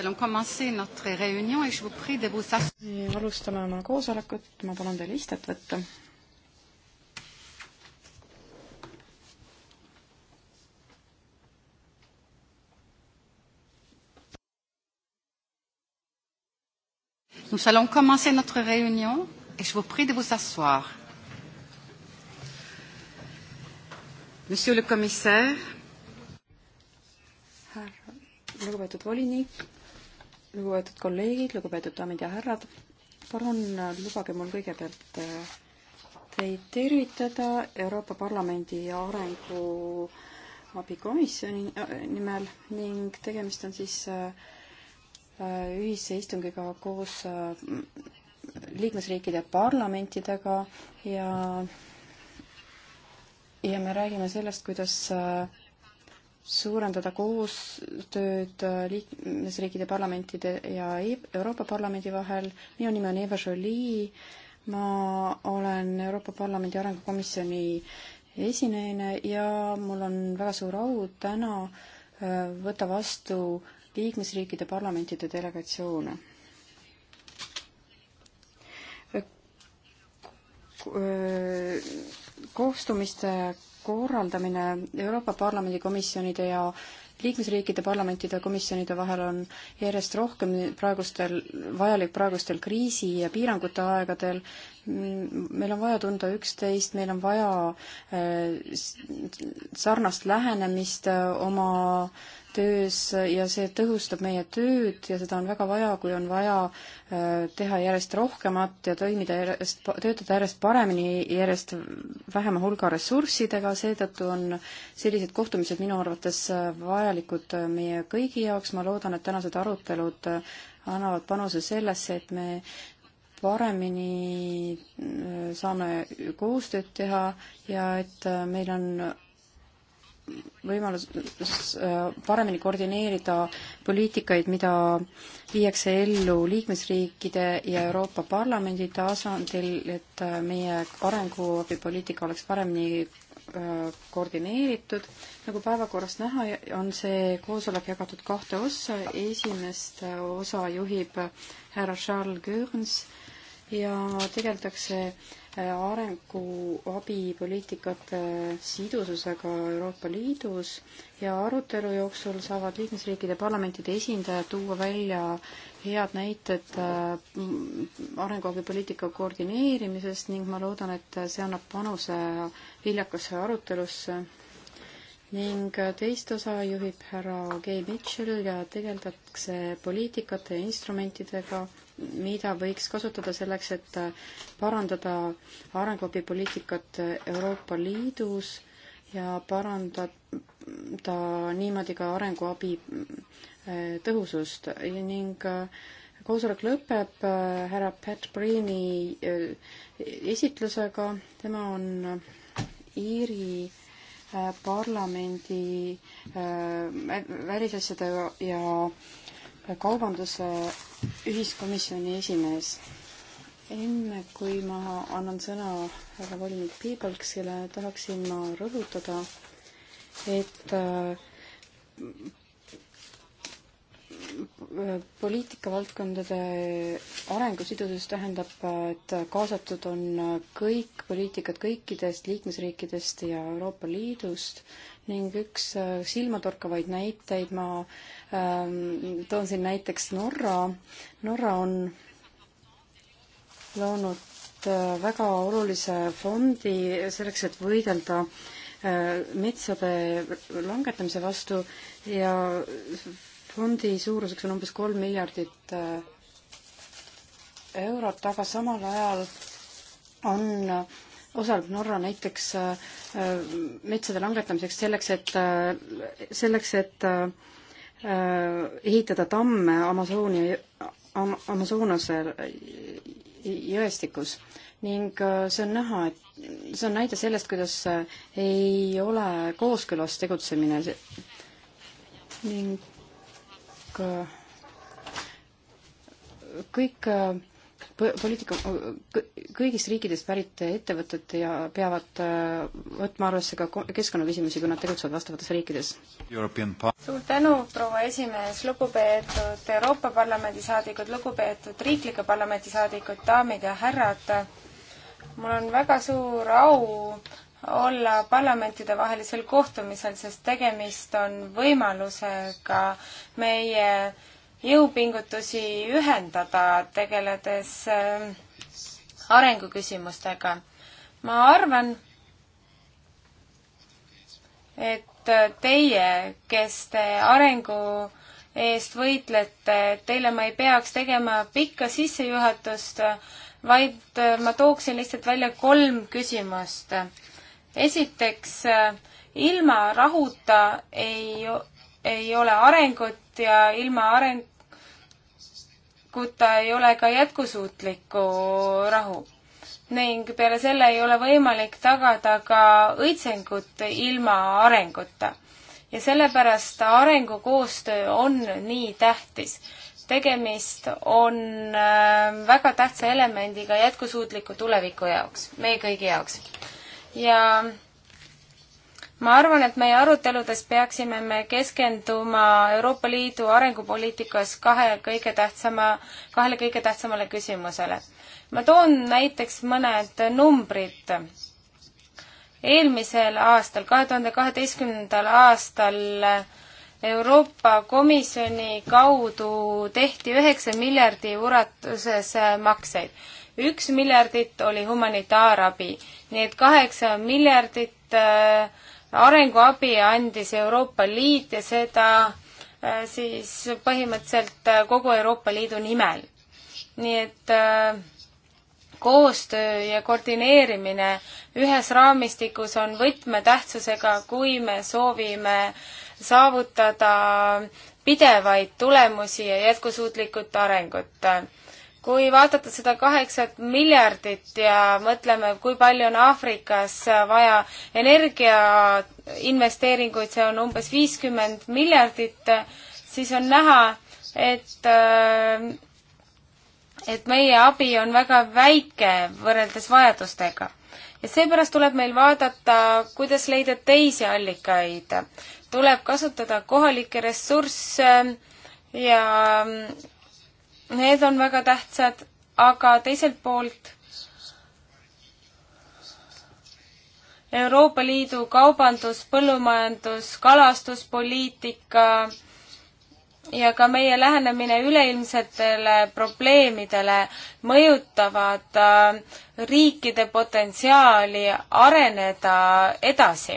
allons commencer notre réunion et je vous prie de vous asseoir. alustame oma koosolekut, ma palun teil istet võtta. Nous allons commencer notre réunion et je vous prie de vous asseoir. Monsieur le commissaire, lugupeetud volinik, lugupeetud kolleegid, lugupeetud daamid ja härrad, palun äh, lubage mul kõigepealt äh, teid tervitada Euroopa Parlamendi arengu abikomisjoni äh, nimel ning tegemist on siis ühise istungiga koos liikmesriikide parlamentidega ja ja me räägime sellest, kuidas äh, suurendada koostööd äh, liikmesriikide parlamentide ja e-, Euroopa Parlamendi vahel. minu nimi on Eva Jolie, ma olen Euroopa Parlamendi Arengukomisjoni esineja ja mul on väga suur au täna äh, võtta vastu liikmesriikide parlamentide delegatsioone. Äh, kohtumiste korraldamine Euroopa Parlamendi komisjonide ja liikmesriikide parlamentide komisjonide vahel on järjest rohkem praegustel, vajalik praegustel kriisi ja piirangute aegadel. meil on vaja tunda üksteist, meil on vaja eh, sarnast lähenemist eh, oma äh, töös ja see tõhustab meie tööd ja seda on väga vaja, kui on vaja äh, teha järjest rohkemat ja toimida järjest, töötada järjest paremini, järjest vähema hulga ressurssidega, seetõttu on sellised kohtumised minu arvates äh, vajalikud äh, meie kõigi jaoks, ma loodan, et tänased arutelud annavad panuse sellesse, et me paremini saame koostööd teha ja et meil on võimalus äh, paremini koordineerida poliitikaid, mida viiakse ellu liikmesriikide ja Euroopa Parlamendi tasandil, et äh, meie arenguabipoliitika oleks paremini äh, koordineeritud. nagu päevakorrast näha, on see koosolek jagatud kahte ossa. esimest osa juhib härra Charles Gürns ja tegeldakse arenguabipoliitikate äh, sidususega Euroopa Liidus ja arutelu jooksul saavad liikmesriikide parlamentide esindajad tuua välja head näited äh, arenguabipoliitika koordineerimisest ning ma loodan, et see annab panuse viljakasse arutelusse ning äh, teist osa juhib härra Gay Mitchell ja tegeldakse poliitikate ja instrumentidega, mida võiks kasutada selleks, et parandada arenguabipoliitikat Euroopa Liidus ja parandada niimoodi ka arenguabi äh, tõhusust ning äh, koosolek lõpeb äh, härra Pat Breeni esitlusega, tema on Iiri parlamendi välisasjade ja kaubanduse ühiskomisjoni esimees. enne kui ma annan sõna härra volinik Piibalksile, tahaksin ma rõhutada, et äh, poliitikavaldkondade arengusidusus tähendab, et kaasatud on kõik poliitikad kõikidest liikmesriikidest ja Euroopa Liidust ning üks äh, silmatorkavaid näiteid ma äh, Ähm, toon siin näiteks Norra. Norra on loonud äh, väga olulise fondi selleks, et võidelda äh, metsade langetamise vastu ja fondi suuruseks on umbes kolm miljardit äh, eurot, aga samal ajal on osaleb Norra näiteks metsade langetamiseks selleks, et, selleks, et Äh, ehitada tamme Amazonia, Amazonase jõestikus ning äh, see on näha, et see on näide sellest, kuidas äh, ei ole kooskõlas tegutsemine ning kõik poliitika, kõigist riikidest pärit ettevõtted ja peavad äh, võtma arvesse ka keskkonnaküsimusi, kui nad tegutsevad vastavates riikides. suur tänu, proua esimees, lugupeetud Euroopa Parlamendi saadikud, lugupeetud riiklike parlamendi saadikud, daamid ja härrad. mul on väga suur au olla parlamentidevahelisel kohtumisel, sest tegemist on võimalusega meie jõupingutusi ühendada, tegeledes äh, arenguküsimustega. ma arvan, et teie, kes te arengu eest võitlete, teile ma ei peaks tegema pikka sissejuhatust, vaid äh, ma tooksin lihtsalt välja kolm küsimust. esiteks, äh, ilma rahuta ei ei ole arengut ja ilma arenguta ei ole ka jätkusuutlikku rahu. ning peale selle ei ole võimalik tagada ka õitsengut ilma arenguta. ja sellepärast arengukoostöö on nii tähtis. tegemist on äh, väga tähtsa elemendiga jätkusuutliku tuleviku jaoks, meie kõigi jaoks. ja ma arvan, et meie aruteludes peaksime me keskenduma Euroopa Liidu arengupoliitikas kahe kõige tähtsama, kahele kõige tähtsamale küsimusele. ma toon näiteks mõned numbrid. eelmisel aastal, kahe tuhande kaheteistkümnendal aastal Euroopa Komisjoni kaudu tehti üheksa miljardi ulatuses makseid. üks miljardit oli humanitaarabi, nii et kaheksa miljardit äh, arenguabi andis Euroopa Liit ja seda äh, siis põhimõtteliselt äh, kogu Euroopa Liidu nimel. nii et äh, koostöö ja koordineerimine ühes raamistikus on võtmetähtsusega, kui me soovime saavutada pidevaid tulemusi ja jätkusuutlikut arengut kui vaadata seda kaheksat miljardit ja mõtleme, kui palju on Aafrikas vaja energiainvesteeringuid, see on umbes viiskümmend miljardit, siis on näha, et, äh, et meie abi on väga väike võrreldes vajadustega. ja seepärast tuleb meil vaadata, kuidas leida teisi allikaid. tuleb kasutada kohalikke ressursse ja Need on väga tähtsad, aga teiselt poolt Euroopa Liidu kaubandus, põllumajandus, kalastuspoliitika ja ka meie lähenemine üleilmsetele probleemidele mõjutavad äh, riikide potentsiaali areneda edasi.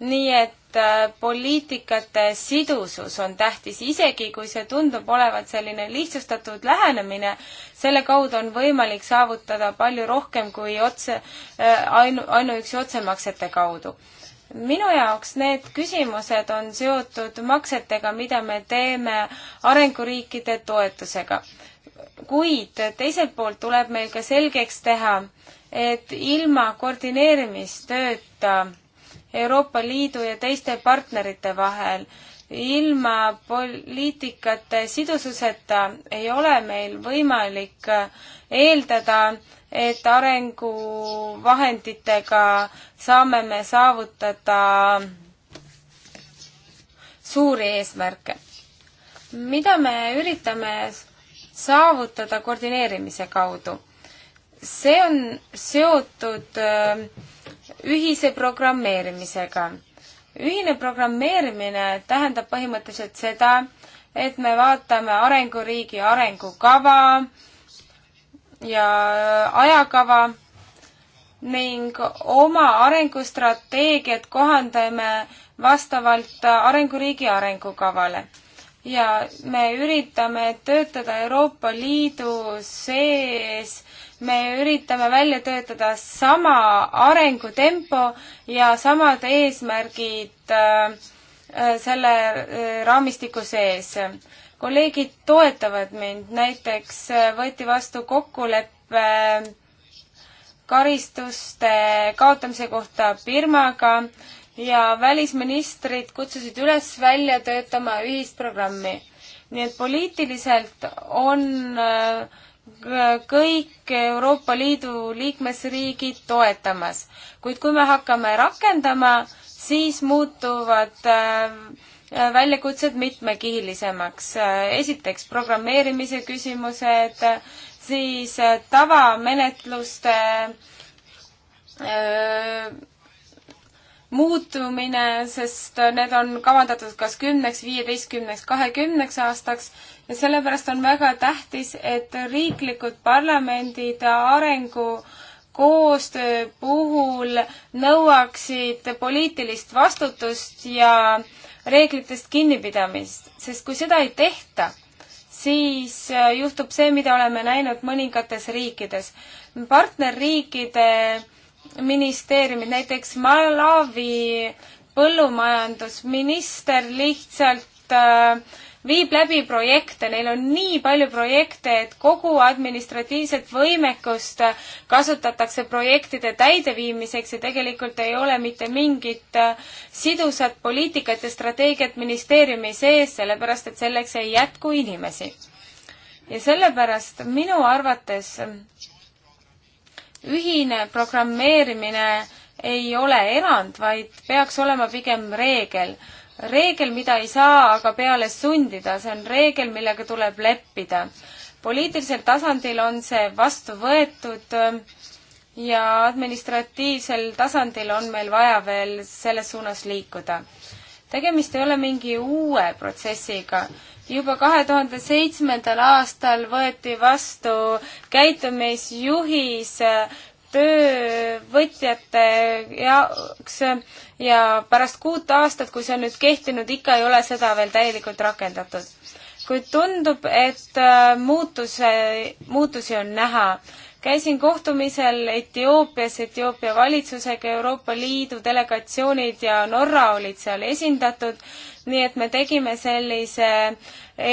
nii et et äh, poliitikate sidusus on tähtis, isegi kui see tundub olevat selline lihtsustatud lähenemine, selle kaudu on võimalik saavutada palju rohkem kui otse, äh, ainu, ainuüksi otsemaksete kaudu minu jaoks need küsimused on seotud maksetega, mida me teeme arenguriikide toetusega. kuid teiselt poolt tuleb meil ka selgeks teha, et ilma koordineerimistööta Euroopa Liidu ja teiste partnerite vahel. ilma poliitikate sidususeta ei ole meil võimalik eeldada, et arenguvahenditega saame me saavutada suuri eesmärke. mida me üritame saavutada koordineerimise kaudu? see on seotud äh, ühise programmeerimisega. ühine programmeerimine tähendab põhimõtteliselt seda, et me vaatame arenguriigi arengukava ja ajakava ning oma arengustrateegiat kohandame vastavalt arenguriigi arengukavale. ja me üritame töötada Euroopa Liidu sees äh, me üritame välja töötada sama arengutempo ja samad eesmärgid äh, äh, selle äh, raamistiku sees. kolleegid toetavad mind, näiteks võeti vastu kokkulepe karistuste kaotamise kohta Birmaga ja välisministrid kutsusid üles välja töötama ühist programmi. nii et poliitiliselt on kõik Euroopa Liidu liikmesriigid toetamas, kuid kui me hakkame rakendama, siis muutuvad äh, väljakutsed mitmekihilisemaks. Äh, esiteks programmeerimise küsimused, siis äh, tavamenetluste muutumine, sest need on kavandatud kas kümneks, viieteistkümneks, kahekümneks aastaks ja sellepärast on väga tähtis, et riiklikud parlamendid arengu koostöö puhul nõuaksid poliitilist vastutust ja reeglitest kinnipidamist, sest kui seda ei tehta, siis äh, juhtub see, mida oleme näinud mõningates riikides. partnerriikide ministeeriumid, näiteks Malawi põllumajandusminister lihtsalt äh, viib läbi projekte, neil on nii palju projekte, et kogu administratiivset võimekust kasutatakse projektide täideviimiseks ja tegelikult ei ole mitte mingit sidusat poliitikat ja strateegiat ministeeriumi sees, sellepärast et selleks ei jätku inimesi. ja sellepärast minu arvates ühine programmeerimine ei ole erand, vaid peaks olema pigem reegel reegel, mida ei saa aga peale sundida, see on reegel, millega tuleb leppida. poliitilisel tasandil on see vastu võetud ja administratiivsel tasandil on meil vaja veel selles suunas liikuda. tegemist ei ole mingi uue protsessiga. juba kahe tuhande seitsmendal aastal võeti vastu käitumisjuhis töövõtjate jaoks ja pärast kuut aastat, kui see on nüüd kehtinud, ikka ei ole seda veel täielikult rakendatud. kuid tundub, et äh, muutuse, muutusi on näha käisin kohtumisel Etioopias Etioopia valitsusega, Euroopa Liidu delegatsioonid ja Norra olid seal esindatud, nii et me tegime sellise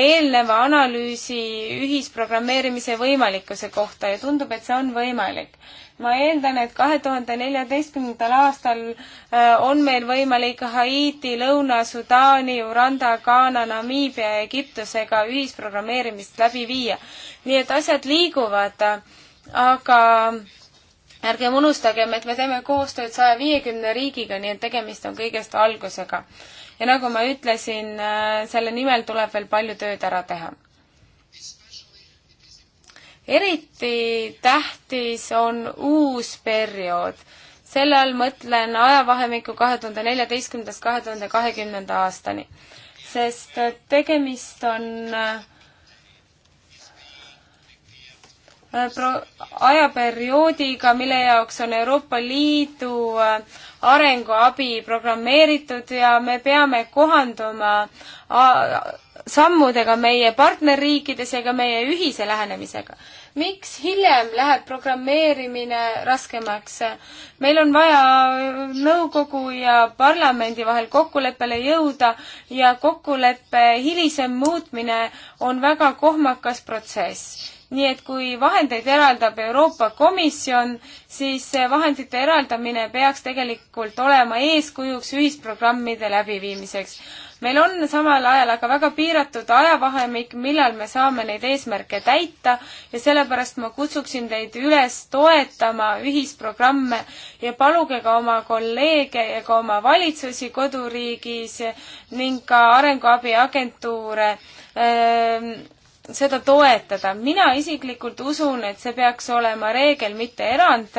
eelneva analüüsi ühisprogrammeerimise võimalikkuse kohta ja tundub, et see on võimalik. ma eeldan, et kahe tuhande neljateistkümnendal aastal äh, on meil võimalik Haiti, Lõuna-Sudaani, Uganda, Ghana, Namiibia ja Egiptusega ühisprogrammeerimist läbi viia. nii et asjad liiguvad aga ärgem unustagem, et me teeme koostööd saja viiekümne riigiga, nii et tegemist on kõigest algusega. ja nagu ma ütlesin, äh, selle nimel tuleb veel palju tööd ära teha. eriti tähtis on uus periood. selle all mõtlen ajavahemikku kahe tuhande neljateistkümnendast kahe tuhande kahekümnenda aastani, sest tegemist on äh, Äh, ajaperioodiga, mille jaoks on Euroopa Liidu äh, arenguabi programmeeritud ja me peame kohanduma äh, sammudega meie partnerriikides ja ka meie ühise lähenemisega. miks hiljem läheb programmeerimine raskemaks? meil on vaja nõukogu ja parlamendi vahel kokkuleppele jõuda ja kokkuleppe hilisem muutmine on väga kohmakas protsess nii et kui vahendeid eraldab Euroopa Komisjon, siis vahendite eraldamine peaks tegelikult olema eeskujuks ühisprogrammide läbiviimiseks. meil on samal ajal aga väga piiratud ajavahemik, millal me saame neid eesmärke täita ja sellepärast ma kutsuksin teid üles toetama ühisprogramme ja paluge ka oma kolleege ja ka oma valitsusi koduriigis ning ka arenguabiagentuure ähm, seda toetada. mina isiklikult usun, et see peaks olema reegel, mitte erand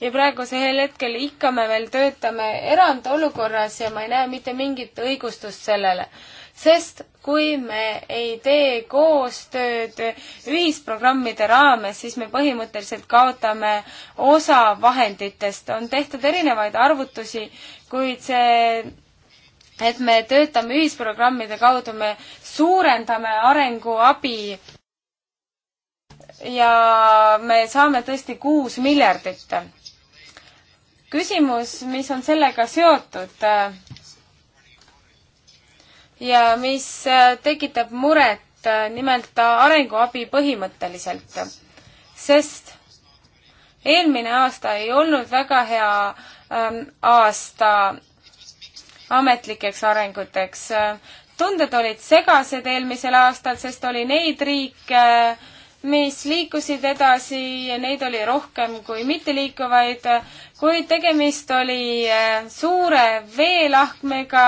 ja praegusel hetkel ikka me veel töötame erandolukorras ja ma ei näe mitte mingit õigustust sellele. sest kui me ei tee koostööd ühisprogrammide raames, siis me põhimõtteliselt kaotame osa vahenditest. on tehtud erinevaid arvutusi, kuid see et me töötame ühisprogrammide kaudu, me suurendame arenguabi ja me saame tõesti kuus miljardit. küsimus, mis on sellega seotud ja mis tekitab muret, nimelt arenguabi põhimõtteliselt, sest eelmine aasta ei olnud väga hea ähm, aasta ametlikeks arenguteks. tunded olid segased eelmisel aastal, sest oli neid riike, mis liikusid edasi, neid oli rohkem kui mitteliikuvaid, kuid tegemist oli eh, suure veelahkmega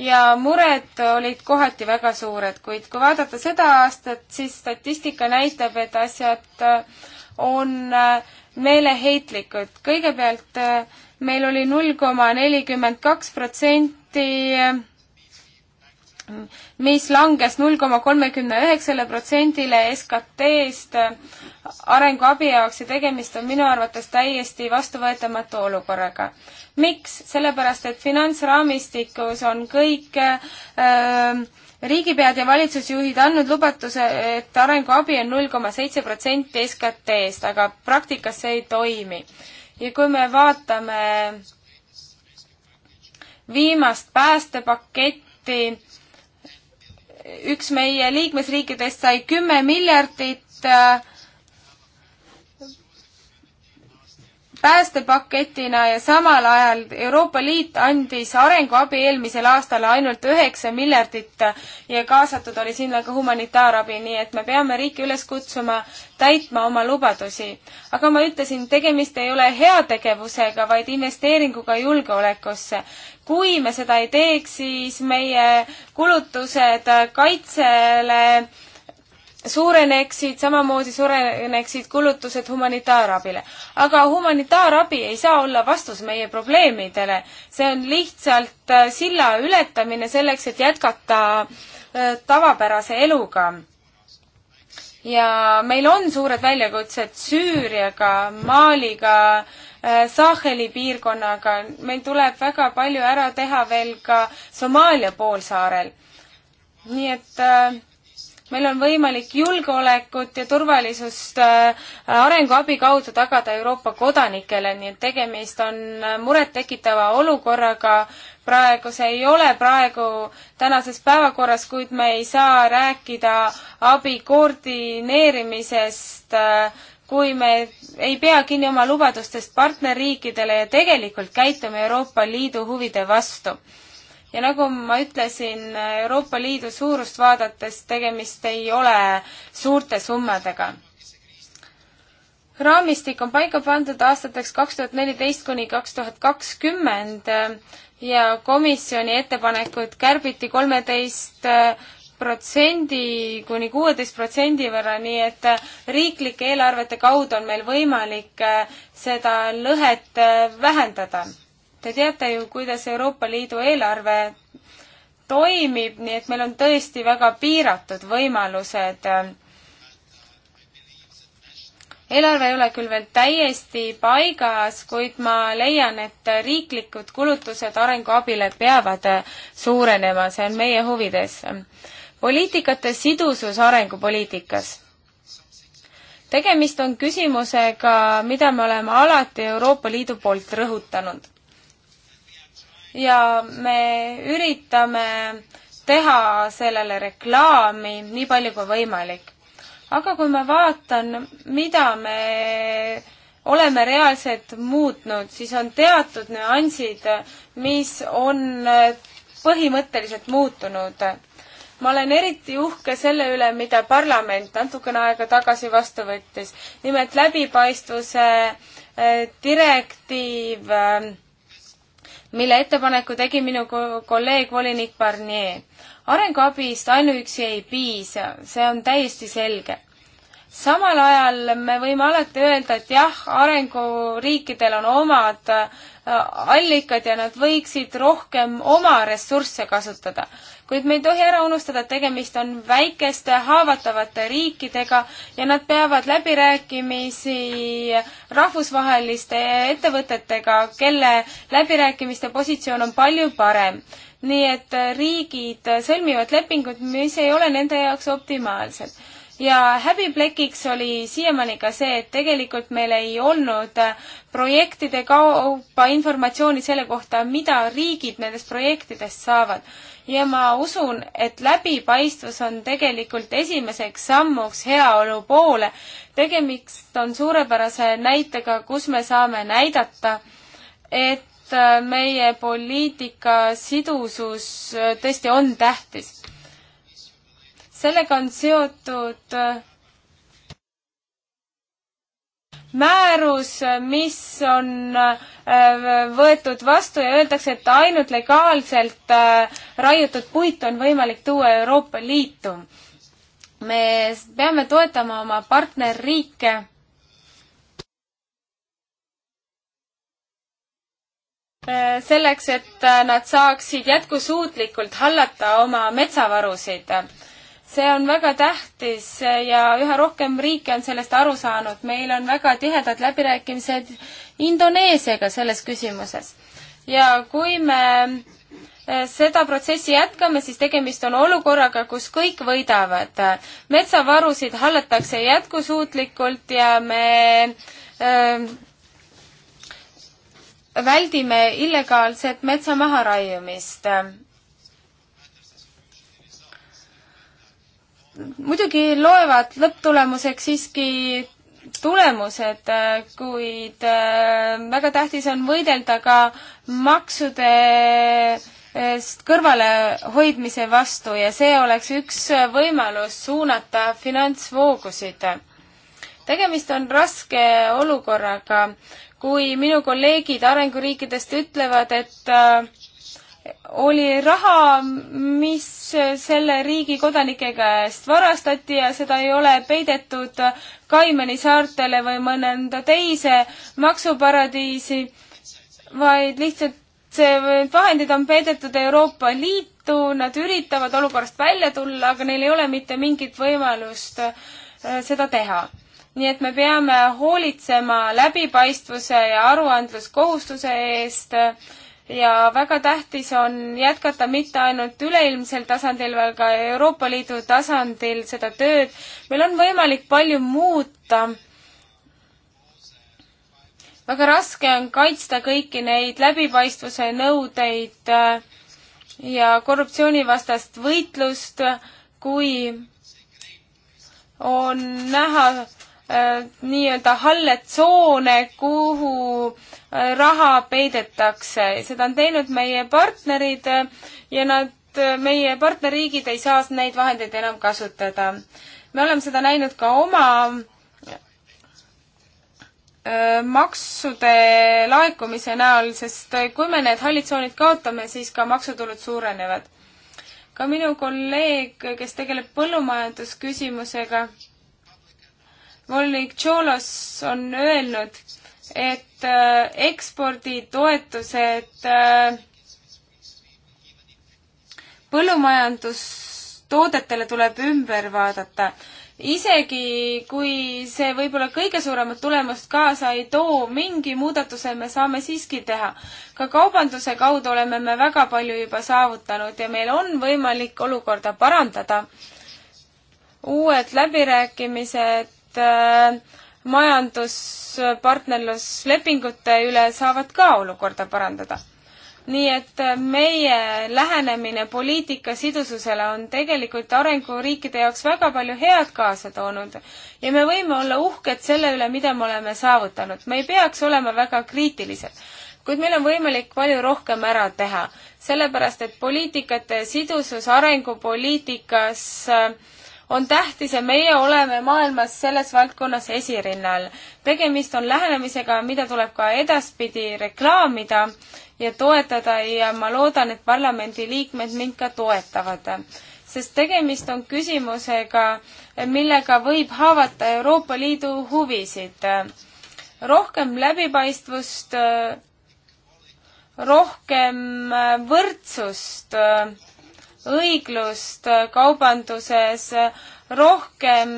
ja mured olid kohati väga suured, kuid kui vaadata seda aastat, siis statistika näitab, et asjad eh, on eh, meeleheitlikud. kõigepealt äh, meil oli null koma nelikümmend kaks protsenti, mis langes null koma kolmekümne üheksale protsendile SKT-st arenguabi jaoks ja tegemist on minu arvates täiesti vastuvõetamatu olukorraga. miks? sellepärast, et finantsraamistikus on kõik öö, ähm, riigipead ja valitsusjuhid andnud lubatuse, et arenguabi on null koma seitse protsenti SKT-st, SKT aga praktikas see ei toimi ja kui me vaatame viimast päästepaketti, üks meie liikmesriikidest sai kümme miljardit äh, päästepaketina ja samal ajal Euroopa Liit andis arenguabi eelmisel aastal ainult üheksa miljardit ja kaasatud oli sinna ka humanitaarabi, nii et me peame riiki üles kutsuma täitma oma lubadusi. aga ma ütlesin, tegemist ei ole heategevusega, vaid investeeringuga julgeolekusse. kui me seda ei teeks, siis meie kulutused kaitsele suureneksid, samamoodi suureneksid kulutused humanitaarabile. aga humanitaarabi ei saa olla vastus meie probleemidele. see on lihtsalt äh, silla ületamine selleks, et jätkata äh, tavapärase eluga. ja meil on suured väljakutsed Süüriaga, Maaliga, äh, Saheli piirkonnaga, meil tuleb väga palju ära teha veel ka Somaalia poolsaarel. nii et äh, meil on võimalik julgeolekut ja turvalisust äh, arenguabi kaudu tagada Euroopa kodanikele, nii et tegemist on äh, murettekitava olukorraga. praegu see ei ole praegu tänases päevakorras, kuid me ei saa rääkida abi koordineerimisest äh, kui me ei pea kinni oma lubadustest partnerriikidele ja tegelikult käitume Euroopa Liidu huvide vastu ja nagu ma ütlesin, Euroopa Liidu suurust vaadates tegemist ei ole suurte summadega. raamistik on paika pandud aastateks kaks tuhat neliteist kuni kaks tuhat kakskümmend ja komisjoni ettepanekud kärbiti kolmeteist protsendi kuni kuueteist protsendi võrra, nii et riiklike eelarvete kaudu on meil võimalik äh, seda lõhet äh, vähendada Te teate ju, kuidas Euroopa Liidu eelarve toimib, nii et meil on tõesti väga piiratud võimalused. eelarve ei ole küll veel täiesti paigas, kuid ma leian, et riiklikud kulutused arenguabile peavad suurenema, see on meie huvides. poliitikate sidusus arengupoliitikas. tegemist on küsimusega, mida me oleme alati Euroopa Liidu poolt rõhutanud ja me üritame teha sellele reklaami nii palju kui võimalik. aga kui ma vaatan, mida me oleme reaalselt muutnud, siis on teatud nüansid, mis on põhimõtteliselt muutunud. ma olen eriti uhke selle üle, mida parlament natukene aega tagasi vastu võttis. nimelt läbipaistvuse eh, direktiiv mille ettepaneku tegi minu kolleeg volinik Barnier. arenguabist ainuüksi ei piisa, see on täiesti selge. samal ajal me võime alati öelda, et jah, arenguriikidel on omad äh, allikad ja nad võiksid rohkem oma ressursse kasutada kuid me ei tohi ära unustada, et tegemist on väikeste haavatavate riikidega ja nad peavad läbirääkimisi rahvusvaheliste ettevõtetega, kelle läbirääkimiste positsioon on palju parem. nii et riigid sõlmivad lepingud, mis ei ole nende jaoks optimaalsed ja häbiplekiks oli siiamaani ka see, et tegelikult meil ei olnud projektide kaupa informatsiooni selle kohta, mida riigid nendest projektidest saavad ja ma usun, et läbipaistvus on tegelikult esimeseks sammuks heaolu poole. tegemist on suurepärase näitega, kus me saame näidata, et äh, meie poliitika sidusus äh, tõesti on tähtis. sellega on seotud äh, määrus, mis on äh, võetud vastu ja öeldakse, et ainult legaalselt äh, raiutud puit on võimalik tuua Euroopa Liitu. me peame toetama oma partnerriike. Äh, selleks, et nad saaksid jätkusuutlikult hallata oma metsavarusid see on väga tähtis ja üha rohkem riike on sellest aru saanud. meil on väga tihedad läbirääkimised Indoneesiaga selles küsimuses. ja kui me eh, seda protsessi jätkame, siis tegemist on olukorraga, kus kõik võidavad. metsavarusid hallatakse jätkusuutlikult ja me öö, eh, väldime illegaalset metsa maharaiumist muidugi loevad lõpptulemuseks siiski tulemused, kuid äh, väga tähtis on võidelda ka maksudest äh, kõrvalehoidmise vastu ja see oleks üks võimalus suunata finantsvoogusid. tegemist on raske olukorraga, kui minu kolleegid arenguriikidest ütlevad, et äh, oli raha, mis selle riigi kodanike käest varastati ja seda ei ole peidetud Kaimani saartele või mõnda teise maksuparadiisi, vaid lihtsalt see, need vahendid on peidetud Euroopa Liitu, nad üritavad olukorrast välja tulla, aga neil ei ole mitte mingit võimalust äh, seda teha nii et me peame hoolitsema läbipaistvuse ja aruandluskohustuse eest äh, ja väga tähtis on jätkata mitte ainult üleilmsel tasandil, vaid ka Euroopa Liidu tasandil seda tööd. meil on võimalik palju muuta. väga raske on kaitsta kõiki neid läbipaistvuse nõudeid äh, ja korruptsioonivastast võitlust, kui on näha äh, nii-öelda halle tsoone, kuhu äh, raha peidetakse, seda on teinud meie partnerid ja nad, meie partnerriigid ei saa neid vahendeid enam kasutada. me oleme seda näinud ka oma äh, maksude laekumise näol, sest kui me need hallid tsoonid kaotame, siis ka maksutulud suurenevad. ka minu kolleeg, kes tegeleb põllumajandusküsimusega, volinik Tšolos on öelnud, et äh, eksporditoetused äh, põllumajandustoodetele tuleb ümber vaadata. isegi kui see võib-olla kõige suuremat tulemust kaasa ei too, mingi muudatuse me saame siiski teha. ka kaubanduse kaudu oleme me väga palju juba saavutanud ja meil on võimalik olukorda parandada. uued läbirääkimised äh, majanduspartnerluslepingute üle saavad ka olukorda parandada. nii et meie lähenemine poliitika sidususele on tegelikult arenguriikide jaoks väga palju head kaasa toonud ja me võime olla uhked selle üle, mida me oleme saavutanud. me ei peaks olema väga kriitilised kuid meil on võimalik palju rohkem ära teha, sellepärast et poliitikate sidusus arengupoliitikas äh, on tähtis ja meie oleme maailmas selles valdkonnas esirinnal. tegemist on lähenemisega, mida tuleb ka edaspidi reklaamida ja toetada ja ma loodan, et parlamendi liikmed mind ka toetavad. sest tegemist on küsimusega, millega võib haavata Euroopa Liidu huvisid. rohkem läbipaistvust, rohkem võrdsust õiglust kaubanduses, rohkem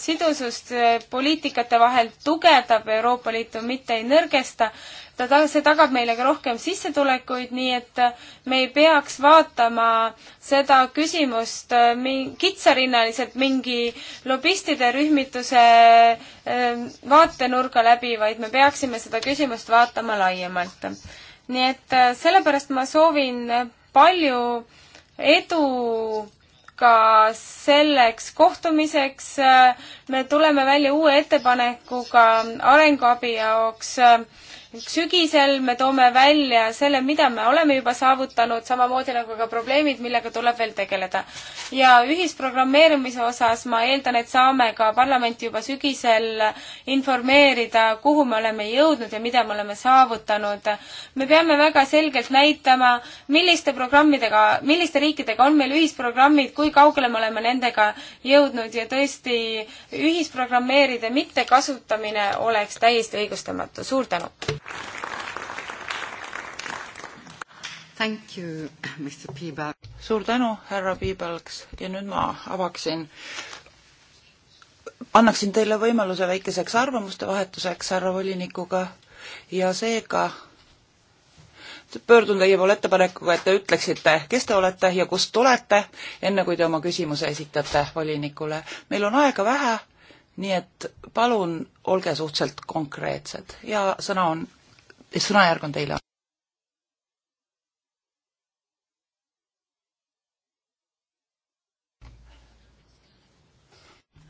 sidusust poliitikate vahel tugevdab Euroopa Liitu, mitte ei nõrgesta. ta ta-, see tagab meile ka rohkem sissetulekuid, nii et me ei peaks vaatama seda küsimust mi-, kitsarinnaliselt mingi lobistide rühmituse ähm, vaatenurga läbi, vaid me peaksime seda küsimust vaatama laiemalt. nii et äh, sellepärast ma soovin palju edu ka selleks kohtumiseks. me tuleme välja uue ettepanekuga arenguabi jaoks sügisel me toome välja selle, mida me oleme juba saavutanud, samamoodi nagu ka probleemid, millega tuleb veel tegeleda. ja ühisprogrammeerimise osas ma eeldan, et saame ka parlamenti juba sügisel informeerida, kuhu me oleme jõudnud ja mida me oleme saavutanud. me peame väga selgelt näitama, milliste programmidega, milliste riikidega on meil ühisprogrammid, kui kaugele me oleme nendega jõudnud ja tõesti ühisprogrammeerida mittekasutamine oleks täiesti õigustamatu. suur tänu! Thank you, Mr. Piibalg. suur tänu, härra Piibalgs ja nüüd ma avaksin, annaksin teile võimaluse väikeseks arvamuste vahetuseks härra volinikuga ja seega pöördun teie poole ettepanekuga, et te ütleksite, kes te olete ja kust tulete, enne kui te oma küsimuse esitate volinikule. meil on aega vähe nii et palun olge suhteliselt konkreetsed ja sõna on, sõnajärg on teile.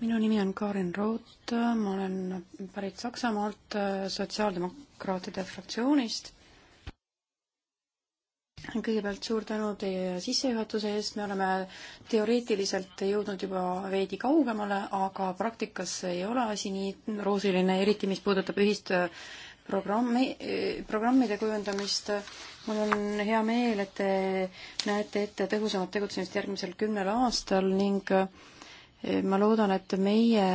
minu nimi on Karin Root, ma olen pärit Saksamaalt sotsiaaldemokraatide fraktsioonist kõigepealt suur tänu teie sissejuhatuse eest, me oleme teoreetiliselt jõudnud juba veidi kaugemale, aga praktikas ei ole asi nii roosiline, eriti mis puudutab ühist äh, programmi, äh, programmide kujundamist. mul on hea meel, et te näete ette tõhusamat tegutsemist järgmisel kümnel aastal ning äh, ma loodan, et meie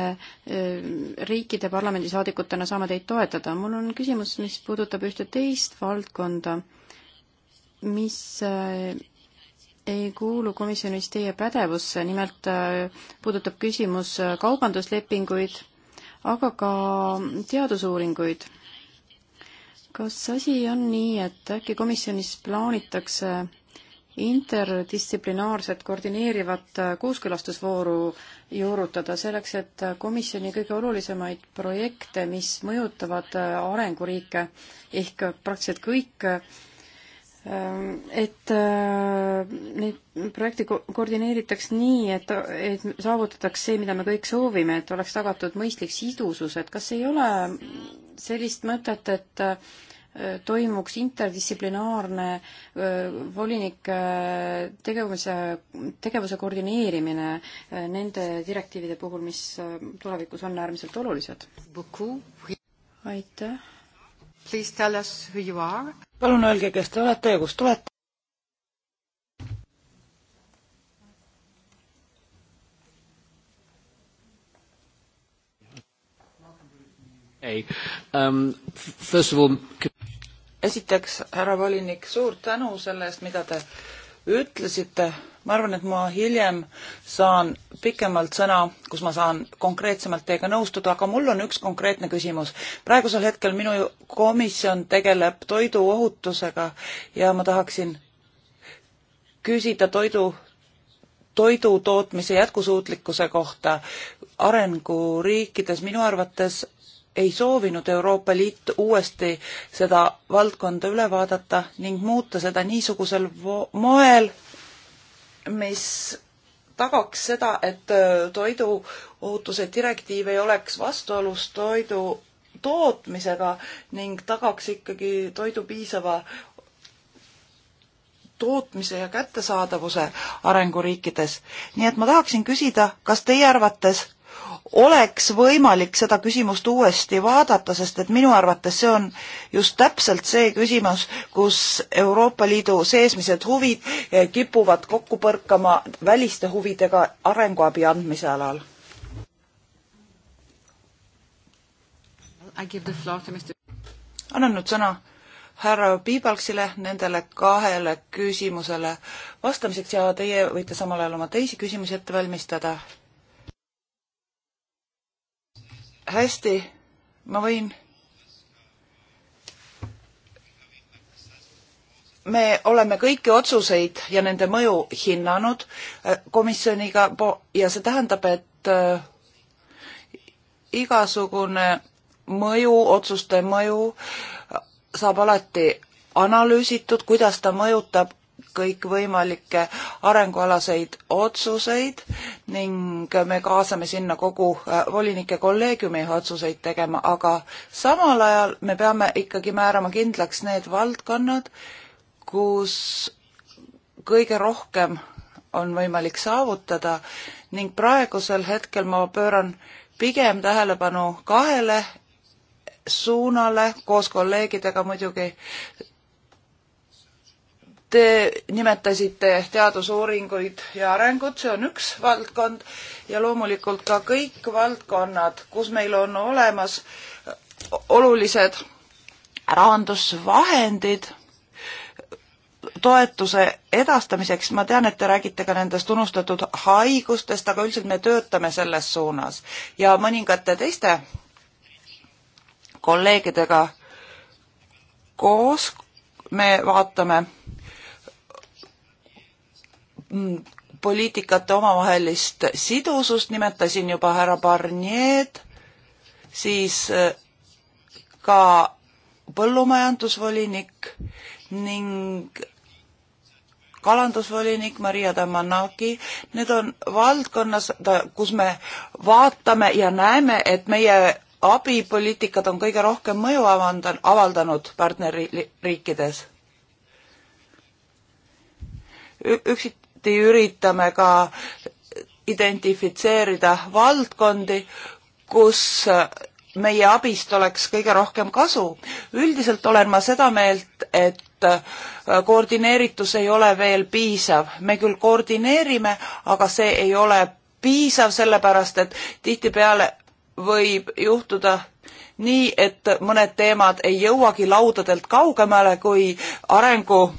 riikide parlamendisaadikutena saame teid toetada. mul on küsimus, mis puudutab ühte teist valdkonda mis äh, ei kuulu komisjonis teie pädevusse, nimelt äh, puudutab küsimus äh, kaubanduslepinguid, aga ka teadusuuringuid. kas asi on nii, et äkki komisjonis plaanitakse interdistsiplinaarset koordineerivat kooskõlastusvooru juurutada selleks, et komisjoni kõige olulisemaid projekte, mis mõjutavad arenguriike ehk praktiliselt kõik Ähm, et äh, neid projekte koordineeritaks nii, et, et saavutataks see, mida me kõik soovime, et oleks tagatud mõistlik sidusus, et kas ei ole sellist mõtet, et äh, toimuks interdistsiplinaarne äh, volinike tegevuse, tegevuse koordineerimine nende direktiivide puhul, mis tulevikus on äärmiselt olulised? aitäh Please tell us who you are. palun öelge, kes te olete ja kust tulete. Hey. Um, first of all... esiteks, härra volinik, suur tänu selle eest, mida te ütlesite ma arvan, et ma hiljem saan pikemalt sõna, kus ma saan konkreetsemalt teiega nõustuda, aga mul on üks konkreetne küsimus. praegusel hetkel minu komisjon tegeleb toiduohutusega ja ma tahaksin küsida toidu, toidutootmise jätkusuutlikkuse kohta arenguriikides minu arvates ei soovinud Euroopa Liit uuesti seda valdkonda üle vaadata ning muuta seda niisugusel moel, mis tagaks seda, et äh, toiduohutuse direktiiv ei oleks vastuolus toidu tootmisega ning tagaks ikkagi toidu piisava tootmise ja kättesaadavuse arenguriikides. nii et ma tahaksin küsida, kas teie arvates oleks võimalik seda küsimust uuesti vaadata, sest et minu arvates see on just täpselt see küsimus, kus Euroopa Liidu seesmised huvid eh, kipuvad kokku põrkama väliste huvidega arenguabi andmise alal. annan nüüd sõna härra Piibalksile nendele kahele küsimusele vastamiseks ja teie võite samal ajal oma teisi küsimusi ette valmistada hästi, ma võin. me oleme kõiki otsuseid ja nende mõju hinnanud äh, komisjoniga ja see tähendab, et äh, igasugune mõju, otsuste mõju äh, saab alati analüüsitud, kuidas ta mõjutab kõikvõimalikke arengualaseid otsuseid ning me kaasame sinna kogu äh, volinike kolleegiumi otsuseid tegema, aga samal ajal me peame ikkagi määrama kindlaks need valdkonnad, kus kõige rohkem on võimalik saavutada ning praegusel hetkel ma pööran pigem tähelepanu kahele suunale koos kolleegidega muidugi Te nimetasite teadusuuringuid ja arengut, see on üks valdkond ja loomulikult ka kõik valdkonnad, kus meil on olemas olulised rahandusvahendid toetuse edastamiseks, ma tean, et te räägite ka nendest unustatud haigustest, aga üldiselt me töötame selles suunas ja mõningate teiste kolleegidega koos me vaatame poliitikate omavahelist sidusust, nimetasin juba härra Barnier'd, siis äh, ka põllumajandusvolinik ning kalandusvolinik Maria Damanaki, need on valdkonnas, kus me vaatame ja näeme, et meie abipoliitikad on kõige rohkem mõju avaldanud partnerriikides. üksik alati üritame ka identifitseerida valdkondi, kus meie abist oleks kõige rohkem kasu. üldiselt olen ma seda meelt, et koordineeritus ei ole veel piisav. me küll koordineerime, aga see ei ole piisav, sellepärast et tihtipeale võib juhtuda nii, et mõned teemad ei jõuagi laudadelt kaugemale, kui arengu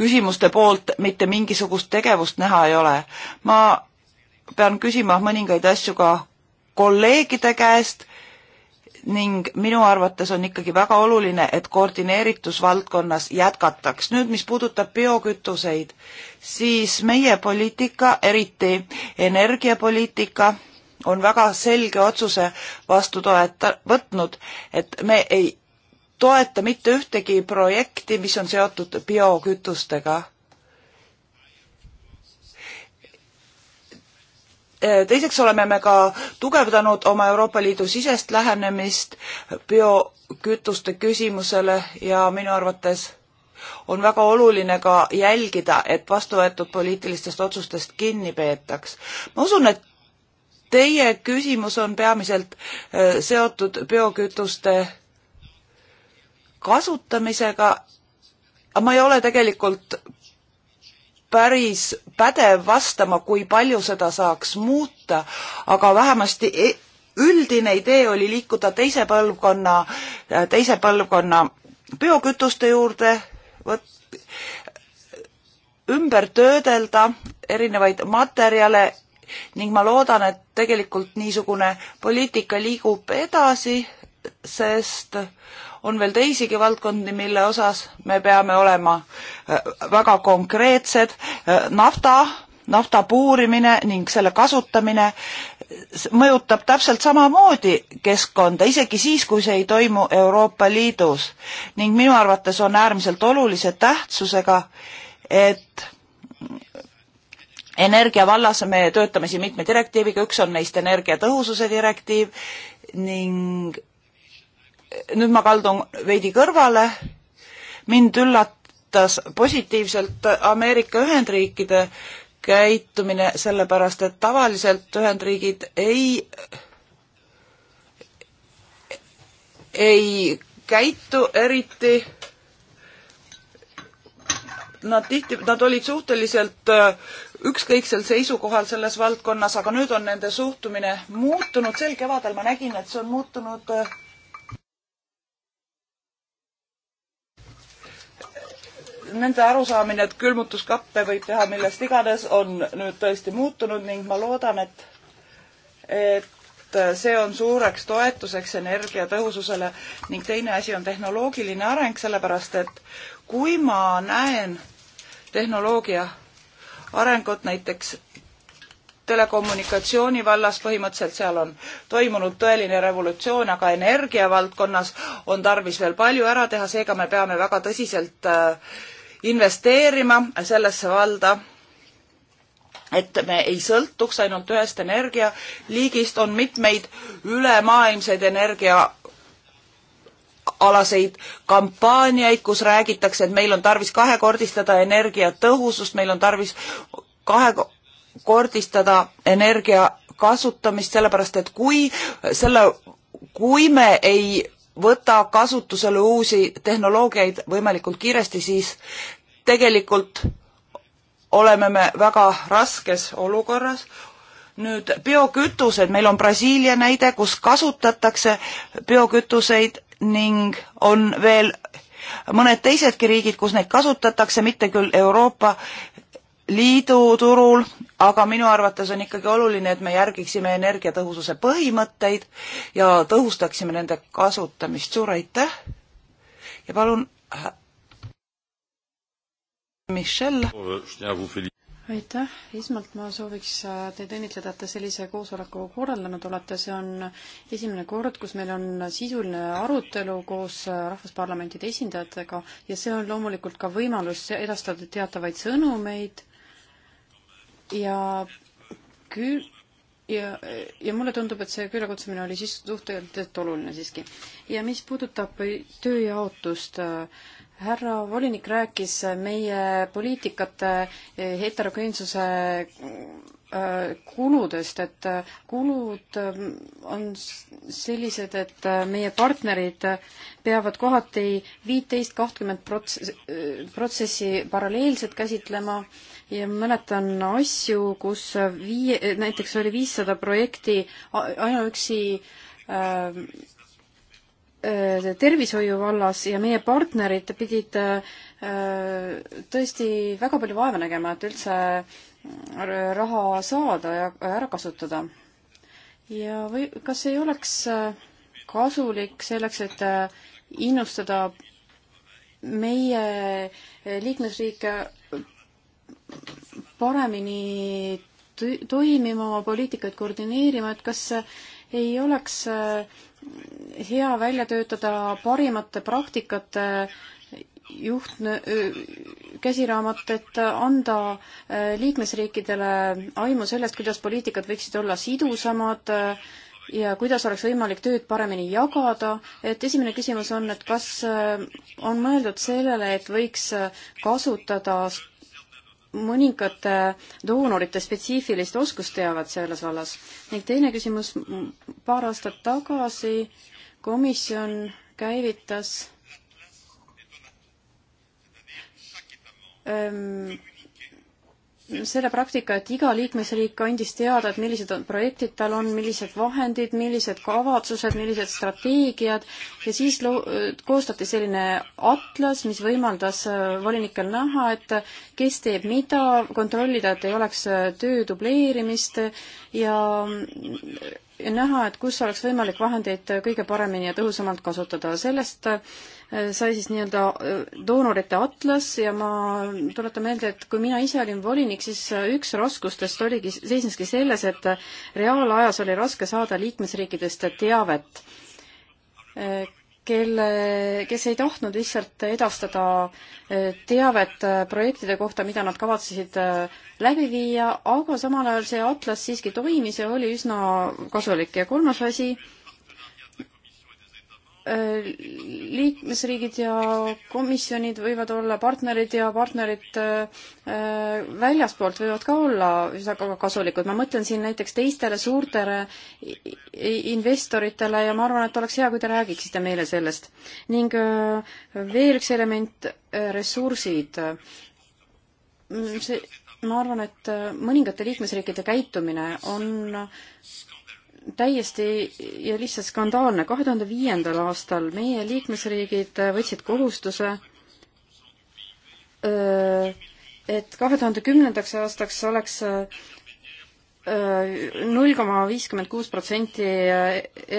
küsimuste poolt mitte mingisugust tegevust näha ei ole. ma pean küsima mõningaid asju ka kolleegide käest ning minu arvates on ikkagi väga oluline, et koordineeritus valdkonnas jätkataks. nüüd, mis puudutab biokütuseid, siis meie poliitika, eriti energiapoliitika, on väga selge otsuse vastu toeta-, võtnud, et me ei toeta mitte ühtegi projekti, mis on seotud biokütustega. teiseks oleme me ka tugevdanud oma Euroopa Liidu sisest lähenemist biokütuste küsimusele ja minu arvates on väga oluline ka jälgida, et vastu võetud poliitilistest otsustest kinni peetaks. ma usun, et teie küsimus on peamiselt äh, seotud biokütuste kasutamisega, ma ei ole tegelikult päris pädev vastama, kui palju seda saaks muuta, aga vähemasti e-, üldine idee oli liikuda teise põlvkonna, teise põlvkonna biokütuste juurde, vot ümber töödelda erinevaid materjale ning ma loodan, et tegelikult niisugune poliitika liigub edasi, sest on veel teisigi valdkondi, mille osas me peame olema äh, väga konkreetsed. Äh, nafta, nafta puurimine ning selle kasutamine mõjutab täpselt samamoodi keskkonda, isegi siis, kui see ei toimu Euroopa Liidus. ning minu arvates on äärmiselt olulise tähtsusega, et energia vallas me töötame siin mitme direktiiviga, üks on neist energiatõhususe direktiiv ning nüüd ma kaldun veidi kõrvale. mind üllatas positiivselt Ameerika Ühendriikide käitumine, sellepärast et tavaliselt Ühendriigid ei, ei käitu eriti. Nad tihti, nad olid suhteliselt äh, ükskõiksel seisukohal selles valdkonnas, aga nüüd on nende suhtumine muutunud. sel kevadel ma nägin, et see on muutunud äh, nende arusaamine, et külmutuskappe võib teha millest iganes, on nüüd tõesti muutunud ning ma loodan, et, et see on suureks toetuseks energiatõhususele ning teine asi on tehnoloogiline areng, sellepärast et kui ma näen tehnoloogia arengut näiteks telekommunikatsiooni vallas põhimõtteliselt seal on toimunud tõeline revolutsioon, aga energiavaldkonnas on tarvis veel palju ära teha, seega me peame väga tõsiselt äh, investeerima sellesse valda, et me ei sõltuks ainult ühest energialiigist, on mitmeid ülemaailmseid energia alaseid kampaaniaid, kus räägitakse, et meil on tarvis kahekordistada energiatõhusust, meil on tarvis kahekordistada energia kasutamist, sellepärast et kui selle, kui me ei võta kasutusele uusi tehnoloogiaid võimalikult kiiresti, siis tegelikult oleme me väga raskes olukorras. nüüd biokütused, meil on Brasiilia näide, kus kasutatakse biokütuseid ning on veel mõned teisedki riigid, kus neid kasutatakse, mitte küll Euroopa Liidu turul, aga minu arvates on ikkagi oluline, et me järgiksime energiatõhususe põhimõtteid ja tõhustaksime nende kasutamist. suur aitäh ja palun, Michelle. aitäh, esmalt ma sooviks äh, teid õnnitleda, et te sellise koosoleku korraldanud olete, see on esimene kord, kus meil on sisuline arutelu koos äh, rahvusparlamentide esindajatega ja see on loomulikult ka võimalus edastada teatavaid sõnumeid ja küll ja, ja mulle tundub, et see külakutsumine oli siis suhteliselt oluline siiski. ja mis puudutab tööjaotust, härra volinik rääkis meie poliitikate heterogeensuse äh, kuludest, et kulud äh, on sellised, et meie partnerid peavad kohati viiteist, kahtkümmend prots-, äh, protsessi paralleelselt käsitlema äh, ja mäletan asju, kus viie, näiteks oli viissada projekti ainuüksi ähm, äh, tervishoiu vallas ja meie partnerid pidid äh, tõesti väga palju vaeva nägema, et üldse äh, raha saada ja ära kasutada. ja või kas ei oleks äh, kasulik selleks, et äh, innustada meie liikmesriike paremini toimima, oma poliitikaid koordineerima, et kas äh, ei oleks äh, hea välja töötada parimate praktikate äh, juht, käsiraamat, et anda liikmesriikidele aimu sellest, kuidas poliitikad võiksid olla sidusamad ja kuidas oleks võimalik tööd paremini jagada, et esimene küsimus on, et kas on mõeldud sellele, et võiks kasutada mõningate doonorite spetsiifilist oskusteavet selles vallas. ning teine küsimus, paar aastat tagasi komisjon käivitas ähm, selle praktika, et iga liikmesriik andis teada, et millised on projektid tal on, millised vahendid, millised kavatsused, millised strateegiad ja siis lo-, koostati selline atlas, mis võimaldas äh, volinikel näha, et kes teeb mida, kontrollida, et ei oleks äh, töö dubleerimist ja ja näha, et kus oleks võimalik vahendeid äh, kõige paremini ja tõhusamalt kasutada. sellest äh, Äh, sai siis nii-öelda äh, doonorite atlas ja ma tuletan meelde, et kui mina ise olin volinik, siis äh, üks raskustest oligi, seisneski selles, et reaalajas oli raske saada liikmesriikidest teavet, kelle, kes ei tahtnud lihtsalt edastada teavet projektide kohta, mida nad kavatsesid läbi viia, aga samal ajal see atlas siiski toimis ja oli üsna kasulik ja kolmas asi, Äh, liikmesriigid ja komisjonid võivad olla partnerid ja partnerid äh, väljaspoolt võivad ka olla väga kasulikud. ma mõtlen siin näiteks teistele suurtele investoritele ja ma arvan, et oleks hea, kui te räägiksite meile sellest. ning äh, veel üks element, ressursid. Mm, see, ma arvan, et mõningate liikmesriikide käitumine on täiesti ja lihtsalt skandaalne. kahe tuhande viiendal aastal meie liikmesriigid võtsid kohustuse, et kahe tuhande kümnendaks aastaks oleks null koma viiskümmend kuus protsenti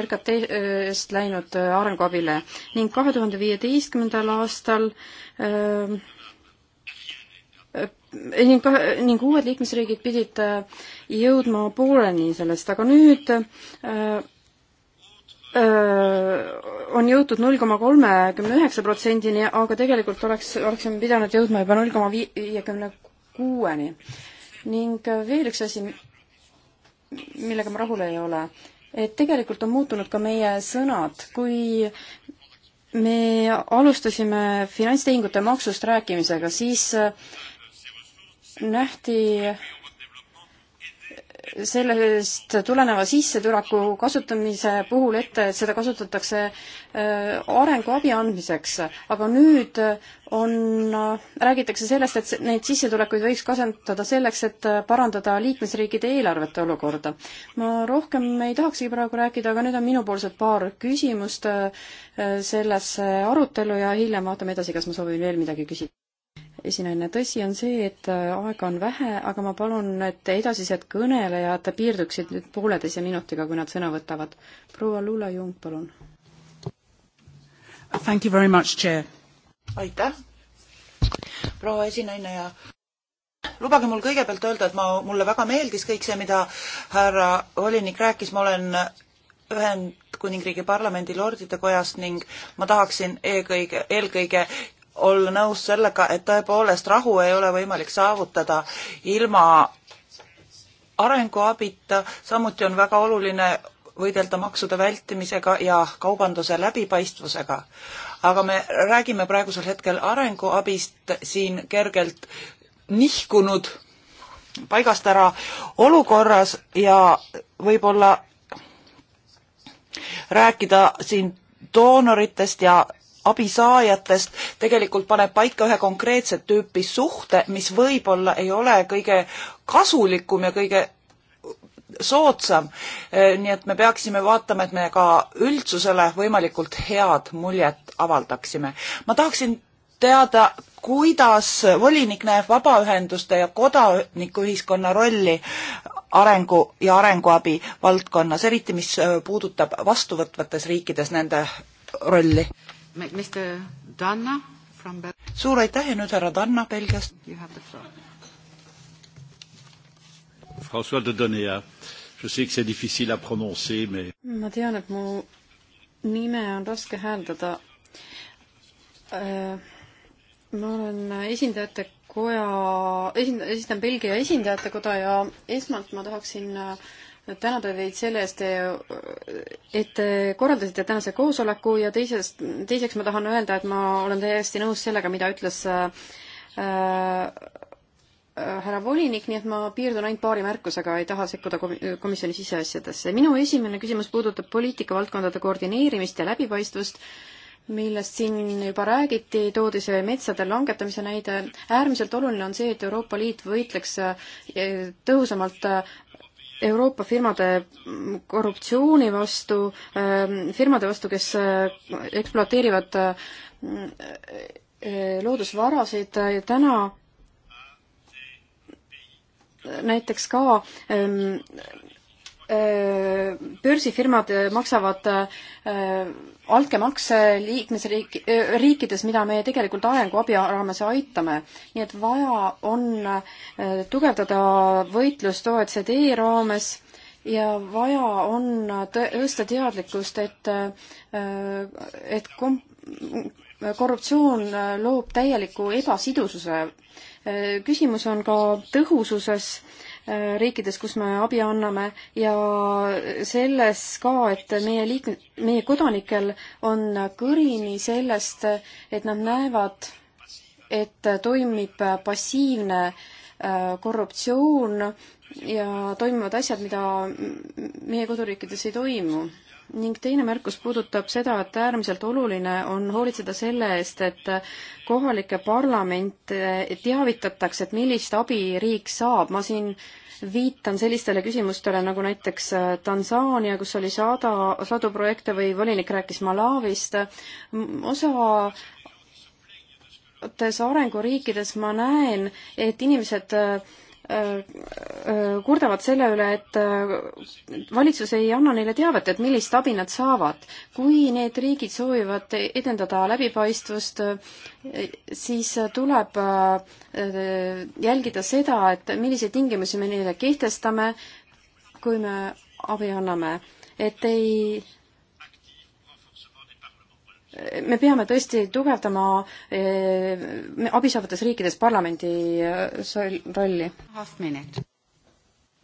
RKT-st läinud arenguabile ning kahe tuhande viieteistkümnendal aastal ning, ning uued liikmesriigid pidid äh, jõudma pooleni sellest, aga nüüd äh, äh, on jõutud null koma kolmekümne üheksa protsendini, aga tegelikult oleks, oleksime pidanud jõudma juba null koma viiekümne kuueni. ning veel üks asi, millega ma rahul ei ole, et tegelikult on muutunud ka meie sõnad, kui me alustasime finantstehingute maksust rääkimisega, siis nähti sellest tuleneva sissetuleku kasutamise puhul ette, et seda kasutatakse äh, arenguabi andmiseks, aga nüüd on, äh, räägitakse sellest, et neid sissetulekuid võiks kasutada selleks, et äh, parandada liikmesriikide eelarvete olukorda. ma rohkem ei tahaksegi praegu rääkida, aga need on minupoolsed paar küsimust sellesse arutellu ja hiljem vaatame edasi, kas ma soovin veel midagi küsida esinaine. tõsi on see, et äh, aega on vähe, aga ma palun, et edasised kõnelejad piirduksid nüüd pooleteise minutiga, kui nad sõna võtavad. proua Lula Jung, palun. Thank you very much, chair. aitäh, proua esinaine ja lubage mul kõigepealt öelda, et ma, mulle väga meeldis kõik see, mida härra volinik rääkis, ma olen Ühendkuningriigi parlamendi lordide kojast ning ma tahaksin eelkõige, eelkõige olla nõus sellega, et tõepoolest rahu ei ole võimalik saavutada ilma arenguabita, samuti on väga oluline võidelda maksude vältimisega ja kaubanduse läbipaistvusega. aga me räägime praegusel hetkel arenguabist siin kergelt nihkunud paigast ära olukorras ja võib-olla rääkida siin doonoritest ja abisaajatest tegelikult paneb paika ühe konkreetse tüüpi suhte, mis võib-olla ei ole kõige kasulikum ja kõige soodsam. nii et me peaksime vaatama, et me ka üldsusele võimalikult head muljet avaldaksime. ma tahaksin teada, kuidas volinik näeb vabaühenduste ja kodanikuühiskonna rolli arengu ja arenguabi valdkonnas, eriti mis puudutab vastuvõtvates riikides nende rolli? Mr Danna from Bel-. suur aitäh ja nüüd härra Danna Belgiast. You have the floor. François de Donnea, je sais que c'est difficile à prononcer, mais. ma tean, et mu nime on raske hääldada. Äh, ma olen esindajate koja, esindan, esindan Belgia esindajate koda ja esmalt ma tahaksin äh, tänada teid selle eest, et te korraldasite tänase koosoleku ja teisest, teiseks ma tahan öelda, et ma olen täiesti nõus sellega, mida ütles äh, äh, härra volinik, nii et ma piirdun ainult paari märkusega, ei taha sekkuda komisjoni siseasjadesse. minu esimene küsimus puudutab poliitikavaldkondade koordineerimist ja läbipaistvust, millest siin juba räägiti, toodi see metsade langetamise näide. äärmiselt oluline on see, et Euroopa Liit võitleks äh, tõhusamalt Euroopa firmade korruptsiooni vastu, ähm, firmade vastu, kes äh, ekspluateerivad äh, äh, loodusvarasid, täna näiteks ka ähm, Äh, börsifirmad äh, maksavad äh, altkäemakse liikmesriik, riikides, mida me tegelikult arenguabi raames aitame. nii et vaja on tugevdada võitlust OECD raames ja vaja on tõsta teadlikkust, et, et kom-, korruptsioon loob täieliku ebasidususe. küsimus on ka tõhususes Äh, riikides, kus me abi anname ja selles ka, et meie liik-, meie kodanikel on kõrini sellest, et nad näevad, et toimib passiivne äh, korruptsioon ja toimuvad asjad, mida meie koduriikides ei toimu ning teine märkus puudutab seda, et äärmiselt oluline on hoolitseda selle eest, et kohalikke parlamente teavitatakse, et millist abi riik saab, ma siin viitan sellistele küsimustele nagu näiteks äh, Tansaania, kus oli sada, sadu projekte või volinik rääkis Malawist, osa arenguriikides ma näen, et inimesed äh, Äh, äh, kurdavad selle üle, et äh, valitsus ei anna neile teavet, et millist abi nad saavad. kui need riigid soovivad edendada läbipaistvust, siis tuleb jälgida seda, et milliseid tingimusi me neile kehtestame, kui me abi anname. et ei me peame tõesti tugevdama eh, abi saavates riikides parlamendi eh, rolli.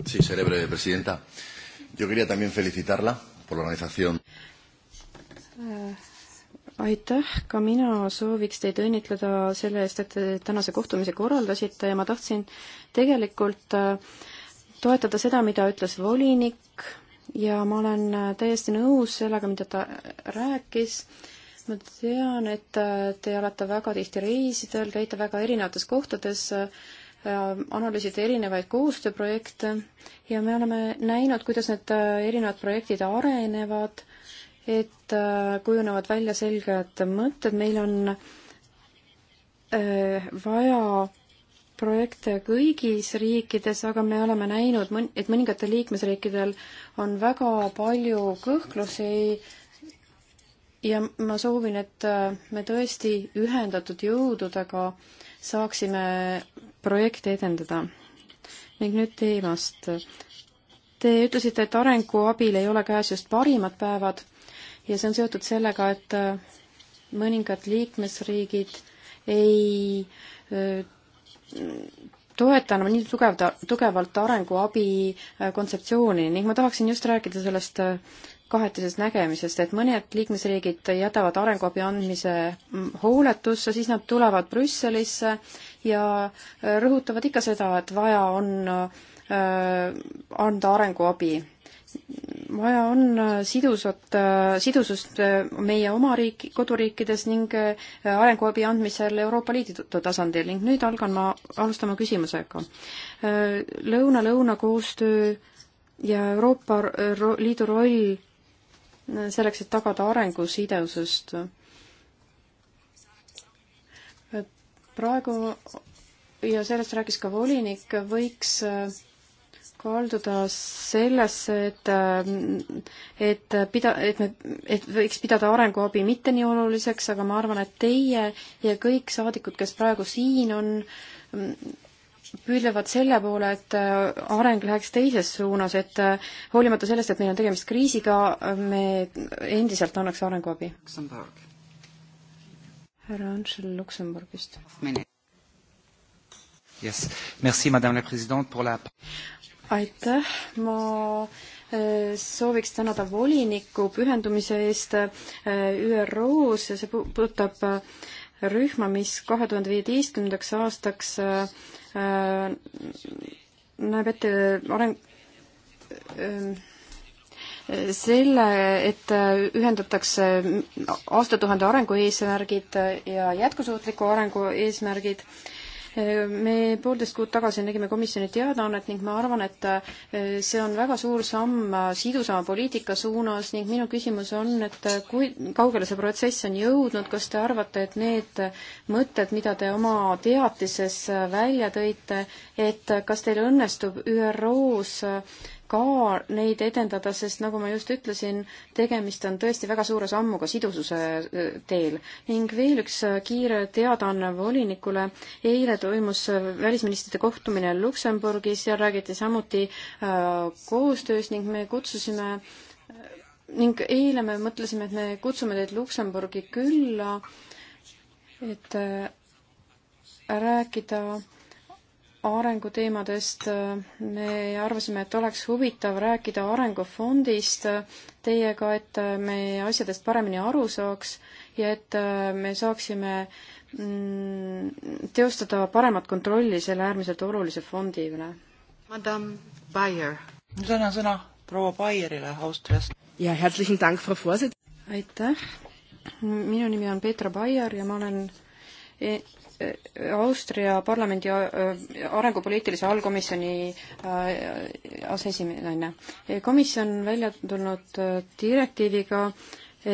Sí, seré breve, presidenta. Yo quería también felicitarla por la organización. Eh, aitäh, ka mina sooviks teid õnnitleda selle eest, et te tänase kohtumise korraldasite ja ma tahtsin tegelikult toetada seda, mida ütles volinik ja ma olen täiesti nõus sellega, mida ta rääkis äh, ma tean, et äh, te olete väga tihti reisidel, käite väga erinevates kohtades, äh, analüüsite erinevaid koostööprojekte ja me oleme näinud, kuidas need äh, erinevad projektid arenevad, et kujunevad välja selged mõtted, meil on vaja projekte kõigis riikides, aga me oleme näinud, et mõningatel liikmesriikidel on väga palju kõhklusi ja ma soovin, et äh, me tõesti ühendatud jõududega saaksime projekte edendada. ning nüüd teemast. Te ütlesite, et arenguabil ei ole käes just parimad päevad ja see on seotud sellega, et äh, mõningad liikmesriigid ei äh, toeta enam nii tugev, tugevalt arenguabi kontseptsiooni ning ma tahaksin just rääkida sellest kahetisest nägemisest, et mõned liikmesriigid jätavad arenguabi andmise hooletusse, siis nad tulevad Brüsselisse ja äh, rõhutavad ikka seda, et vaja on äh, anda arenguabi. vaja on äh, sidusat, sidusust meie oma riik, koduriikides ning arenguabi andmisel Euroopa Liidu tasandil ning nüüd algan ma alustama küsimusega lõuna,. Lõuna-lõuna koostöö ja Euroopa Liidu roll selleks, et tagada arengu sidevusest. praegu ja sellest rääkis ka volinik, võiks äh, kalduda sellesse, et, äh, et pida, et me, et võiks pidada arenguabi mitte nii oluliseks, aga ma arvan, et teie ja kõik saadikud, kes praegu siin on, püüdlevad selle poole, et äh, areng läheks teises suunas, et äh, hoolimata sellest, et meil on tegemist kriisiga, äh, me endiselt annaks arenguabi. härra Ansel Luksemburgist. Yes. Merci, madame la president, pour la aitäh, ma sooviks tänada voliniku pühendumise eest ÜRO-s ja see puudutab rühma, mis kahe tuhande viieteistkümnendaks aastaks äh, äh, näeb ette äh, areng selle, et ühendatakse aastatuhande arengu eesmärgid ja jätkusuutliku arengu eesmärgid me poolteist kuud tagasi nägime komisjoni teadaannet ning ma arvan, et äh, see on väga suur samm äh, sidusama poliitika suunas ning minu küsimus on, et äh, kui kaugele see protsess on jõudnud, kas te arvate, et need mõtted, mida te oma teatises välja tõite, et kas teil õnnestub ÜRO-s ka neid edendada, sest nagu ma just ütlesin, tegemist on tõesti väga suure sammuga sidususe teel. ning veel üks kiire teadaanne volinikule. eile toimus välisministrite kohtumine Luksemburgis, seal räägiti samuti koostööst ning me kutsusime ning eile me mõtlesime, et me kutsume teid Luksemburgi külla, et rääkida arenguteemadest me arvasime, et oleks huvitav rääkida arengufondist teiega, et me asjadest paremini aru saaks ja et me saaksime mm, teostada paremat kontrolli selle äärmiselt olulise fondi üle. Madame Bayer. sõna, sõna proua Bayerile Austriast. ja herzlichen Dank, Frau Vorsitz. aitäh. minu nimi on Petra Baier ja ma olen e- Austria parlamendi äh, arengupoliitilise allkomisjoni äh, aseesinaine. komisjon välja tulnud äh, direktiiviga,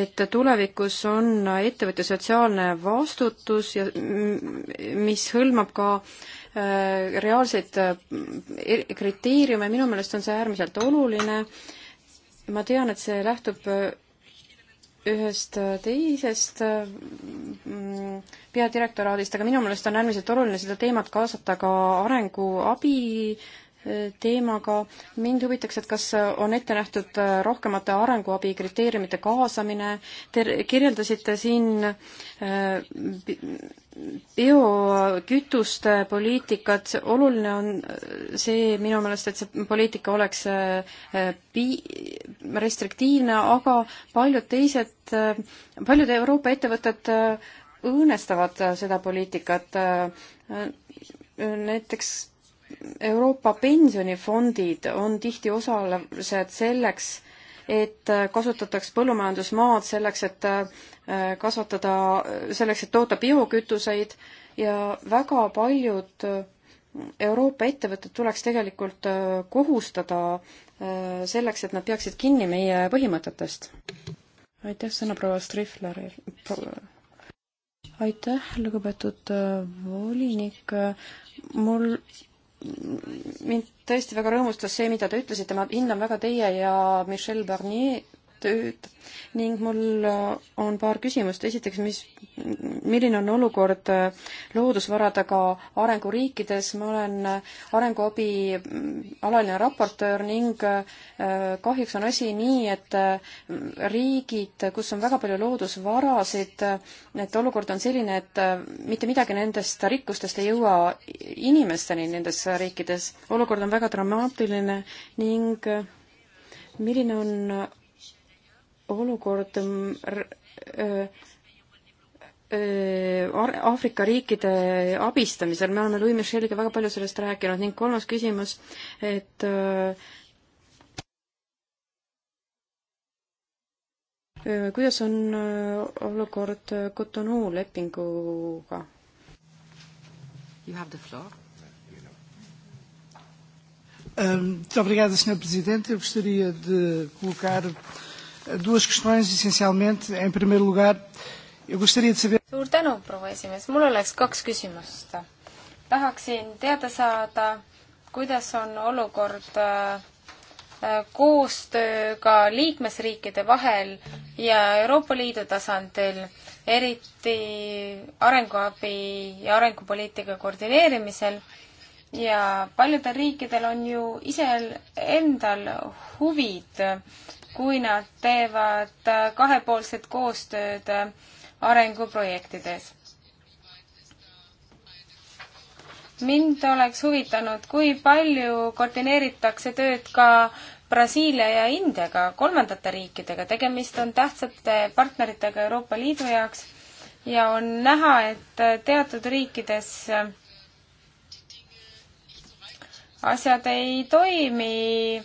et tulevikus on ettevõtte sotsiaalne vastutus ja mm, mis hõlmab ka reaalseid e-, kriteeriume, minu meelest on see äärmiselt oluline ma tean, et see lähtub ühest äh, teisest äh, mm, peadirektoraadist, aga minu meelest on äärmiselt oluline seda teemat kaasata ka arenguabi teemaga. mind huvitaks, et kas on ette nähtud äh, rohkemate arenguabi kriteeriumite kaasamine. Te kirjeldasite siin äh, biokütuste poliitikat, oluline on äh, see minu meelest, et see poliitika oleks pi-, restriktiivne, aga paljud teised, paljud Euroopa ettevõtted õõnestavad seda poliitikat. näiteks Euroopa pensionifondid on tihti osalused selleks, et kasutataks põllumajandusmaad selleks, et äh, kasvatada, selleks, et toota biokütuseid ja väga paljud äh, Euroopa ettevõtted tuleks tegelikult äh, kohustada selleks, et nad peaksid kinni meie põhimõtetest. aitäh sõna proua Strihlerile. aitäh, lugupeetud volinik. mul mind tõesti väga rõõmustas see, mida te ütlesite, ma hindan väga teie ja Michel Barnier tööd ning mul on paar küsimust. esiteks, mis, milline on olukord äh, loodusvaradega arenguriikides? ma olen äh, arenguabi mm, alaline raportöör ning äh, kahjuks on asi nii, et riigid, kus on väga palju loodusvarasid, et olukord on selline, et mitte midagi nendest rikkustest ei jõua inimesteni nendes riikides. olukord on väga dramaatiline ning milline on olukord mm, äh, äh, Aafrika riikide abistamisel, me oleme Louis Micheliga väga palju sellest rääkinud ning kolmas küsimus, et äh, kuidas on olukord Cotonou lepinguga? You have the floor. Um, muito obrigada, Sr. Presidente. Eu gostaria de colocar Duas questões, essencialmente. Em primeiro lugar, eu gostaria de saber... Suur tänu, proua esimees. Mul oleks kaks küsimust. Tahaksin teada saada, kuidas on olukord äh, koostööga liikmesriikide vahel ja Euroopa Liidu tasandil, eriti arenguabi ja arengupoliitika koordineerimisel ja paljudel riikidel on ju ise endal huvid kui nad teevad äh, kahepoolset koostööd äh, arenguprojektides. mind oleks huvitanud, kui palju koordineeritakse tööd ka Brasiilia ja Indiaga, kolmandate riikidega, tegemist on tähtsate partneritega Euroopa Liidu jaoks ja on näha, et äh, teatud riikides asjad ei toimi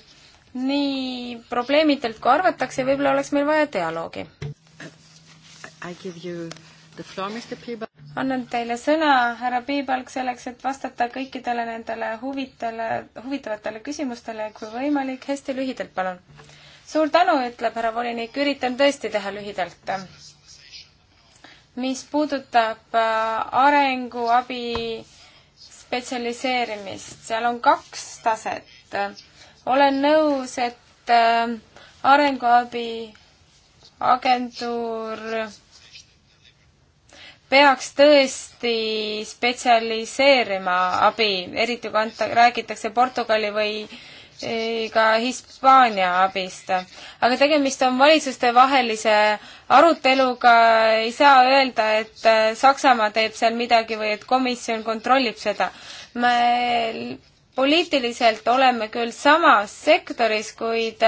nii probleemidelt, kui arvatakse, võib-olla oleks meil vaja dialoogi. annan teile sõna, härra Piibalg, selleks, et vastata kõikidele nendele huvitele, huvitavatele küsimustele, kui võimalik, hästi lühidalt, palun. suur tänu, ütleb härra volinik, üritan tõesti teha lühidalt. mis puudutab äh, arenguabi spetsialiseerimist, seal on kaks taset olen nõus, et äh, arenguabi agentuur peaks tõesti spetsialiseerima abi, eriti kui anta, räägitakse Portugali või äh, ka Hispaania abist. aga tegemist on valitsustevahelise aruteluga, ei saa öelda, et äh, Saksamaa teeb seal midagi või et komisjon kontrollib seda. me poliitiliselt oleme küll samas sektoris, kuid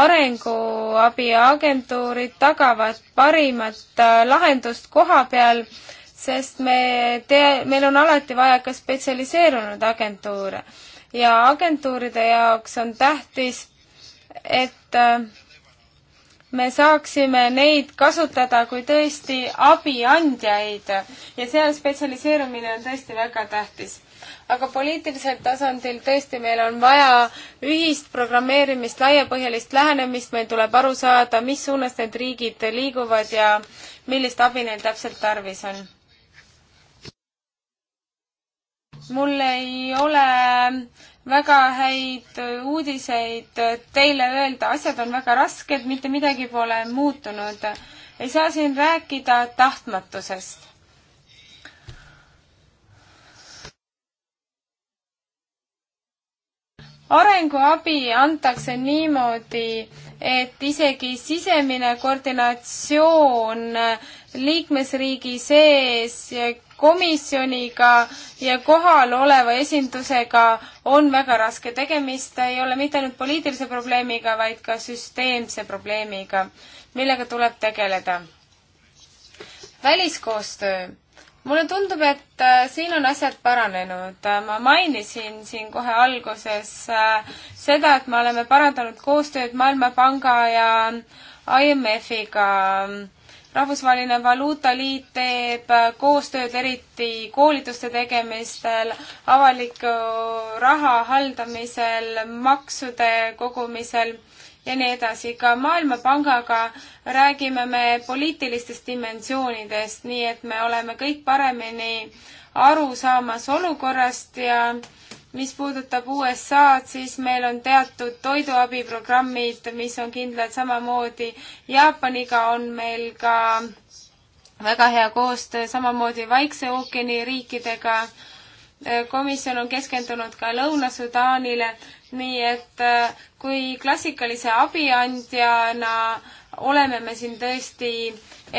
arenguabiagentuurid tagavad parimat äh, lahendust koha peal, sest me tee-, meil on alati vaja ka spetsialiseerunud agentuure. ja agentuuride jaoks on tähtis, et äh, me saaksime neid kasutada kui tõesti abiandjaid ja seal spetsialiseerumine on tõesti väga tähtis aga poliitilisel tasandil tõesti meil on vaja ühist programmeerimist, laiapõhjalist lähenemist, meil tuleb aru saada, mis suunas need riigid liiguvad ja millist abi neil täpselt tarvis on. mul ei ole väga häid uudiseid teile öelda, asjad on väga rasked, mitte midagi pole muutunud. ei saa siin rääkida tahtmatusest arenguabi antakse niimoodi, et isegi sisemine koordinatsioon liikmesriigi sees komisjoniga ja kohal oleva esindusega on väga raske. tegemist ei ole mitte ainult poliitilise probleemiga, vaid ka süsteemse probleemiga, millega tuleb tegeleda. väliskoostöö mulle tundub, et äh, siin on asjad paranenud. Äh, ma mainisin siin kohe alguses äh, seda, et me oleme parandanud koostööd Maailmapanga ja IMF-iga. rahvusvaheline Valuutaliit teeb koostööd eriti koolituste tegemistel, avaliku raha haldamisel, maksude kogumisel ja nii edasi. ka Maailmapangaga räägime me poliitilistest dimensioonidest, nii et me oleme kõik paremini aru saamas olukorrast ja mis puudutab USA-d, siis meil on teatud toiduabiprogrammid, mis on kindlad samamoodi. Jaapaniga on meil ka väga hea koostöö, samamoodi Vaikse ookeani riikidega. komisjon on keskendunud ka Lõuna-Sudaanile nii et äh, kui klassikalise abiandjana oleme me siin tõesti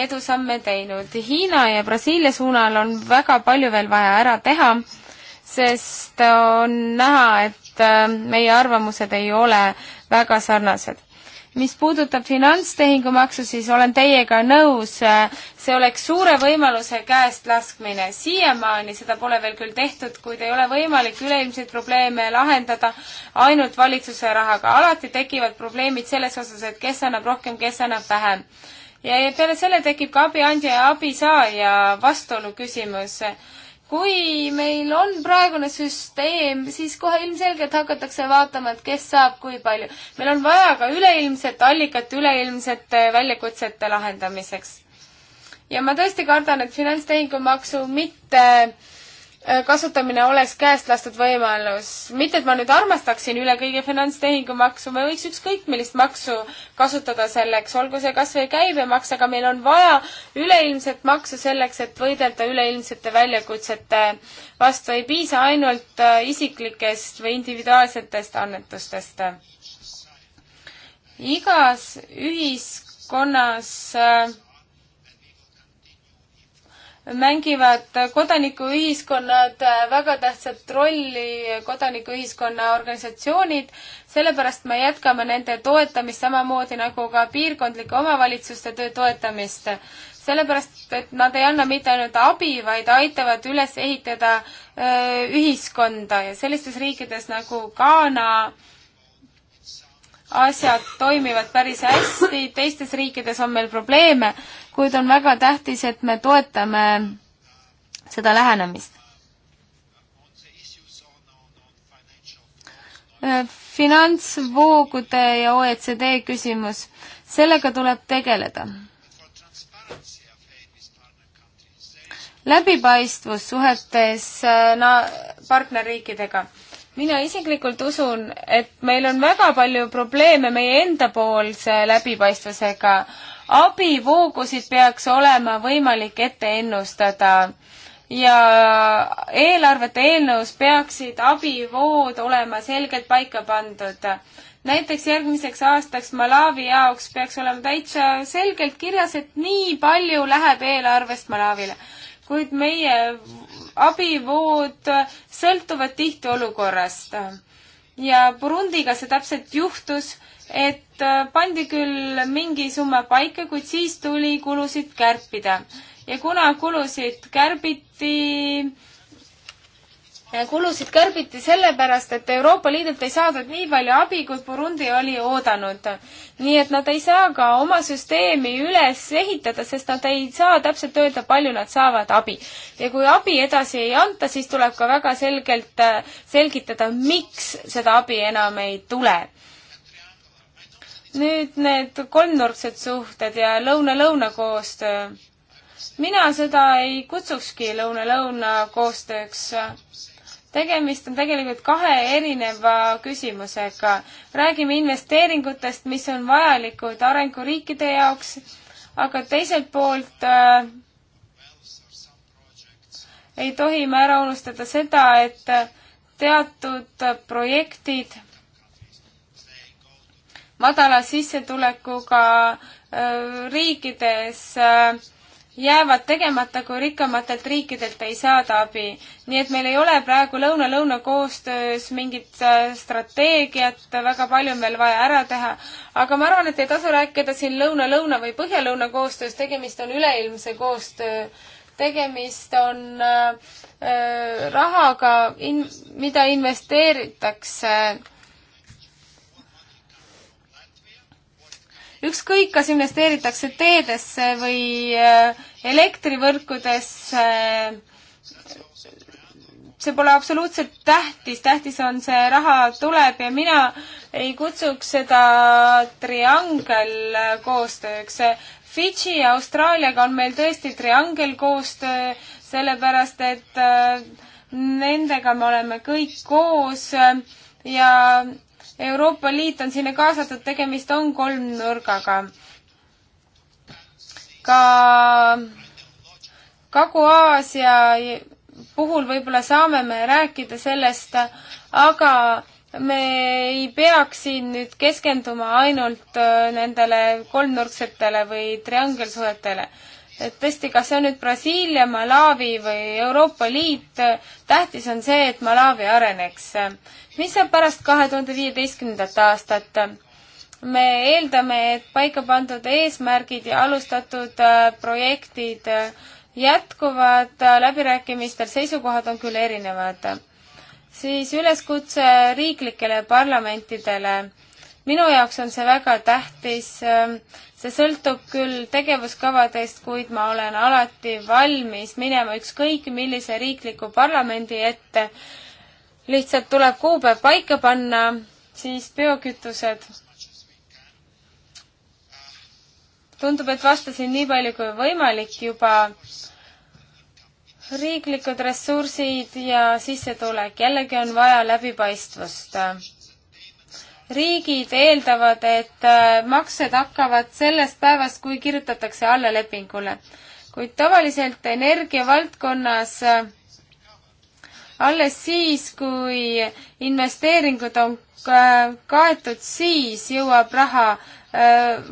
edusamme teinud. Hiina ja Brasiilia suunal on väga palju veel vaja ära teha, sest on näha, et äh, meie arvamused ei ole väga sarnased mis puudutab finantstehingumaksu, siis olen teiega nõus, see oleks suure võimaluse käest laskmine. siiamaani seda pole veel küll tehtud, kuid ei ole võimalik üleilmseid probleeme lahendada ainult valitsuse rahaga. alati tekivad probleemid selles osas, et kes annab rohkem, kes annab vähem. ja peale selle tekib ka abiandja ja abisaaja vastuolu küsimus kui meil on praegune süsteem, siis kohe ilmselgelt hakatakse vaatama, et kes saab kui palju. meil on vaja ka üleilmset allikat üleilmsete väljakutsete lahendamiseks. ja ma tõesti kardan, et finantstehingumaksu mitte äh, Äh, kasutamine oleks käest lastud võimalus. mitte, et ma nüüd armastaksin üle kõige finantstehingumaksu, me võiks ükskõik millist maksu kasutada selleks, olgu see kas või käibemaks, aga meil on vaja üleilmset maksu selleks, et võidelda üleilmsete väljakutsete vastu. ei piisa ainult äh, isiklikest või individuaalsetest annetustest. igas ühiskonnas äh, mängivad kodanikuühiskonnad väga tähtsat rolli, kodanikuühiskonna organisatsioonid, sellepärast me jätkame nende toetamist samamoodi nagu ka piirkondlike omavalitsuste töö toetamist. sellepärast, et nad ei anna mitte ainult abi, vaid aitavad üles ehitada ühiskonda ja sellistes riikides nagu Ghana, asjad toimivad päris hästi, teistes riikides on meil probleeme kuid on väga tähtis, et me toetame seda lähenemist. finantsvoogude ja OECD küsimus, sellega tuleb tegeleda. läbipaistvus suhetes äh, na-, partnerriikidega mina isiklikult usun, et meil on väga palju probleeme meie endapoolse läbipaistvusega abivoogusid peaks olema võimalik ette ennustada ja eelarvete eelnõus peaksid abivood olema selgelt paika pandud. näiteks järgmiseks aastaks Malawi jaoks peaks olema täitsa selgelt kirjas, et nii palju läheb eelarvest Malawile. kuid meie abivood sõltuvad tihti olukorrast. ja Burundiga see täpselt juhtus et äh, pandi küll mingi summa paika, kuid siis tuli kulusid kärpida. ja kuna kulusid kärbiti, kulusid kärbiti sellepärast, et Euroopa Liidult ei saadud nii palju abi, kui Burundi oli oodanud. nii et nad ei saa ka oma süsteemi üles ehitada, sest nad ei saa täpselt öelda, palju nad saavad abi. ja kui abi edasi ei anta, siis tuleb ka väga selgelt äh, selgitada, miks seda abi enam ei tule nüüd need kolmnurksed suhted ja lõuna-lõuna koostöö. mina seda ei kutsukski lõuna-lõuna koostööks. tegemist on tegelikult kahe erineva küsimusega. räägime investeeringutest, mis on vajalikud arenguriikide jaoks, aga teiselt poolt äh, ei tohi me ära unustada seda, et teatud projektid madala sissetulekuga äh, riikides äh, jäävad tegemata, kui rikkamatelt riikidelt ei saada abi. nii et meil ei ole praegu lõuna-lõuna koostöös mingit äh, strateegiat, väga palju on veel vaja ära teha. aga ma arvan, et ei tasu rääkida siin lõuna-lõuna või põhja-lõuna koostöös, tegemist on üleilmse koostöö. tegemist on äh, rahaga in-, mida investeeritakse äh, ükskõik, kas investeeritakse teedesse või äh, elektrivõrkudesse, see pole absoluutselt tähtis, tähtis on see raha tuleb ja mina ei kutsuks seda triangel äh, koostööks. Fidži ja Austraaliaga on meil tõesti triangel koostöö, sellepärast et äh, nendega me oleme kõik koos ja Euroopa Liit on sinna kaasatud, tegemist on kolmnurgaga. ka Kagu-Aasia puhul võib-olla saame me rääkida sellest, aga me ei peaks siin nüüd keskenduma ainult äh, nendele kolmnurksetele või triangelsuhetele et tõesti, kas see on nüüd Brasiilia, Malawi või Euroopa Liit, tähtis on see, et Malawi areneks. mis saab pärast kahe tuhande viieteistkümnendat aastat? me eeldame, et paika pandud eesmärgid ja alustatud äh, projektid äh, jätkuvad, äh, läbirääkimistel seisukohad on küll erinevad. siis üleskutse riiklikele parlamentidele minu jaoks on see väga tähtis, ähm, see sõltub küll tegevuskavadest, kuid ma olen alati valmis minema ükskõik millise riikliku parlamendi ette. lihtsalt tuleb kuupäev paika panna, siis biokütused. tundub, et vastasin nii palju kui võimalik juba riiklikud ressursid ja sissetulek, jällegi on vaja läbipaistvust riigid eeldavad, et äh, maksed hakkavad sellest päevast, kui kirjutatakse alla lepingule. kuid tavaliselt energia valdkonnas äh, alles siis, kui investeeringud on äh, kaetud, siis jõuab raha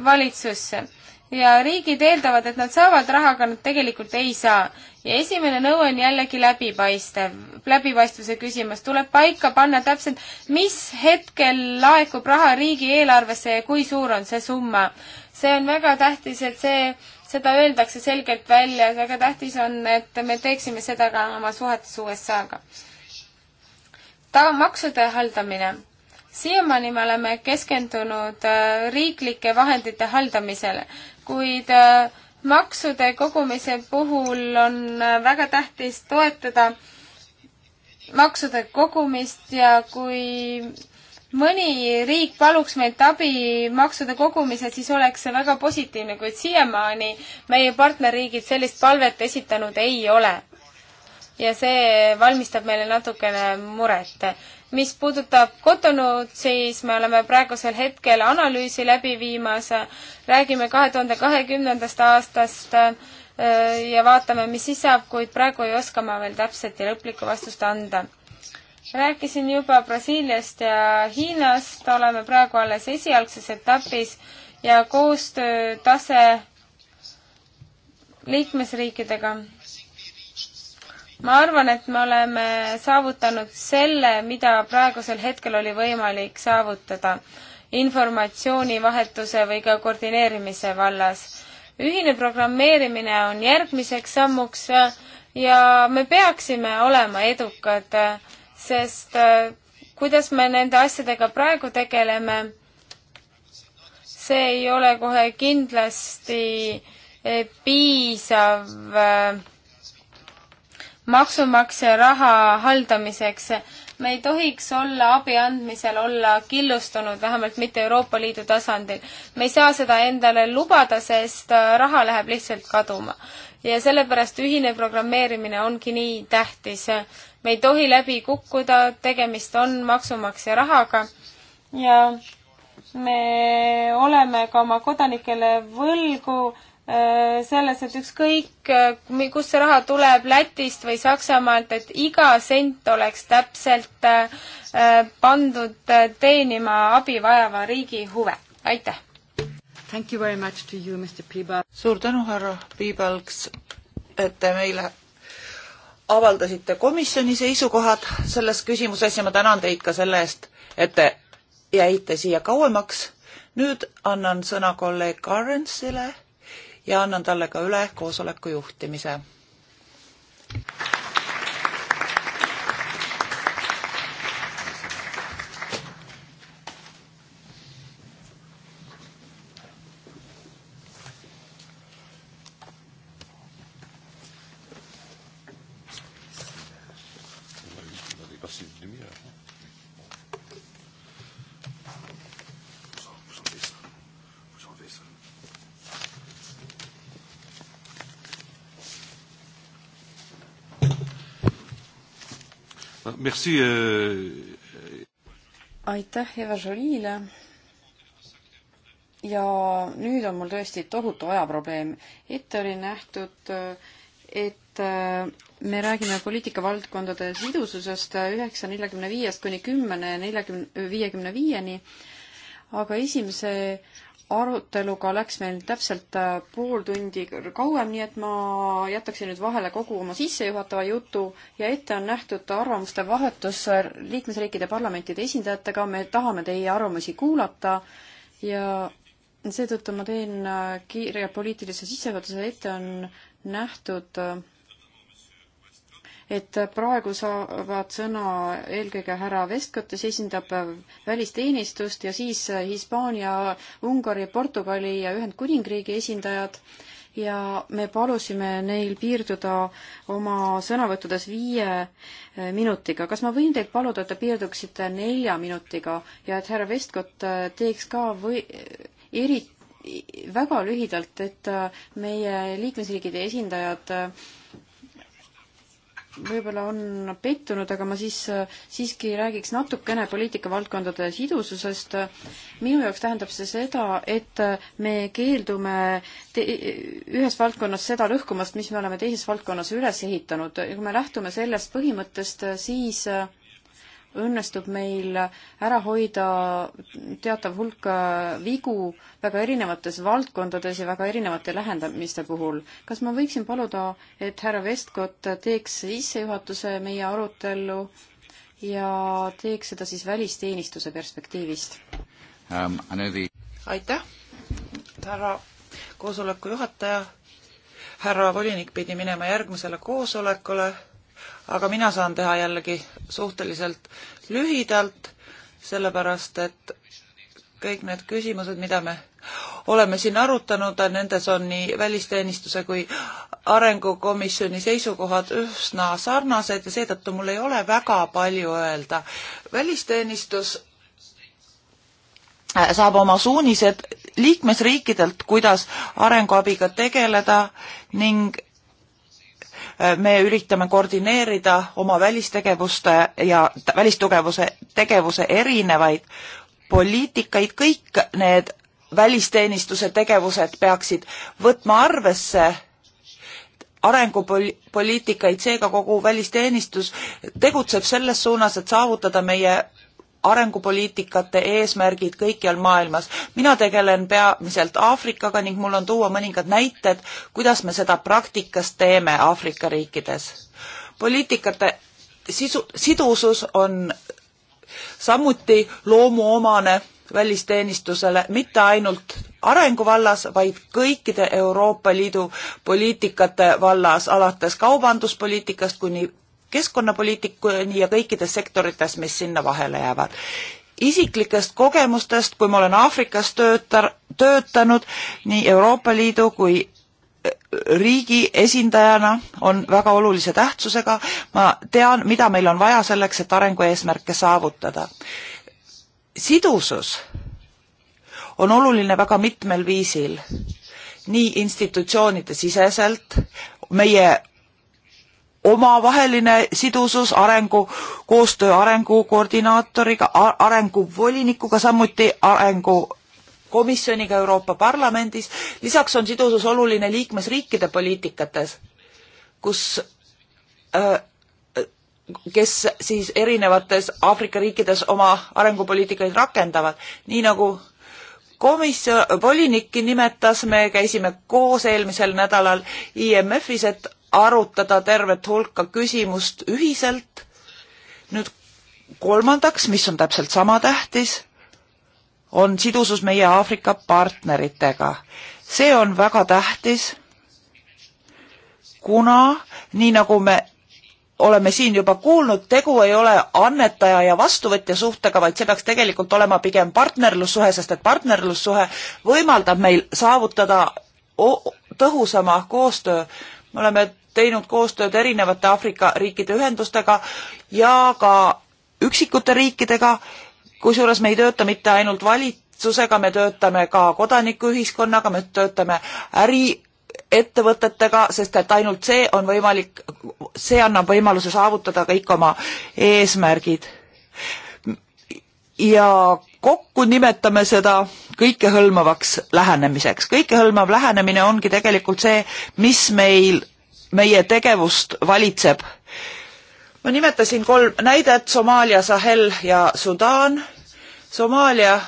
valitsusse. ja riigid eeldavad, et nad saavad raha, aga nad tegelikult ei saa ja esimene nõue on jällegi läbipaistev, läbipaistvuse küsimus, tuleb paika panna täpselt, mis hetkel laekub raha riigieelarvesse ja kui suur on see summa. see on väga tähtis, et see, seda öeldakse selgelt välja, väga tähtis on, et me teeksime seda ka oma suhetes USA-ga. ta maksude haldamine. siiamaani me oleme keskendunud äh, riiklike vahendite haldamisele, kuid äh, maksude kogumise puhul on väga tähtis toetada maksude kogumist ja kui mõni riik paluks meilt abi maksude kogumisel, siis oleks see väga positiivne, kuid siiamaani meie partnerriigid sellist palvet esitanud ei ole. ja see valmistab meile natukene muret mis puudutab Cotonoud, siis me oleme praegusel hetkel analüüsi läbi viimas, räägime kahe tuhande kahekümnendast aastast äh, ja vaatame, mis siis saab, kuid praegu ei oska ma veel täpset ja lõplikku vastust anda. rääkisin juba Brasiiliast ja Hiinast, oleme praegu alles esialgses etapis ja koostöötase liikmesriikidega ma arvan, et me oleme saavutanud selle, mida praegusel hetkel oli võimalik saavutada informatsioonivahetuse või ka koordineerimise vallas. ühine programmeerimine on järgmiseks sammuks ja me peaksime olema edukad, sest äh, kuidas me nende asjadega praegu tegeleme, see ei ole kohe kindlasti äh, piisav äh, maksumaksja raha haldamiseks. me ei tohiks olla abi andmisel olla killustunud, vähemalt mitte Euroopa Liidu tasandil. me ei saa seda endale lubada, sest äh, raha läheb lihtsalt kaduma. ja sellepärast ühine programmeerimine ongi nii tähtis. me ei tohi läbi kukkuda, tegemist on maksumaksja rahaga ja me oleme ka oma kodanikele võlgu Äh, selles, et ükskõik, äh, kust see raha tuleb, Lätist või Saksamaalt, et iga sent oleks täpselt äh, pandud teenima abi vajava riigi huve. aitäh! Thank you very much to you, Mr Piibal. suur tänu, härra Piibalks, et te meile avaldasite komisjoni seisukohad selles küsimuses ja ma tänan teid ka selle eest, et te jäite siia kauemaks. nüüd annan sõna kolleeg Karensile ja annan talle ka üle koosoleku juhtimise. passer une demi Merci. Euh, euh. aitäh Eva Jolile. ja nüüd on mul tõesti tohutu ajaprobleem. ette oli nähtud, et äh, me räägime poliitikavaldkondade sidususest üheksa neljakümne viiest kuni kümnene neljakümne, viiekümne viieni aga esimese aruteluga läks meil täpselt äh, pool tundi kauem, nii et ma jätaksin nüüd vahele kogu oma sissejuhatava jutu ja ette on nähtud arvamuste vahetus äh, liikmesriikide parlamentide esindajatega, me tahame teie arvamusi kuulata ja seetõttu ma teen äh, kiire poliitilise sissejuhatuse, ette on nähtud äh, et praegu saavad sõna eelkõige härra Vestkott, kes esindab välisteenistust ja siis Hispaania, Ungari, Portugali ja Ühendkuningriigi esindajad ja me palusime neil piirduda oma sõnavõttudes viie eh, minutiga. kas ma võin teilt paluda, et te piirduksite nelja minutiga ja et härra Vestkott eh, teeks ka või eh, eri, väga lühidalt, et meie liikmesriikide esindajad võib-olla on pettunud, aga ma siis siiski räägiks natukene poliitikavaldkondade sidususest. minu jaoks tähendab see seda, et me keeldume ühes valdkonnas seda lõhkumast, mis me oleme teises valdkonnas üles ehitanud ja kui me lähtume sellest põhimõttest, siis äh, õnnestub meil ära hoida teatav hulk äh, vigu väga erinevates valdkondades ja väga erinevate lähendamiste puhul. kas ma võiksin paluda, et härra Vestkott teeks sissejuhatuse meie arutellu ja teeks seda siis välisteenistuse perspektiivist um,? The... aitäh, härra koosoleku juhataja. härra volinik pidi minema järgmisele koosolekule aga mina saan teha jällegi suhteliselt lühidalt, sellepärast et kõik need küsimused, mida me oleme siin arutanud, nendes on nii välisteenistuse kui arengukomisjoni seisukohad üsna sarnased ja seetõttu mul ei ole väga palju öelda. välisteenistus äh, saab oma suunised liikmesriikidelt, kuidas arenguabiga tegeleda ning me üritame koordineerida oma välistegevuste ja välistugevuse tegevuse erinevaid poliitikaid, kõik need välisteenistuse tegevused peaksid võtma arvesse arengupoliitikaid, seega kogu välisteenistus tegutseb selles suunas, et saavutada meie arengupoliitikate eesmärgid kõikjal maailmas. mina tegelen peamiselt Aafrikaga ning mul on tuua mõningad näited, kuidas me seda praktikas teeme Aafrika riikides. poliitikate sisu, sidusus on samuti loomuomane välisteenistusele mitte ainult arenguvallas, vaid kõikide Euroopa Liidu poliitikate vallas, alates kaubanduspoliitikast kuni keskkonnapoliitikuni ja kõikides sektorites, mis sinna vahele jäävad. isiklikest kogemustest, kui ma olen Aafrikas töötar, töötanud nii Euroopa Liidu kui äh, riigi esindajana on väga olulise tähtsusega, ma tean, mida meil on vaja selleks, et arengueesmärke saavutada. sidusus on oluline väga mitmel viisil, nii institutsioonide siseselt, meie omavaheline sidusus arengu, koostöö arengukoordinaatoriga, arenguvolinikuga, samuti arengu komisjoniga Euroopa Parlamendis. lisaks on sidusus oluline liikmesriikide poliitikates, kus äh, kes siis erinevates Aafrika riikides oma arengupoliitikaid rakendavad. nii nagu komisjon, volinikki nimetas, me käisime koos eelmisel nädalal IMF-is, et arutada tervet hulka küsimust ühiselt. nüüd kolmandaks, mis on täpselt sama tähtis, on sidusus meie Aafrika partneritega. see on väga tähtis, kuna nii nagu me oleme siin juba kuulnud, tegu ei ole annetaja ja vastuvõtja suhtega, vaid see peaks tegelikult olema pigem partnerlussuhe, sest et partnerlussuhe võimaldab meil saavutada tõhusama koostöö. me oleme teinud koostööd erinevate Aafrika riikide ühendustega ja ka üksikute riikidega, kusjuures me ei tööta mitte ainult valitsusega, me töötame ka kodanikuühiskonnaga, me töötame äriettevõtetega, sest et ainult see on võimalik, see annab võimaluse saavutada kõik oma eesmärgid. ja kokku nimetame seda kõikehõlmavaks lähenemiseks. kõikehõlmav lähenemine ongi tegelikult see, mis meil meie tegevust valitseb. ma nimetasin kolm näidet, Somaalia, Sahel ja Sudaan. Somaalia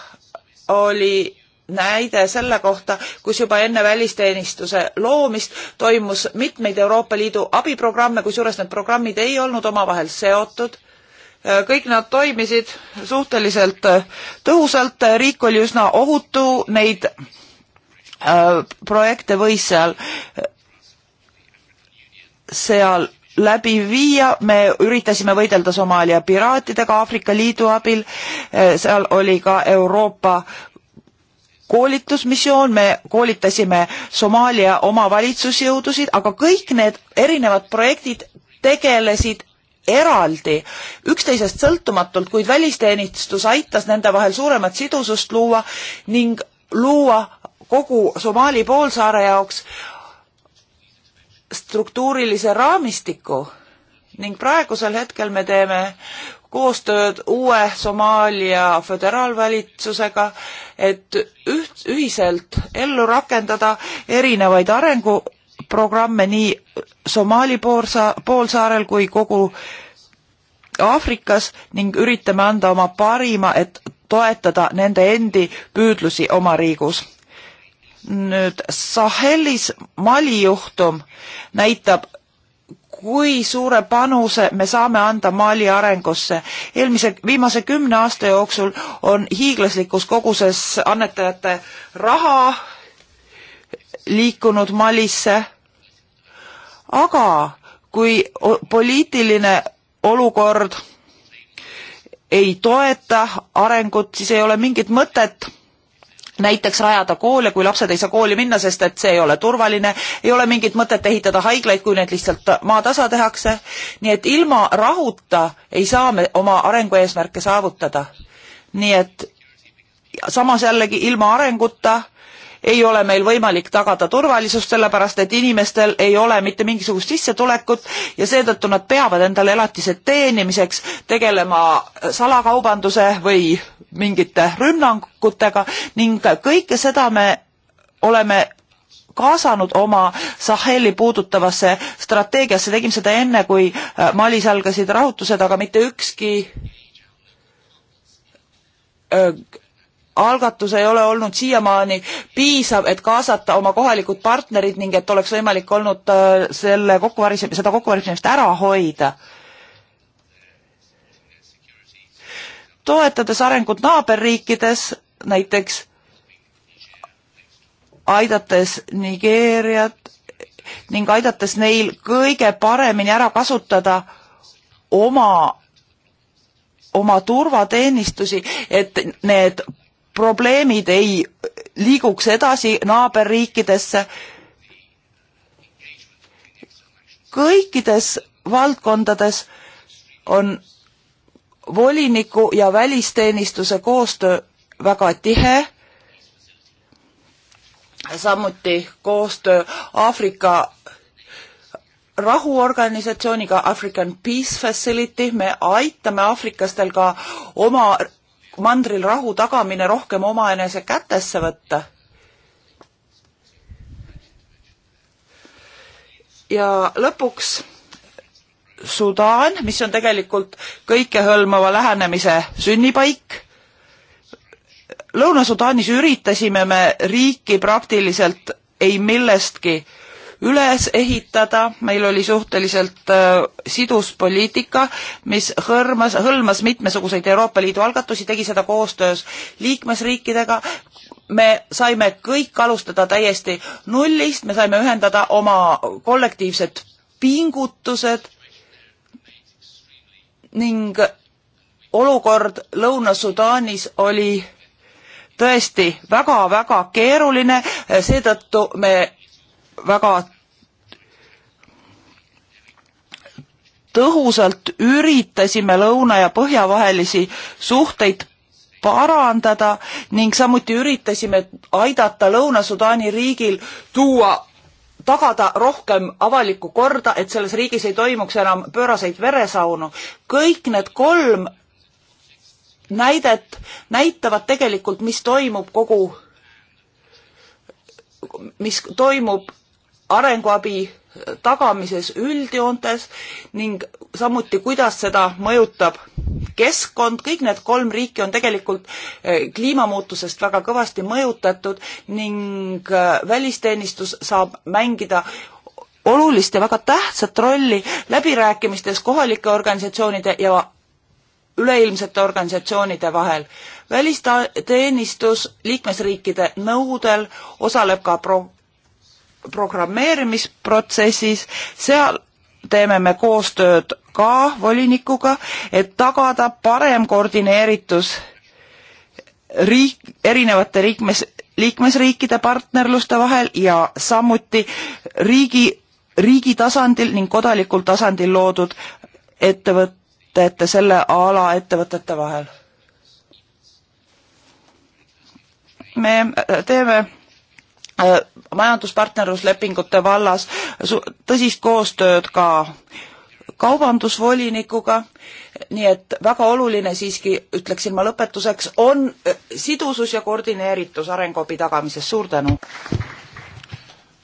oli näide selle kohta, kus juba enne välisteenistuse loomist toimus mitmeid Euroopa Liidu abiprogramme, kusjuures need programmid ei olnud omavahel seotud. kõik nad toimisid suhteliselt tõhusalt, riik oli üsna ohutu, neid äh, projekte võis seal seal läbi viia, me üritasime võidelda Somaalia piraatidega Aafrika Liidu abil, eh, seal oli ka Euroopa koolitusmissioon, me koolitasime Somaalia omavalitsusjõudusid, aga kõik need erinevad projektid tegelesid eraldi, üksteisest sõltumatult, kuid välisteenistus aitas nende vahel suuremat sidusust luua ning luua kogu Somaali poolsaare jaoks struktuurilise raamistiku ning praegusel hetkel me teeme koostööd uue Somaalia föderaalvalitsusega, et üht, ühiselt ellu rakendada erinevaid arenguprogramme nii Somaali poolsa-, poolsaarel kui kogu Aafrikas ning üritame anda oma parima, et toetada nende endi püüdlusi oma riigus nüüd Sahelis Mali juhtum näitab, kui suure panuse me saame anda Mali arengusse. eelmise, viimase kümne aasta jooksul on hiiglaslikus koguses annetajate raha liikunud Malisse, aga kui poliitiline olukord ei toeta arengut, siis ei ole mingit mõtet näiteks rajada koole, kui lapsed ei saa kooli minna, sest et see ei ole turvaline, ei ole mingit mõtet ehitada haiglaid, kui need lihtsalt maatasa tehakse. nii et ilma rahuta ei saa me oma arengueesmärke saavutada. nii et samas jällegi ilma arenguta ei ole meil võimalik tagada turvalisust, sellepärast et inimestel ei ole mitte mingisugust sissetulekut ja seetõttu nad peavad endale elatised teenimiseks tegelema salakaubanduse või mingite rünnangutega ning kõike seda me oleme kaasanud oma Saheli puudutavasse strateegiasse, tegime seda enne, kui äh, Malis algasid rahutused, aga mitte ükski äh, algatus ei ole olnud siiamaani piisav, et kaasata oma kohalikud partnerid ning et oleks võimalik olnud äh, selle kokkuvarisemise, seda kokkuvarisemist ära hoida. toetades arengut naaberriikides, näiteks aidates Nigeeriat ning aidates neil kõige paremini ära kasutada oma, oma turvateenistusi, et need probleemid ei liiguks edasi naaberriikidesse. kõikides valdkondades on voliniku ja välisteenistuse koostöö väga tihe, samuti koostöö Aafrika rahuorganisatsiooniga African Peace Facility, me aitame aafriklastel ka oma mandril rahu tagamine rohkem omaenese kätesse võtta. ja lõpuks Sudaan, mis on tegelikult kõikehõlmava lähenemise sünnipaik. Lõuna-Sudaanis üritasime me riiki praktiliselt ei millestki üles ehitada, meil oli suhteliselt äh, sidus poliitika, mis hõrmas, hõlmas mitmesuguseid Euroopa Liidu algatusi, tegi seda koostöös liikmesriikidega, me saime kõik alustada täiesti nullist, me saime ühendada oma kollektiivsed pingutused ning olukord Lõuna-Sudaanis oli tõesti väga-väga keeruline, seetõttu me väga tõhusalt üritasime lõuna ja põhja vahelisi suhteid parandada ning samuti üritasime aidata Lõuna-Sudaani riigil tuua tagada rohkem avalikku korda, et selles riigis ei toimuks enam pööraseid veresaunu. kõik need kolm näidet näitavad tegelikult, mis toimub kogu, mis toimub arenguabi tagamises üldjoontes ning samuti, kuidas seda mõjutab keskkond, kõik need kolm riiki on tegelikult eh, kliimamuutusest väga kõvasti mõjutatud ning eh, välisteenistus saab mängida olulist ja väga tähtsat rolli läbirääkimistes kohalike organisatsioonide ja üleilmsete organisatsioonide vahel. välisteenistus liikmesriikide nõudel osaleb ka pro-, programmeerimisprotsessis, seal teeme me koostööd ka volinikuga, et tagada parem koordineeritus riik, erinevate liikmes, liikmesriikide partnerluste vahel ja samuti riigi, riigi tasandil ning kodalikul tasandil loodud ettevõtete, selle ala ettevõtete vahel. me äh, teeme Äh, majanduspartnerluslepingute vallas tõsist koostööd ka kaubandusvolinikuga, nii et väga oluline siiski, ütleksin ma lõpetuseks, on äh, sidusus ja koordineeritus arenguabi tagamises, suur tänu!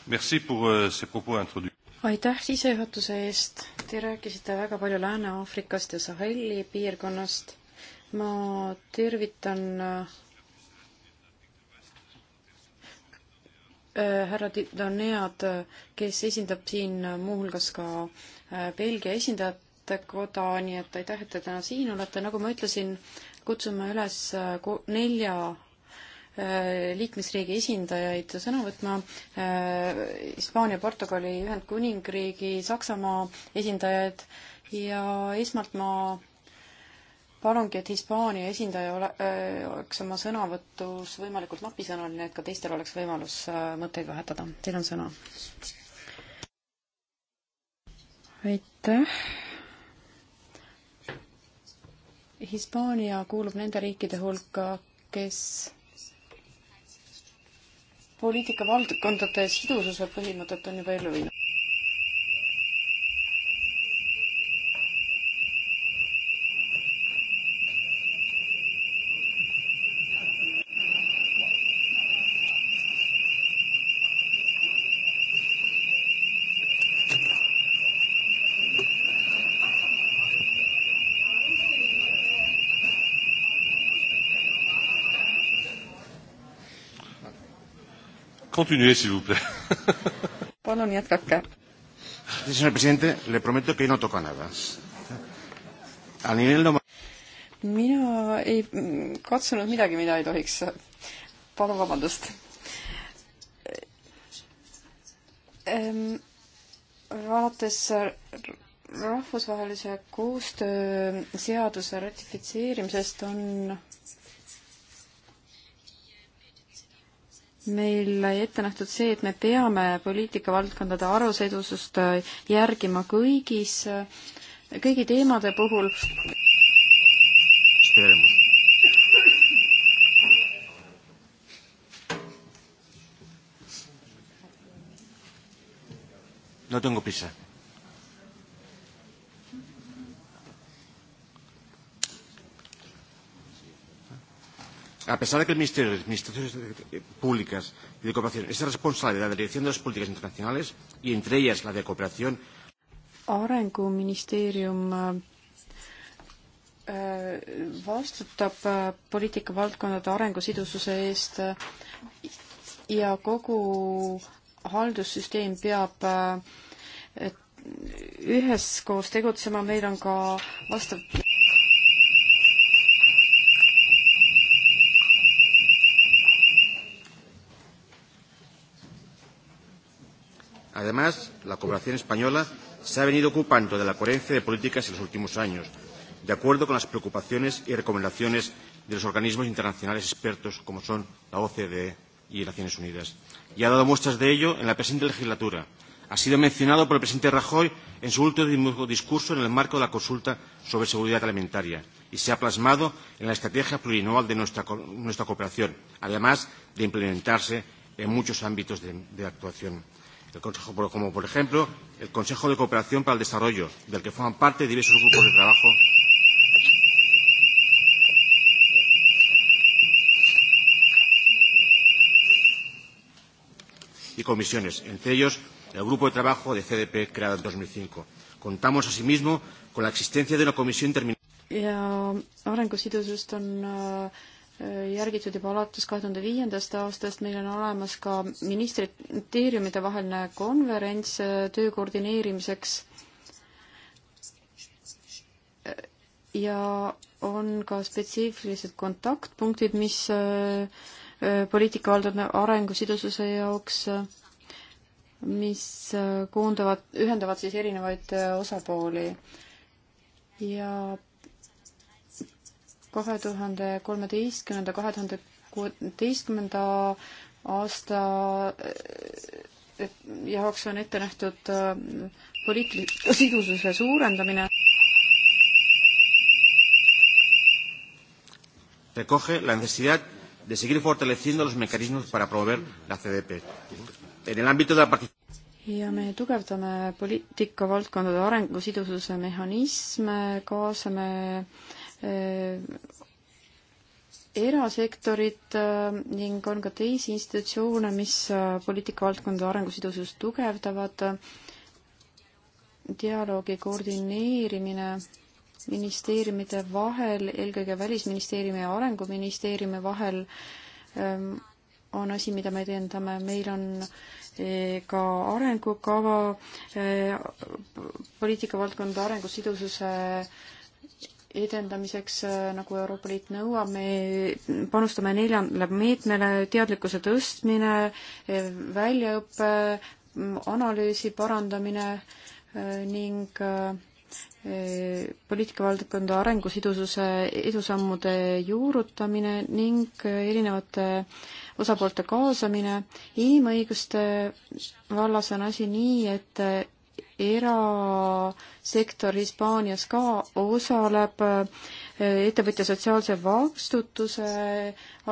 Euh, aitäh sisejuhatuse eest, te rääkisite väga palju Lääne-Aafrikast ja Saheli piirkonnast, ma tervitan äh, härra Danead, kes esindab siin muuhulgas ka äh, Belgia esindajate koda, nii et aitäh, et te täna siin olete, nagu ma ütlesin, kutsume üles äh, nelja äh, liikmesriigi esindajaid sõna võtma, Hispaania, Portugali, Ühendkuningriigi, Saksamaa esindajaid ja esmalt ma palungi, et Hispaania esindaja ole, öö, äh, oleks oma sõnavõtus võimalikult napisõnaline, et ka teistel oleks võimalus äh, mõtteid vahetada. Teil on sõna. aitäh. Hispaania kuulub nende riikide hulka, kes poliitika valdkondade sidususe põhimõtet on juba ellu viinud Continuez, s'il vous plaît. palun jätkake. Señor presidente, le prometo que no toco nada. A nivel no... mina ei katsunud midagi, mida ei tohiks. palun vabandust ähm,. vaadates rahvusvahelise koostöö seaduse ratifitseerimisest on meil ette nähtud see, et me peame poliitikavaldkondade arusaidusust äh, järgima kõigis, äh, kõigi teemade puhul. no tungu pisse a pesar de que el Ministerio de Administraciones Públicas y de Cooperación es responsable de la dirección de las políticas internacionales y entre ellas la de cooperación. arenguministeerium eh, vastutab eh, poliitikavaldkondade arengusidususe eest eh, ja kogu haldussüsteem peab üheskoos tegutsema, meil on ka vastav Además, la cooperación española se ha venido ocupando de la coherencia de políticas en los últimos años, de acuerdo con las preocupaciones y recomendaciones de los organismos internacionales expertos como son la OCDE y Naciones Unidas. Y ha dado muestras de ello en la presente legislatura. Ha sido mencionado por el presidente Rajoy en su último discurso en el marco de la consulta sobre seguridad alimentaria y se ha plasmado en la estrategia plurianual de nuestra, nuestra cooperación, además de implementarse en muchos ámbitos de, de actuación el Consejo, como por ejemplo el Consejo de Cooperación para el Desarrollo, del que forman parte diversos grupos de trabajo. y comisiones, entre ellos el grupo de trabajo de CDP creado en 2005. Contamos asimismo con la existencia de una comisión interministerial. ja arengusidusest ah, on äh, järgitud juba alates kahe tuhande viiendast aastast, meil on olemas ka ministriteeriumide vaheline konverents äh, töö koordineerimiseks. ja on ka spetsiifilised kontaktpunktid, mis äh, äh, poliitika valdade arengusidususe jaoks, mis koondavad, ühendavad siis erinevaid osapooli ja kahe tuhande kolmeteistkümnenda, kahe tuhande kuueteistkümnenda aasta eh, jaoks on ette nähtud eh, poliitilise sidususe suurendamine. recoge la necesidad de seguir fortaleciendo los mecanismos para promover la CDP. En el ámbito de la participación ja me tugevdame poliitikavaldkondade arengusidususe mehhanisme, kaasame äh, Äh, erasektorit äh, ning on ka teisi institutsioone, mis äh, poliitikavaldkonda arengusidusust tugevdavad. dialoogi koordineerimine ministeeriumide vahel, eelkõige Välisministeeriumi ja Arenguministeeriumi vahel, ähm, on asi, mida me edendame, meil on ka arengukava poliitikavaldkonda arengusidususe edendamiseks, äh, nagu Euroopa Liit nõuab, me panustame neljale meetmele, teadlikkuse tõstmine, äh, väljaõpe, analüüsi parandamine äh, ning poliitikavaldkonda arengusidususe edusammude juurutamine ning erinevate osapoolte kaasamine. inimõiguste vallas on asi nii, et erasektor Hispaanias ka osaleb eh, ettevõtja sotsiaalse vastutuse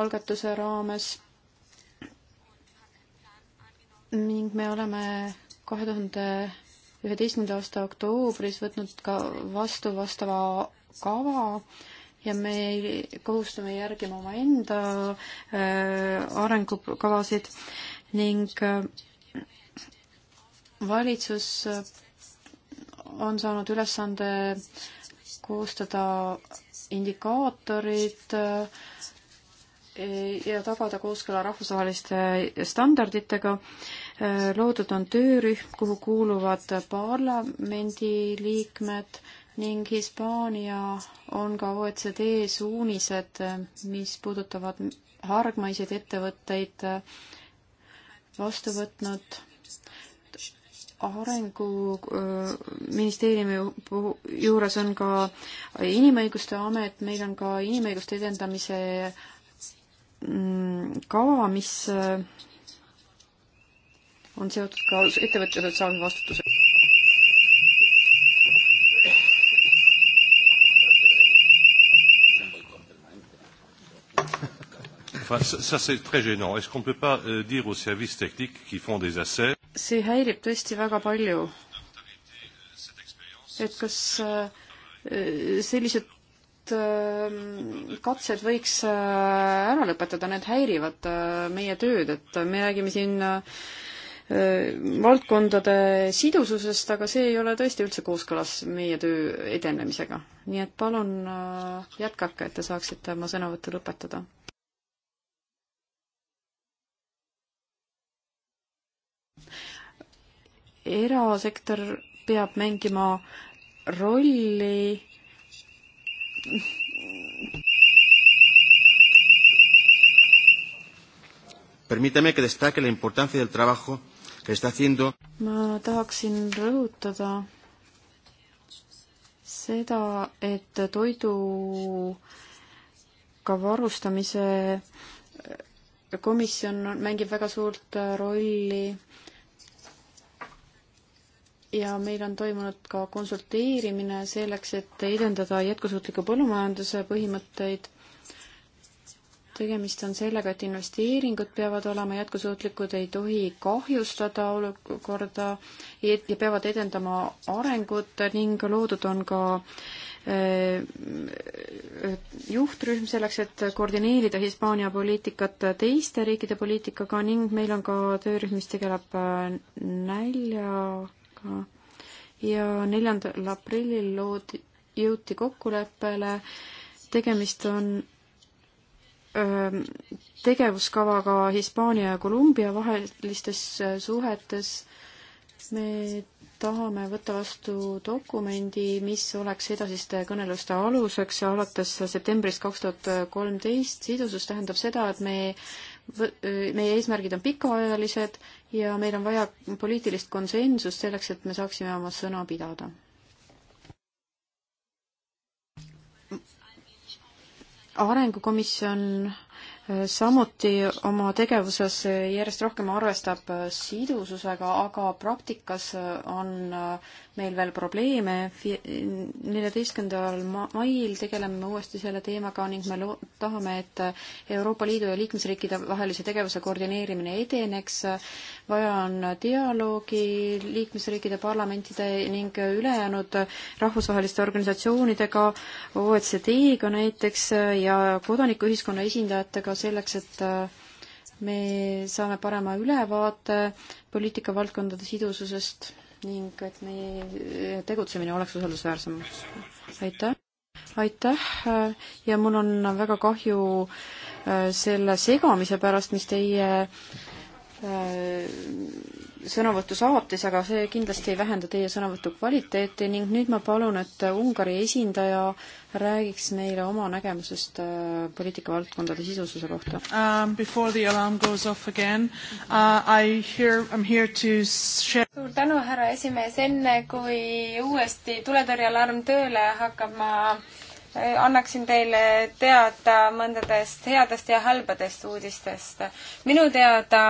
algatuse raames ning me oleme kahe tuhande üheteistkümnenda aasta oktoobris võtnud ka vastu vastava kava ja me kohustame järgima omaenda eh, arengukavasid ning äh, valitsus äh, on saanud ülesande koostada indikaatorid äh, ja tagada kooskõla rahvusvaheliste standarditega. Äh, loodud on töörühm, kuhu kuuluvad parlamendiliikmed ning Hispaania on ka OECD suunised, mis puudutavad hargmaiseid ettevõtteid, vastu võtnud arenguministeeriumi juures on ka inimõiguste amet, meil on ka inimõiguste edendamise mm, kava, mis äh, on seotud ka ettevõtte sotsiaalse vastutusega. Enfin, ça, ça c'est très gênant. Est-ce qu'on ne peut pas euh, dire aux services techniques qui font des essais see häirib tõesti väga palju. et kas äh, sellised äh, katsed võiks äh, ära lõpetada, need häirivad meie tööd, et me räägime siin valdkondade sidususest, aga see ei ole tõesti üldse kooskõlas meie töö edenemisega. nii et palun jätkake, et te saaksite oma sõnavõttu lõpetada. erasektor peab mängima rolli Permítame que destaque la importancia del trabajo que está haciendo ma tahaksin rõhutada seda, et toiduga varustamise komisjon mängib väga suurt rolli ja meil on toimunud ka konsulteerimine selleks, et edendada jätkusuutliku põllumajanduse põhimõtteid. tegemist on sellega, et investeeringud peavad olema jätkusuutlikud, ei tohi kahjustada olukorda ja peavad edendama arengut ning loodud on ka eh, juhtrühm selleks, et koordineerida Hispaania poliitikat teiste riikide poliitikaga ning meil on ka töörühm, mis tegeleb eh, nälja ja neljandal aprillil loodi, jõuti kokkuleppele, tegemist on öö, ähm, tegevuskavaga Hispaania ja Kolumbia vahelistes äh, suhetes. me tahame võtta vastu dokumendi, mis oleks edasiste kõneluste aluseks alates septembrist kaks tuhat kolmteist. sidusus tähendab seda, et me, äh, meie eesmärgid on pikaajalised ja meil on vaja poliitilist konsensust selleks, et me saaksime oma sõna pidada. arengukomisjon äh, samuti oma tegevuses järjest rohkem arvestab sidususega, aga praktikas äh, on äh, meil veel probleeme. neljateistkümnendal mail tegeleme me uuesti selle teemaga ning me tahame, et Euroopa Liidu ja liikmesriikide vahelise tegevuse koordineerimine edeneks. vaja on dialoogi liikmesriikide parlamentide ning ülejäänud rahvusvaheliste organisatsioonidega, OECD-ga näiteks ja kodanikuühiskonna esindajatega selleks, et me saame parema ülevaate poliitikavaldkondade sidususest ning et meie tegutsemine oleks usaldusväärsem. aitäh! aitäh ja mul on väga kahju äh, selle segamise pärast, mis teie äh, sõnavõttu saatis, aga see kindlasti ei vähenda teie sõnavõtu kvaliteeti ning nüüd ma palun, et Ungari esindaja räägiks meile oma nägemusest äh, poliitikavaldkondade sisususe kohta um,. Before the alarm goes off again uh,, I hear, I am here to share suur tänu, härra esimees, enne kui uuesti tuletõrjealarm tööle hakkab, ma Eh, annaksin teile teada mõndadest headest ja halbadest uudistest. minu teada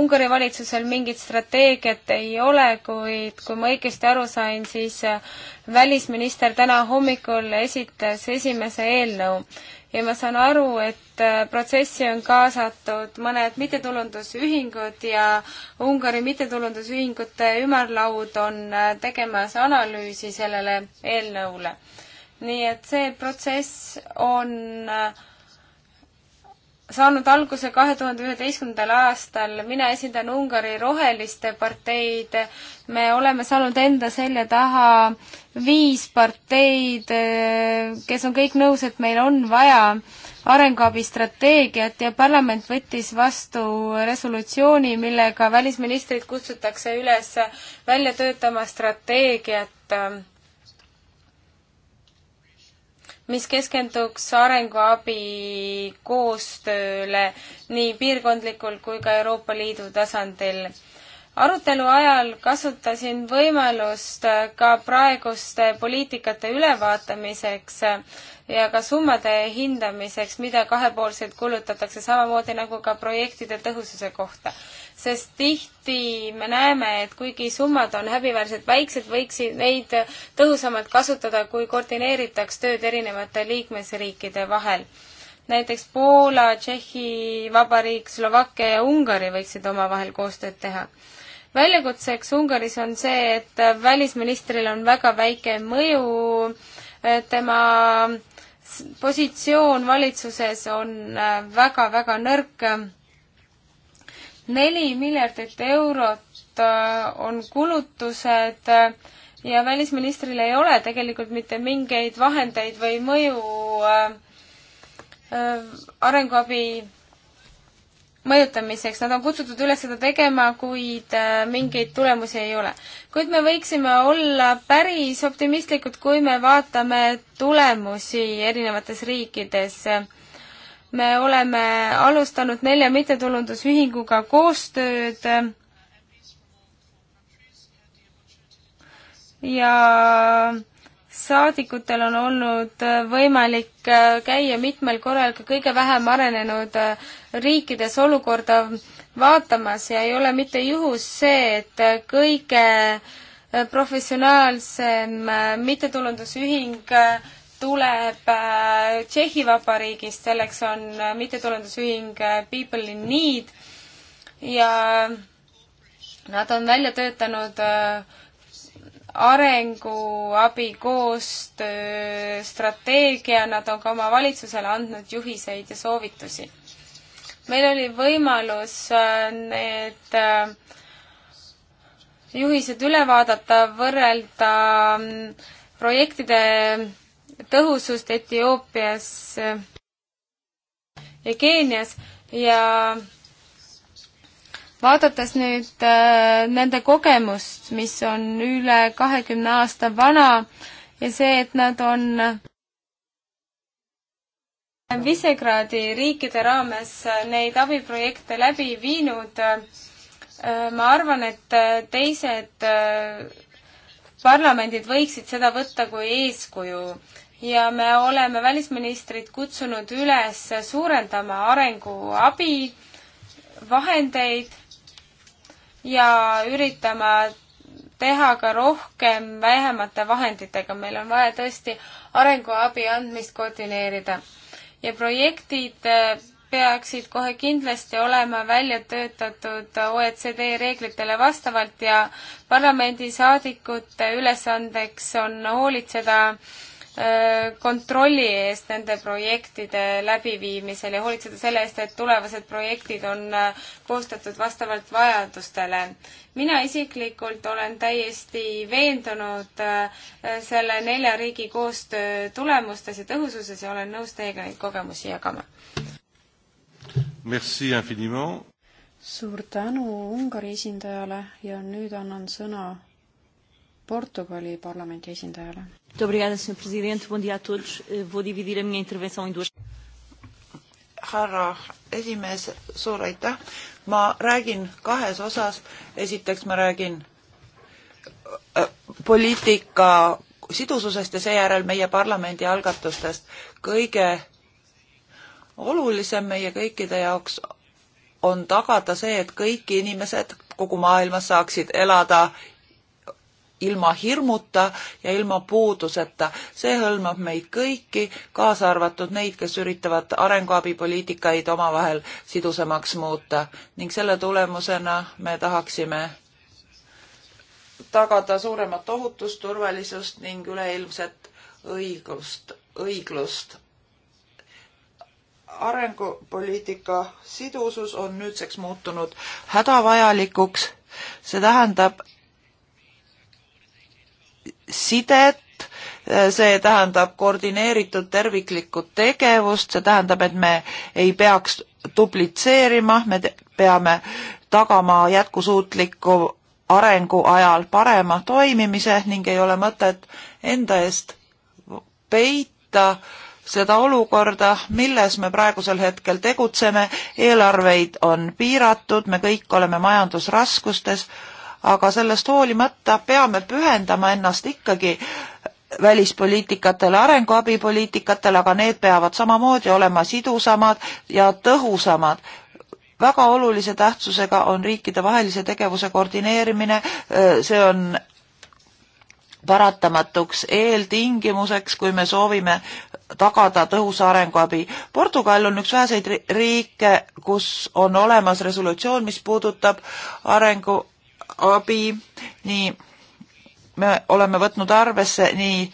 Ungari valitsusel mingit strateegiat ei ole, kuid kui ma õigesti aru sain, siis eh, välisminister täna hommikul esitles esimese eelnõu ja ma saan aru, et eh, protsessi on kaasatud mõned mittetulundusühingud ja Ungari mittetulundusühingute ümarlaud on tegemas analüüsi sellele eelnõule nii et see protsess on äh, saanud alguse kahe tuhande üheteistkümnendal aastal. mina esindan Ungari Roheliste parteid. me oleme saanud enda selja taha viis parteid, äh, kes on kõik nõus, et meil on vaja arenguabistrateegiat ja parlament võttis vastu resolutsiooni, millega välisministrid kutsutakse üles välja töötama strateegiat äh, mis keskenduks arenguabi koostööle nii piirkondlikul kui ka Euroopa Liidu tasandil arutelu ajal kasutasin võimalust äh, ka praeguste poliitikate ülevaatamiseks äh, ja ka summade hindamiseks, mida kahepoolselt kulutatakse, samamoodi nagu ka projektide tõhususe kohta. sest tihti me näeme, et kuigi summad on häbiväärselt väiksed, võiksid neid tõhusamalt kasutada, kui koordineeritaks tööd erinevate liikmesriikide vahel. näiteks Poola, Tšehhi Vabariik, Slovakkia ja Ungari võiksid omavahel koostööd teha väljakutseks Ungaris on see, et välisministril on väga väike mõju, tema positsioon valitsuses on väga-väga äh, nõrk. neli miljardit eurot äh, on kulutused äh, ja välisministril ei ole tegelikult mitte mingeid vahendeid või mõju arenguabi mõjutamiseks. Nad on kutsutud üles seda tegema, kuid äh, mingeid tulemusi ei ole. kuid me võiksime olla päris optimistlikud, kui me vaatame tulemusi erinevates riikides. me oleme alustanud nelja mittetulundusühinguga koostööd ja saadikutel on olnud äh, võimalik äh, käia mitmel korral ka kõige vähem arenenud äh, riikides olukorda vaatamas ja ei ole mitte juhus see, et kõige professionaalsem mittetulundusühing tuleb Tšehhi Vabariigist, selleks on mittetulundusühing People in Need ja nad on välja töötanud äh, arenguabi koostöö strateegia, nad on ka oma valitsusele andnud juhiseid ja soovitusi. meil oli võimalus äh, need äh, juhised üle vaadata, võrrelda mm, projektide tõhusust Etioopias ja Keenias ja vaadates nüüd äh, nende kogemust, mis on üle kahekümne aasta vana ja see, et nad on Visegradi riikide raames neid abiprojekte läbi viinud äh,, ma arvan, et äh, teised äh, parlamendid võiksid seda võtta kui eeskuju ja me oleme välisministrid kutsunud üles suurendama arenguabi vahendeid ja üritama teha ka rohkem vähemate vahenditega, meil on vaja tõesti arenguabi andmist koordineerida. ja projektid eh, peaksid kohe kindlasti olema välja töötatud OECD reeglitele vastavalt ja parlamendisaadikute ülesandeks on hoolitseda äh, Äh, kontrolli eest nende projektide läbiviimisel ja hoolitseda selle eest, et tulevased projektid on äh, koostatud vastavalt vajadustele. mina isiklikult olen täiesti veendunud äh, selle nelja riigi koostöö tulemustes ja tõhususes ja olen nõus teiega neid kogemusi jagama. Merci infiniment. suur tänu Ungari esindajale ja nüüd annan sõna Portugali parlamendi esindajale Muito obrigada, Sr. Presidente. Bom dia a todos. Eh, vou dividir a minha intervenção em duas... Härra esimees, suur aitäh. Ma räägin kahes osas. Esiteks ma räägin eh, poliitika sidususest ja seejärel meie parlamendi algatustest. Kõige olulisem meie kõikide jaoks on tagada see, et kõik inimesed kogu maailmas saaksid elada ilma hirmuta ja ilma puuduseta. see hõlmab meid kõiki, kaasa arvatud neid, kes üritavad arenguabipoliitikaid omavahel sidusamaks muuta ning selle tulemusena me tahaksime tagada suuremat ohutust, turvalisust ning üleilmset õiglust, õiglust. arengupoliitika sidusus on nüüdseks muutunud hädavajalikuks. see tähendab, sidet, see tähendab koordineeritud terviklikku tegevust, see tähendab, et me ei peaks duplitseerima, me peame tagama jätkusuutliku arengu ajal parema toimimise ning ei ole mõtet enda eest peita seda olukorda, milles me praegusel hetkel tegutseme, eelarveid on piiratud, me kõik oleme majandusraskustes aga sellest hoolimata peame pühendama ennast ikkagi välispoliitikatele, arenguabipoliitikatele, aga need peavad samamoodi olema sidusamad ja tõhusamad. väga olulise tähtsusega on riikidevahelise tegevuse koordineerimine, see on paratamatuks eeltingimuseks, kui me soovime tagada tõhusa arenguabi. Portugal on üks väheseid riike, kus on olemas resolutsioon, mis puudutab arengu abi, nii me oleme võtnud arvesse nii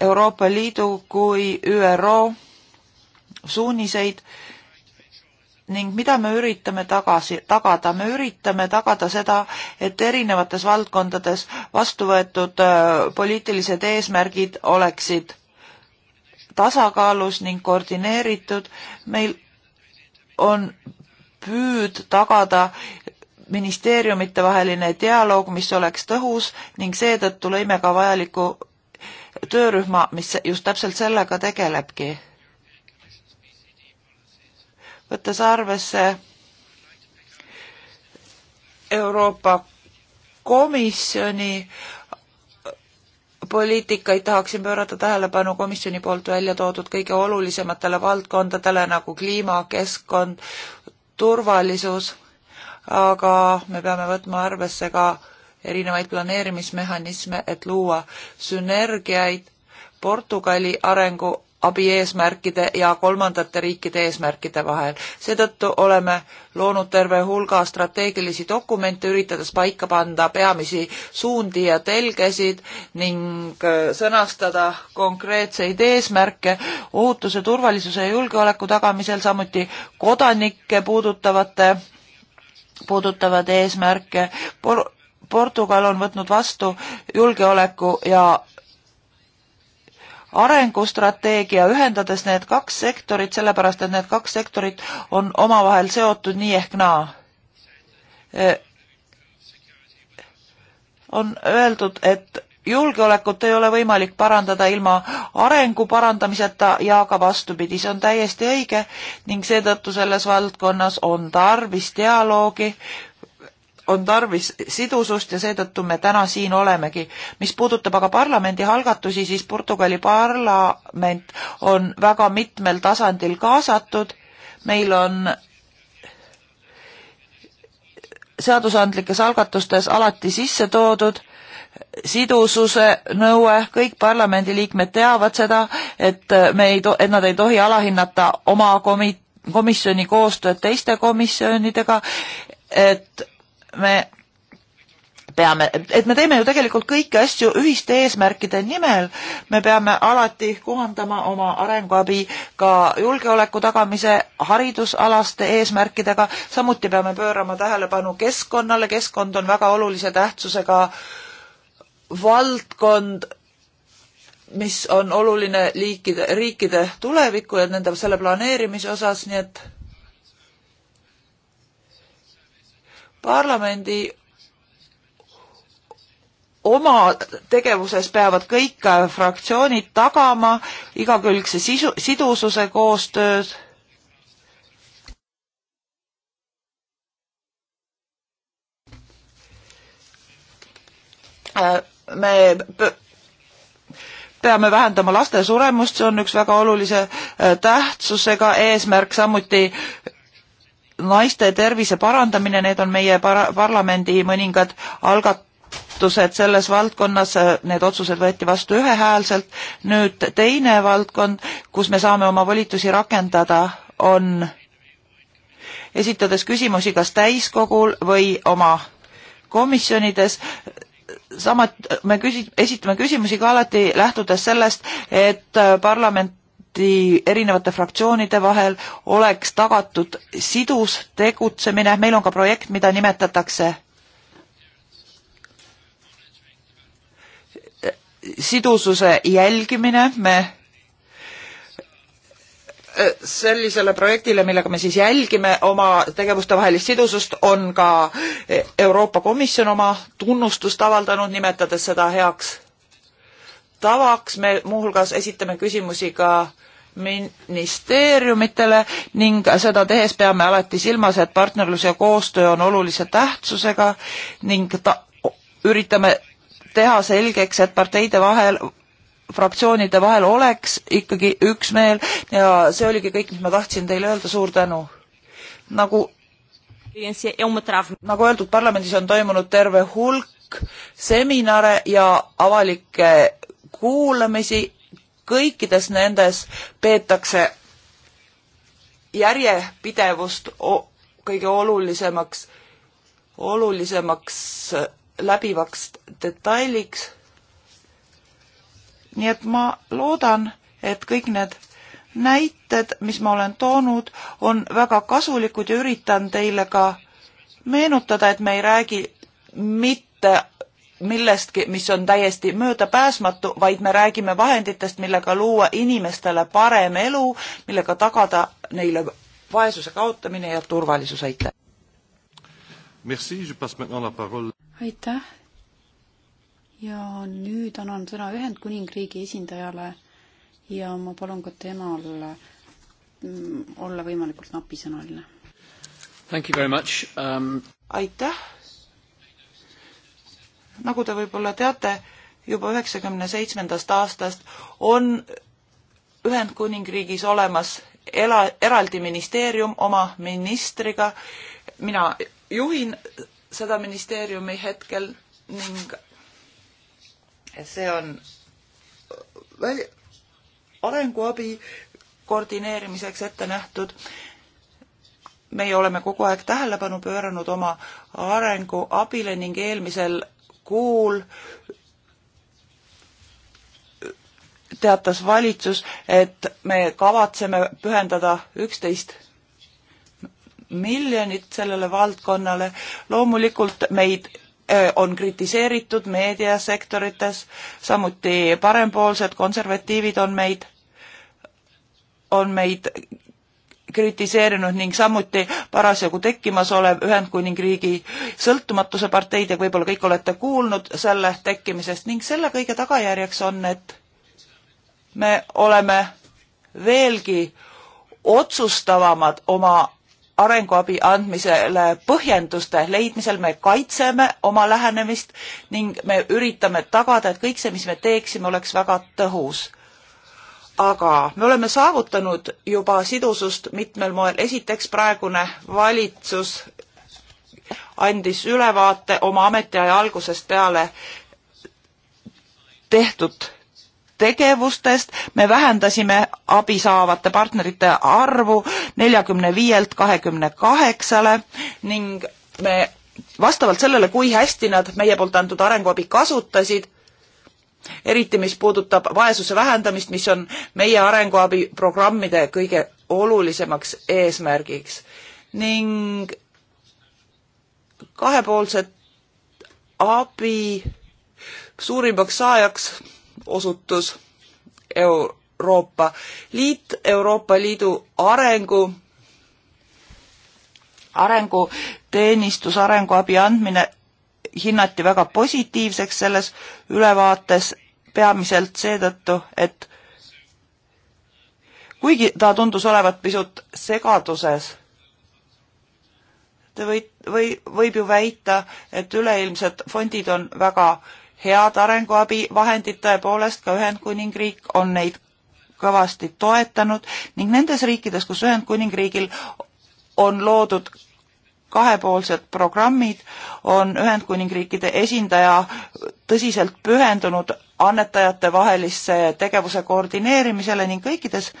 Euroopa Liidu kui ÜRO suuniseid ning mida me üritame tagasi, tagada, me üritame tagada seda, et erinevates valdkondades vastu võetud äh, poliitilised eesmärgid oleksid tasakaalus ning koordineeritud. meil on püüd tagada ministeeriumite vaheline dialoog, mis oleks tõhus ning seetõttu lõime ka vajaliku töörühma, mis just täpselt sellega tegelebki. võttes arvesse Euroopa Komisjoni poliitikaid tahaksin pöörata tähelepanu komisjoni poolt välja toodud kõige olulisematele valdkondadele nagu kliima, keskkond, turvalisus aga me peame võtma arvesse ka erinevaid planeerimismehhanisme, et luua sünergiaid Portugali arengu abi eesmärkide ja kolmandate riikide eesmärkide vahel. seetõttu oleme loonud terve hulga strateegilisi dokumente, üritades paika panda peamisi suundi ja telgesid ning äh, sõnastada konkreetseid eesmärke ohutuse, turvalisuse ja julgeoleku tagamisel, samuti kodanikke puudutavate puudutavad eesmärke. Por Portugal on võtnud vastu julgeoleku ja arengustrateegia, ühendades need kaks sektorit, sellepärast et need kaks sektorit on omavahel seotud nii ehk naa. Äh, on öeldud, et julgeolekut ei ole võimalik parandada ilma arengu parandamiseta ja ka vastupidi, see on täiesti õige ning seetõttu selles valdkonnas on tarvis dialoogi, on tarvis sidusust ja seetõttu me täna siin olemegi. mis puudutab aga parlamendi algatusi, siis Portugali parlament on väga mitmel tasandil kaasatud, meil on seadusandlikes algatustes alati sisse toodud sidususe nõue, kõik parlamendiliikmed teavad seda, et me ei, et nad ei tohi alahinnata oma komi-, komisjoni koostööd teiste komisjonidega, et me peame, et me teeme ju tegelikult kõiki asju ühiste eesmärkide nimel, me peame alati kohandama oma arenguabi ka julgeoleku tagamise haridusalaste eesmärkidega, samuti peame pöörama tähelepanu keskkonnale, keskkond on väga olulise tähtsusega äh, valdkond, mis on oluline liikide, riikide tuleviku ja nende, selle planeerimise osas, nii et parlamendi oma tegevuses peavad kõik fraktsioonid tagama igakülgse sisu, sidususe koostöös. Äh, me peame vähendama laste suremust, see on üks väga olulise äh, tähtsusega eesmärk, samuti naiste tervise parandamine, need on meie para-, parlamendi mõningad algatused selles valdkonnas, äh, need otsused võeti vastu ühehäälselt. nüüd teine valdkond, kus me saame oma volitusi rakendada, on esitades küsimusi kas täiskogul või oma komisjonides samad, me küsi-, esitame küsimusi ka alati lähtudes sellest, et äh, parlamenti erinevate fraktsioonide vahel oleks tagatud sidus tegutsemine, meil on ka projekt, mida nimetatakse äh, sidususe jälgimine, me Äh, sellisele projektile, millega me siis jälgime oma tegevuste vahelist sidusust, on ka äh, Euroopa Komisjon oma tunnustust avaldanud, nimetades seda heaks tavaks. me muuhulgas esitame küsimusi ka ministeeriumitele ning seda tehes peame alati silmas, et partnerlus ja koostöö on olulise tähtsusega ning ta, üritame teha selgeks, et parteide vahel fraktsioonide vahel oleks ikkagi üksmeel ja see oligi kõik, mis ma tahtsin teile öelda, suur tänu. nagu, nagu öeldud, parlamendis on toimunud terve hulk seminare ja avalikke kuulamisi, kõikides nendes peetakse järjepidevust kõige olulisemaks, olulisemaks läbivaks detailiks nii et ma loodan, et kõik need näited, mis ma olen toonud, on väga kasulikud ja üritan teile ka meenutada, et me ei räägi mitte millestki, mis on täiesti möödapääsmatu, vaid me räägime vahenditest, millega luua inimestele parem elu, millega tagada neile vaesuse kaotamine ja turvalisus, aitäh! aitäh ja nüüd annan sõna Ühendkuningriigi esindajale ja ma palun ka temal mm, olla võimalikult napisõnaline. Um... aitäh! nagu te võib-olla teate, juba üheksakümne seitsmendast aastast on Ühendkuningriigis olemas ela, eraldi ministeerium oma ministriga. mina juhin seda ministeeriumi hetkel ning see on väl-, arenguabi koordineerimiseks ette nähtud. meie oleme kogu aeg tähelepanu pööranud oma arenguabile ning eelmisel kuul teatas valitsus, et me kavatseme pühendada üksteist miljonit sellele valdkonnale. loomulikult meid Äh, on kritiseeritud meediasektorites, samuti parempoolsed konservatiivid on meid, on meid kritiseerinud ning samuti parasjagu tekkimas olev Ühendkuningriigi sõltumatuse parteid ja võib-olla kõik olete kuulnud selle tekkimisest ning selle kõige tagajärjeks on, et me oleme veelgi otsustavamad oma arenguabi andmisele põhjenduste leidmisel me kaitseme oma lähenemist ning me üritame tagada, et kõik see, mis me teeksime, oleks väga tõhus. aga me oleme saavutanud juba sidusust mitmel moel. esiteks praegune valitsus andis ülevaate oma ametiaja algusest peale tehtud tegevustest, me vähendasime abi saavate partnerite arvu neljakümne viielt kahekümne kaheksale ning me vastavalt sellele, kui hästi nad meie poolt antud arenguabi kasutasid, eriti mis puudutab vaesuse vähendamist, mis on meie arenguabiprogrammide kõige olulisemaks eesmärgiks ning kahepoolset abi suurimaks saajaks osutus Euroopa Liit, Euroopa Liidu arengu, arenguteenistus, arenguabi andmine hinnati väga positiivseks selles ülevaates peamiselt seetõttu, et kuigi ta tundus olevat pisut segaduses, te võit-, või võib ju väita, et üleilmsed fondid on väga head arenguabivahendid tõepoolest, ka Ühendkuningriik on neid kõvasti toetanud ning nendes riikides, kus Ühendkuningriigil on loodud kahepoolsed programmid, on Ühendkuningriikide esindaja tõsiselt pühendunud annetajate vahelisse tegevuse koordineerimisele ning kõikides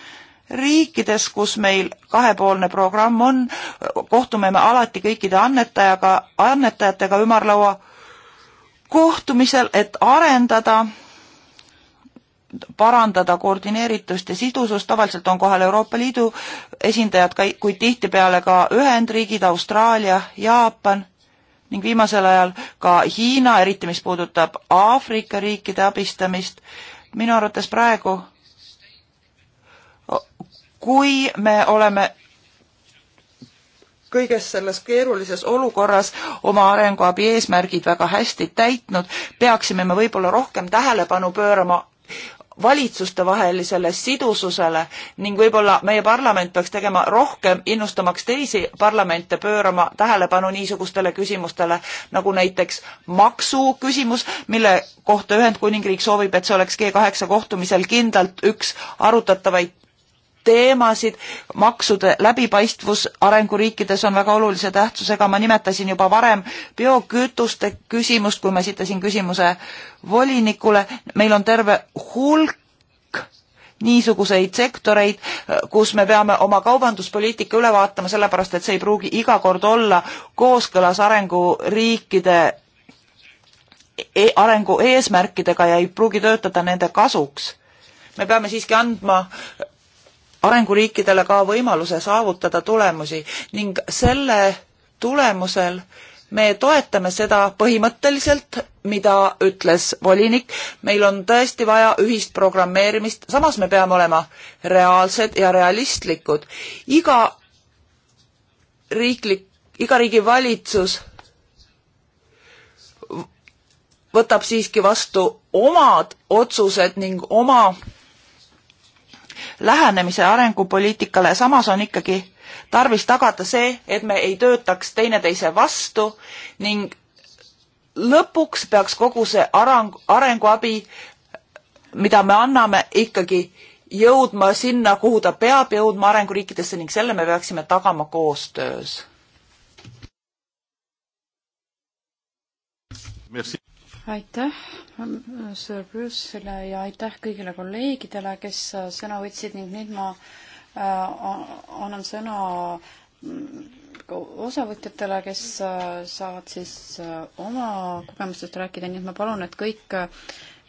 riikides, kus meil kahepoolne programm on, kohtume me alati kõikide annetajaga, annetajatega ümarlaua kohtumisel, et arendada parandada koordineeritust ja sidusust, tavaliselt on kohal Euroopa Liidu esindajad, kuid tihtipeale ka Ühendriigid, Austraalia, Jaapan ning viimasel ajal ka Hiina, eriti mis puudutab Aafrika riikide abistamist. minu arvates praegu, kui me oleme kõiges selles keerulises olukorras oma arenguabi eesmärgid väga hästi täitnud, peaksime me võib-olla rohkem tähelepanu pöörama valitsustevahelisele sidususele ning võib-olla meie parlament peaks tegema rohkem, innustamaks teisi parlamente pöörama tähelepanu niisugustele küsimustele, nagu näiteks maksuküsimus, mille kohta Ühendkuningriik soovib, et see oleks G8 kohtumisel kindlalt üks arutatavaid teemasid, maksude läbipaistvus arenguriikides on väga olulise tähtsusega, ma nimetasin juba varem biokütuste küsimust, kui ma esitasin küsimuse volinikule, meil on terve hulk niisuguseid sektoreid, kus me peame oma kaubanduspoliitika üle vaatama, sellepärast et see ei pruugi iga kord olla kooskõlas arenguriikide e arengu eesmärkidega ja ei pruugi töötada nende kasuks. me peame siiski andma arenguriikidele ka võimaluse saavutada tulemusi ning selle tulemusel me toetame seda põhimõtteliselt, mida ütles volinik, meil on tõesti vaja ühist programmeerimist, samas me peame olema reaalsed ja realistlikud. iga riiklik, iga riigi valitsus võtab siiski vastu omad otsused ning oma lähenemise arengupoliitikale, samas on ikkagi tarvis tagada see, et me ei töötaks teineteise vastu ning lõpuks peaks kogu see areng, arenguabi, mida me anname, ikkagi jõudma sinna, kuhu ta peab jõudma arenguriikidesse ning selle me peaksime tagama koostöös aitäh, Sir Bruce'ile ja aitäh kõigile kolleegidele, kes äh, sõna võtsid ning nüüd ma äh, annan sõna mm, osavõtjatele, kes äh, saavad siis oma kogemustest rääkida, nii et ma palun, et kõik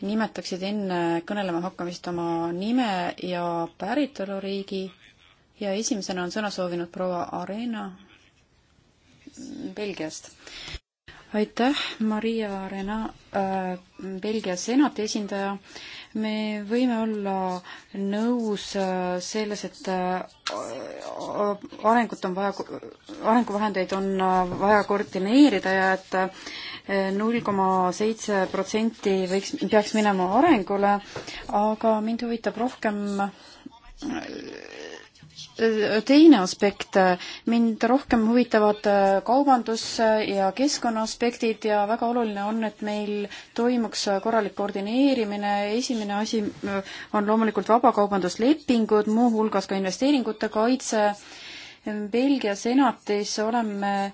nimetaksid enne kõnelema hakkamist oma nime ja päritoluriigi ja esimesena on sõna soovinud proua Arena Belgiast aitäh, Maria Rena äh,, Belgia senati esindaja. me võime olla nõus äh, selles, et äh, arengut on vaja, arenguvahendeid on äh, vaja koordineerida ja et äh, null koma seitse protsenti võiks, peaks minema arengule, aga mind huvitab rohkem äh, teine aspekt, mind rohkem huvitavad äh, kaubandus- äh, ja keskkonnaaspektid ja väga oluline on, et meil toimuks äh, korralik koordineerimine, esimene asi on loomulikult vabakaubanduslepingud, muuhulgas ka investeeringute kaitse, Belgia senatis oleme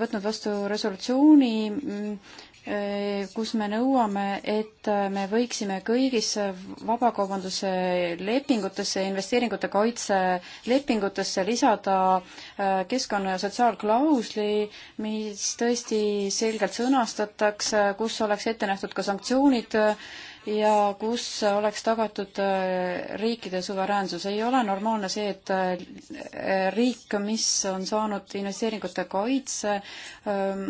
võtnud vastu resolutsiooni mm, Äh, kus me nõuame, et äh, me võiksime kõigisse äh, vabakaubanduse lepingutesse, investeeringute kaitse lepingutesse lisada keskkonna- ja sotsiaalklausli, mis tõesti selgelt sõnastatakse, kus oleks ette nähtud ka sanktsioonid ja kus oleks tagatud äh, riikide suveräänsus. ei ole normaalne see, et äh, riik, mis on saanud investeeringute kaitse, ähm,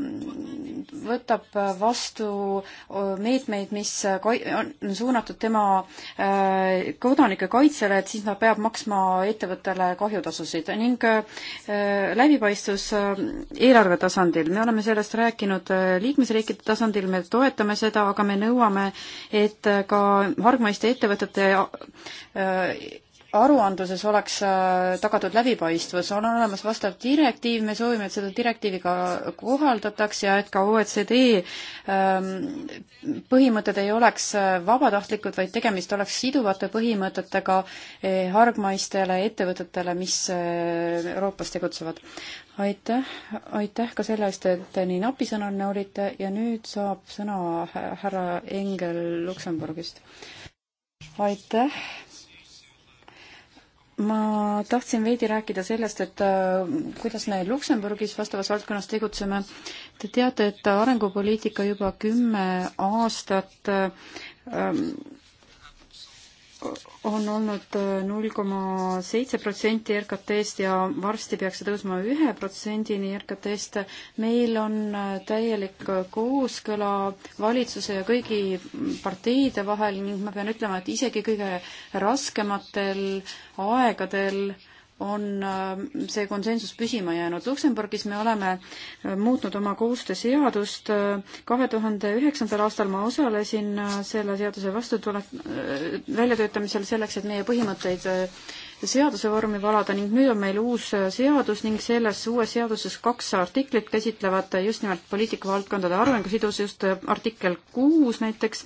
võtab vastu äh, meetmeid, mis on suunatud tema kodanike kaitsele, et siis ta peab maksma ettevõttele kahjutasusid ning läbipaistvus eelarve tasandil. me oleme sellest rääkinud liikmesriikide tasandil, me toetame seda, aga me nõuame, et et ka hargmaiste ettevõtete äh, aruandluses oleks äh, tagatud läbipaistvus, on olemas vastav direktiiv, me soovime, et seda direktiivi ka kohaldataks ja et ka OECD ähm, põhimõtted ei oleks äh, vabatahtlikud, vaid tegemist oleks siduvate põhimõtetega hargmaistele ettevõtetele, mis Euroopas tegutsevad aitäh, aitäh ka selle eest, et te nii napisõnaline olite ja nüüd saab sõna härra Engel Luksemburgist. aitäh ma tahtsin veidi rääkida sellest, et äh, kuidas me Luksemburgis vastavas valdkonnas tegutseme. Te teate, et arengupoliitika juba kümme aastat ähm, on olnud äh, null koma seitse protsenti RKT-st ja varsti peaks see tõusma ühe protsendini RKT-st. meil on äh, täielik äh, kooskõla valitsuse ja kõigi parteide vahel ning ma pean ütlema, et isegi kõige raskematel aegadel on äh, see konsensus püsima jäänud. Luksemburgis me oleme äh, muutnud oma koostööseadust. kahe tuhande üheksandal aastal ma osalesin äh, selle seaduse vastutulek, väljatöötamisel selleks, et meie põhimõtteid seaduse vormi valada ning nüüd on meil uus seadus ning selles uues seaduses kaks artiklit käsitlevad just nimelt poliitikavaldkondade arengu sidusust, artikkel kuus näiteks.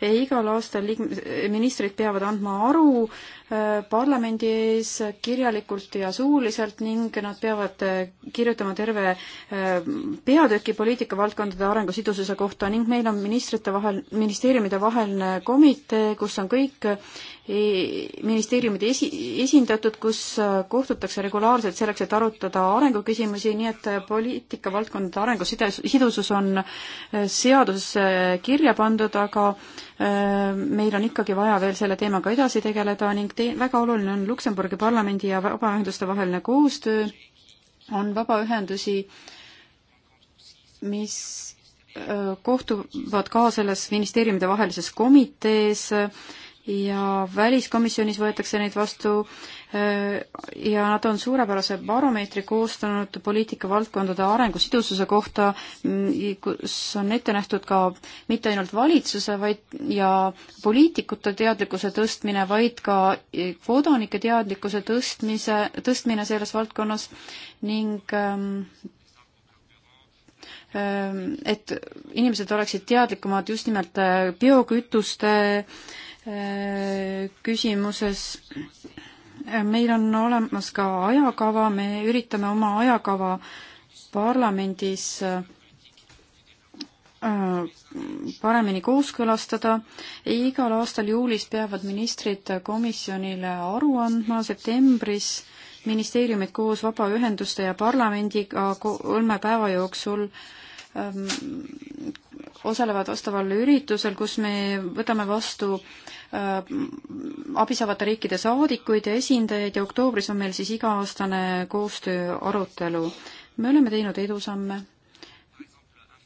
igal aastal liik-, ministrid peavad andma aru Äh, parlamendi ees kirjalikult ja suuliselt ning nad peavad äh, kirjutama terve äh, peatüki poliitikavaldkondade arengu sidususe kohta ning meil on ministrite vahel, ministeeriumide vaheline komitee, kus on kõik e, ministeeriumide esi, esindatud, kus kohtutakse regulaarselt selleks, et arutada arenguküsimusi, nii et poliitikavaldkondade arengu sidusus on seadusesse kirja pandud, aga meil on ikkagi vaja veel selle teemaga edasi tegeleda ning te-, väga oluline on Luksemburgi parlamendi ja vabaühenduste vaheline koostöö, on vabaühendusi, mis kohtuvad ka selles ministeeriumide vahelises komitees ja väliskomisjonis võetakse neid vastu äh, ja nad on suurepärase baromeetri koostanud poliitikavaldkondade arengu sidususe kohta, kus on ette nähtud ka mitte ainult valitsuse, vaid ja poliitikute teadlikkuse tõstmine, vaid ka kodanike teadlikkuse tõstmise, tõstmine selles valdkonnas ning ähm, ähm, et inimesed oleksid teadlikumad just nimelt äh, biokütuste äh, küsimuses meil on olemas ka ajakava, me üritame oma ajakava parlamendis äh, paremini kooskõlastada. igal aastal juulis peavad ministrid komisjonile aru andma, septembris ministeeriumid koos vabaühenduste ja parlamendiga kolme päeva jooksul ähm, osalevad vastaval üritusel, kus me võtame vastu Äh, abi saavate riikide saadikuid ja esindajaid ja oktoobris on meil siis iga-aastane koostöö arutelu. me oleme teinud edusamme.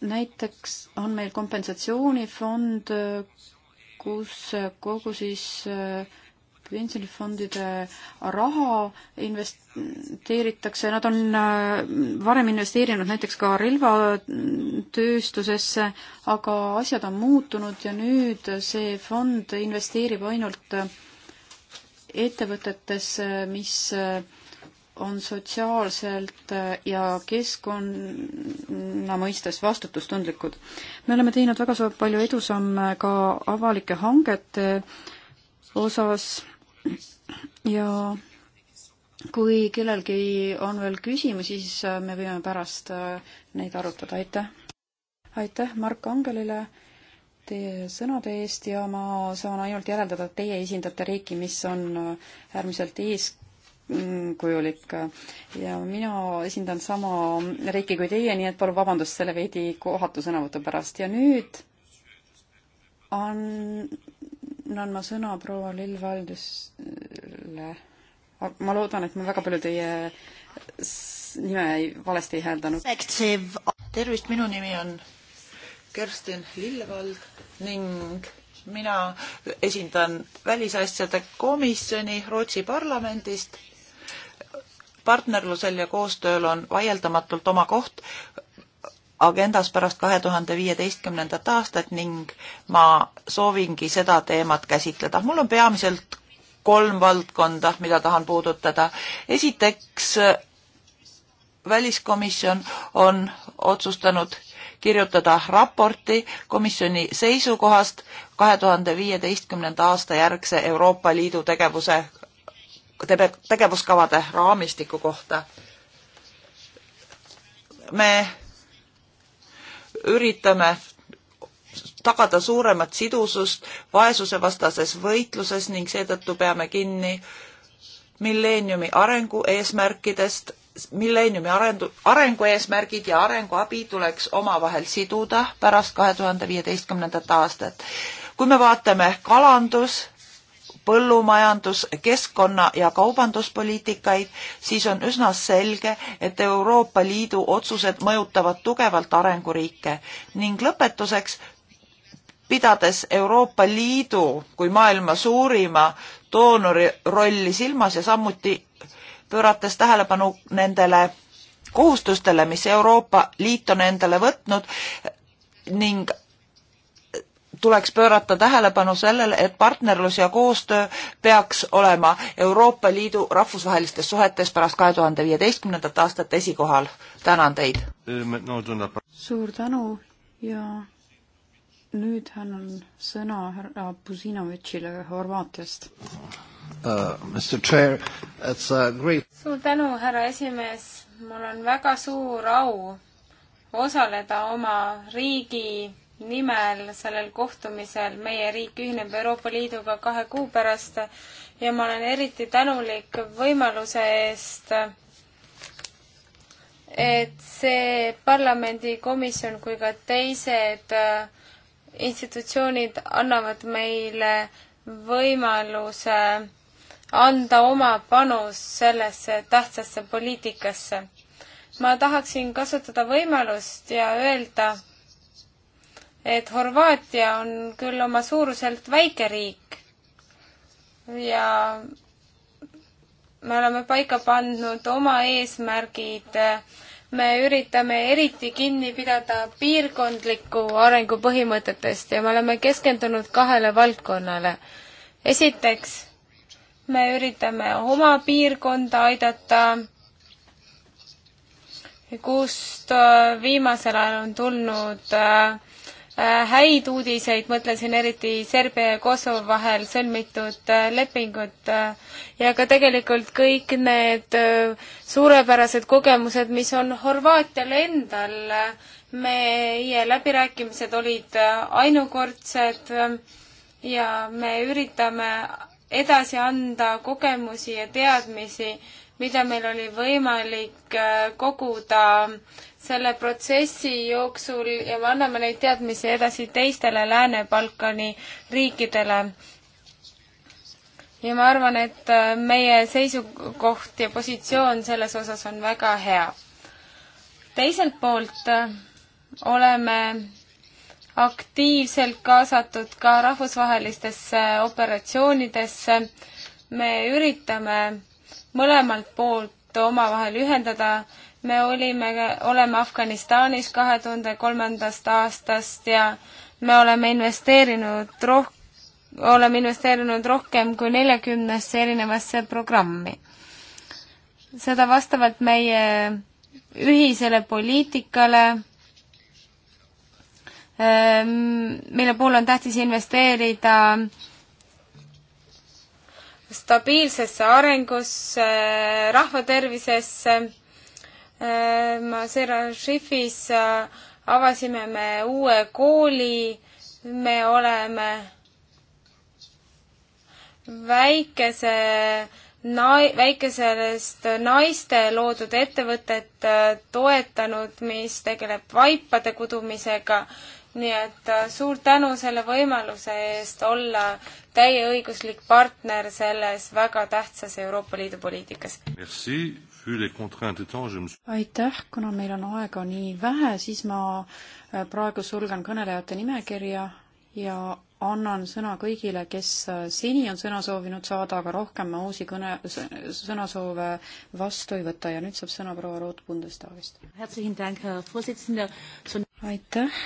näiteks on meil kompensatsioonifond, kus kogu siis äh, pensionifondide raha investeeritakse, nad on äh, varem investeerinud näiteks ka relvatööstusesse, aga asjad on muutunud ja nüüd see fond investeerib ainult äh, ettevõtetesse, mis äh, on sotsiaalselt ja keskkonna mõistes vastutustundlikud. me oleme teinud väga palju edusamme ka avalike hangete osas ja kui kellelgi on veel küsimusi, siis äh, me võime pärast äh, neid arutada, aitäh! aitäh Mark Angelile teie sõnade eest ja ma saan ainult järeldada, et teie esindate riiki, mis on äh, äärmiselt eeskujulik ja mina esindan sama riiki kui teie, nii et palun vabandust selle veidi kohatu sõnavõtu pärast ja nüüd on annan ma sõna proua Lill Valdusele. ma loodan, et ma väga palju teie nime ei, valesti ei hääldanud. tervist, minu nimi on Kerstin Lillevald ning mina esindan Välisasjade Komisjoni Rootsi parlamendist. partnerlusel ja koostööl on vaieldamatult oma koht agendas pärast kahe tuhande viieteistkümnendat aastat ning ma soovingi seda teemat käsitleda. mul on peamiselt kolm valdkonda, mida tahan puudutada. esiteks, väliskomisjon on otsustanud kirjutada raporti komisjoni seisukohast kahe tuhande viieteistkümnenda aasta järgse Euroopa Liidu tegevuse, tegevuskavade raamistiku kohta. me üritame tagada suuremat sidusust vaesusevastases võitluses ning seetõttu peame kinni milleeniumi arengu eesmärkidest, milleeniumi arendu, arengu eesmärgid ja arenguabi tuleks omavahel siduda pärast kahe tuhande viieteistkümnendat aastat. kui me vaatame kalandus, põllumajandus, keskkonna ja kaubanduspoliitikaid, siis on üsna selge, et Euroopa Liidu otsused mõjutavad tugevalt arenguriike ning lõpetuseks pidades Euroopa Liidu kui maailma suurima doonori rolli silmas ja samuti pöörates tähelepanu nendele kohustustele, mis Euroopa Liit on endale võtnud ning tuleks pöörata tähelepanu sellele, et partnerlus ja koostöö peaks olema Euroopa Liidu rahvusvahelistes suhetes pärast kahe tuhande viieteistkümnendat aastat esikohal. tänan teid! suur tänu ja nüüd annan sõna härra Buzinovitšile Horvaatiast uh,. Great... suur tänu, härra esimees, mul on väga suur au osaleda oma riigi nimel sellel kohtumisel. meie riik ühineb Euroopa Liiduga kahe kuu pärast ja ma olen eriti tänulik võimaluse eest, et see parlamendikomisjon kui ka teised äh, institutsioonid annavad meile võimaluse anda oma panus sellesse tähtsasse poliitikasse. ma tahaksin kasutada võimalust ja öelda, et Horvaatia on küll oma suuruselt väike riik ja me oleme paika pandnud oma eesmärgid. me üritame eriti kinni pidada piirkondliku arengu põhimõtetest ja me oleme keskendunud kahele valdkonnale. esiteks, me üritame oma piirkonda aidata kust viimasel ajal on tulnud äh, Äh, häid uudiseid, mõtlen siin eriti Serbia ja Kosovo vahel sõlmitud äh, lepingut äh, ja ka tegelikult kõik need suurepärased kogemused, mis on Horvaatial endal. meie läbirääkimised olid ainukordsed ja me üritame edasi anda kogemusi ja teadmisi, mida meil oli võimalik koguda selle protsessi jooksul ja me anname neid teadmisi edasi teistele Lääne-Balkani riikidele. ja ma arvan, et äh, meie seisukoht ja positsioon selles osas on väga hea. teiselt poolt äh, oleme aktiivselt kaasatud ka rahvusvahelistesse operatsioonidesse. me üritame mõlemalt poolt omavahel ühendada me olime, oleme Afganistanis kahe tuhande kolmandast aastast ja me oleme investeerinud roh-, oleme investeerinud rohkem kui neljakümnesse erinevasse programmi. seda vastavalt meie ühisele poliitikale, ehm, mille puhul on tähtis investeerida stabiilsesse arengusse, rahvatervisesse Äh, ma Serafifis äh, avasime me uue kooli, me oleme väikese nai-, väikesest naiste loodud ettevõtet äh, toetanud, mis tegeleb vaipade kudumisega, nii et suur tänu selle võimaluse eest olla täieõiguslik partner selles väga tähtsas Euroopa Liidu poliitikas aitäh, kuna meil on aega nii vähe, siis ma äh, praegu sulgen kõnelejate nimekirja ja annan sõna kõigile, kes äh, seni on sõna soovinud saada, aga rohkem ma uusi kõne, sõnasoove vastu ei võta ja nüüd saab sõna proua Ruut Bundestagist. aitäh.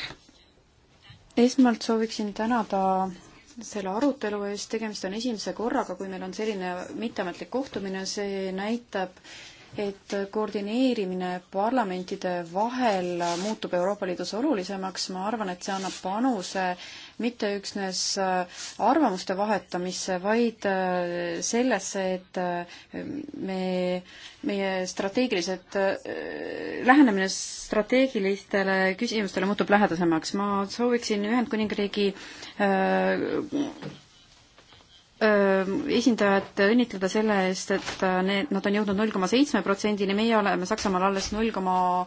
esmalt sooviksin tänada selle arutelu eest, tegemist on esimese korraga, kui meil on selline mitteametlik kohtumine, see näitab, et koordineerimine parlamentide vahel muutub Euroopa Liidus olulisemaks, ma arvan, et see annab panuse mitte üksnes arvamuste vahetamisse, vaid äh, sellesse, et äh, me, meie strateegilised, äh, lähenemine strateegilistele küsimustele muutub lähedasemaks. ma sooviksin Ühendkuningriigi esindajat õnnitleda selle eest, et äh, need, nad on jõudnud null koma seitsme protsendini, meie oleme Saksamaal alles null koma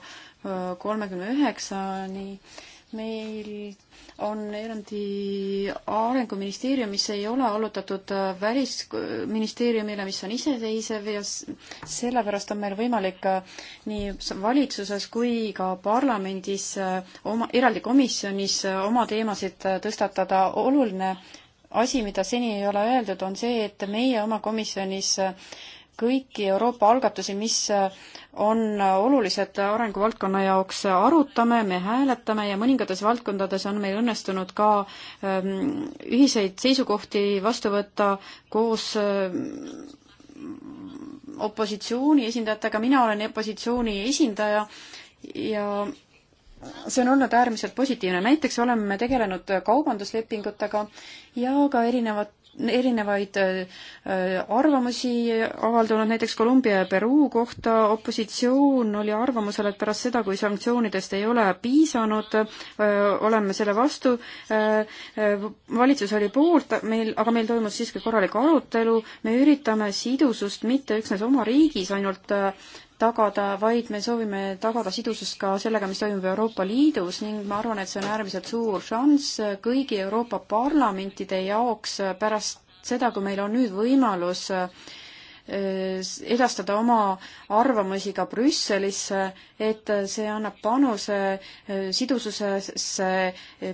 kolmekümne üheksani. meil on eraldi arenguministeerium, mis ei ole allutatud äh, välisministeeriumile, mis on iseseisev ja sellepärast on meil võimalik äh, nii valitsuses kui ka parlamendis oma, eraldi komisjonis oma teemasid tõstatada. oluline asi, mida seni ei ole öeldud, on see, et meie oma komisjonis äh, kõiki Euroopa algatusi, mis äh, on olulised arenguvaldkonna jaoks, äh, arutame, me hääletame ja mõningates valdkondades on meil õnnestunud ka ähm, ühiseid seisukohti vastu võtta koos ähm, opositsiooni esindajatega, mina olen opositsiooni esindaja ja see on olnud äärmiselt positiivne, näiteks oleme tegelenud kaubanduslepingutega ja ka erinevat, erinevaid äh, arvamusi avaldanud näiteks Kolumbia ja Peruu kohta. opositsioon oli arvamusel, et pärast seda, kui sanktsioonidest ei ole piisanud, äh, oleme selle vastu. Äh, valitsus oli poolt, meil, aga meil toimus siiski korralik arutelu. me üritame sidusust mitte üksnes oma riigis ainult tagada, vaid me soovime tagada sidusust ka sellega, mis toimub Euroopa Liidus ning ma arvan, et see on äärmiselt suur šanss kõigi Euroopa parlamentide jaoks pärast seda, kui meil on nüüd võimalus äh, edastada oma arvamusi ka Brüsselisse, et see annab panuse e, sidususesse e,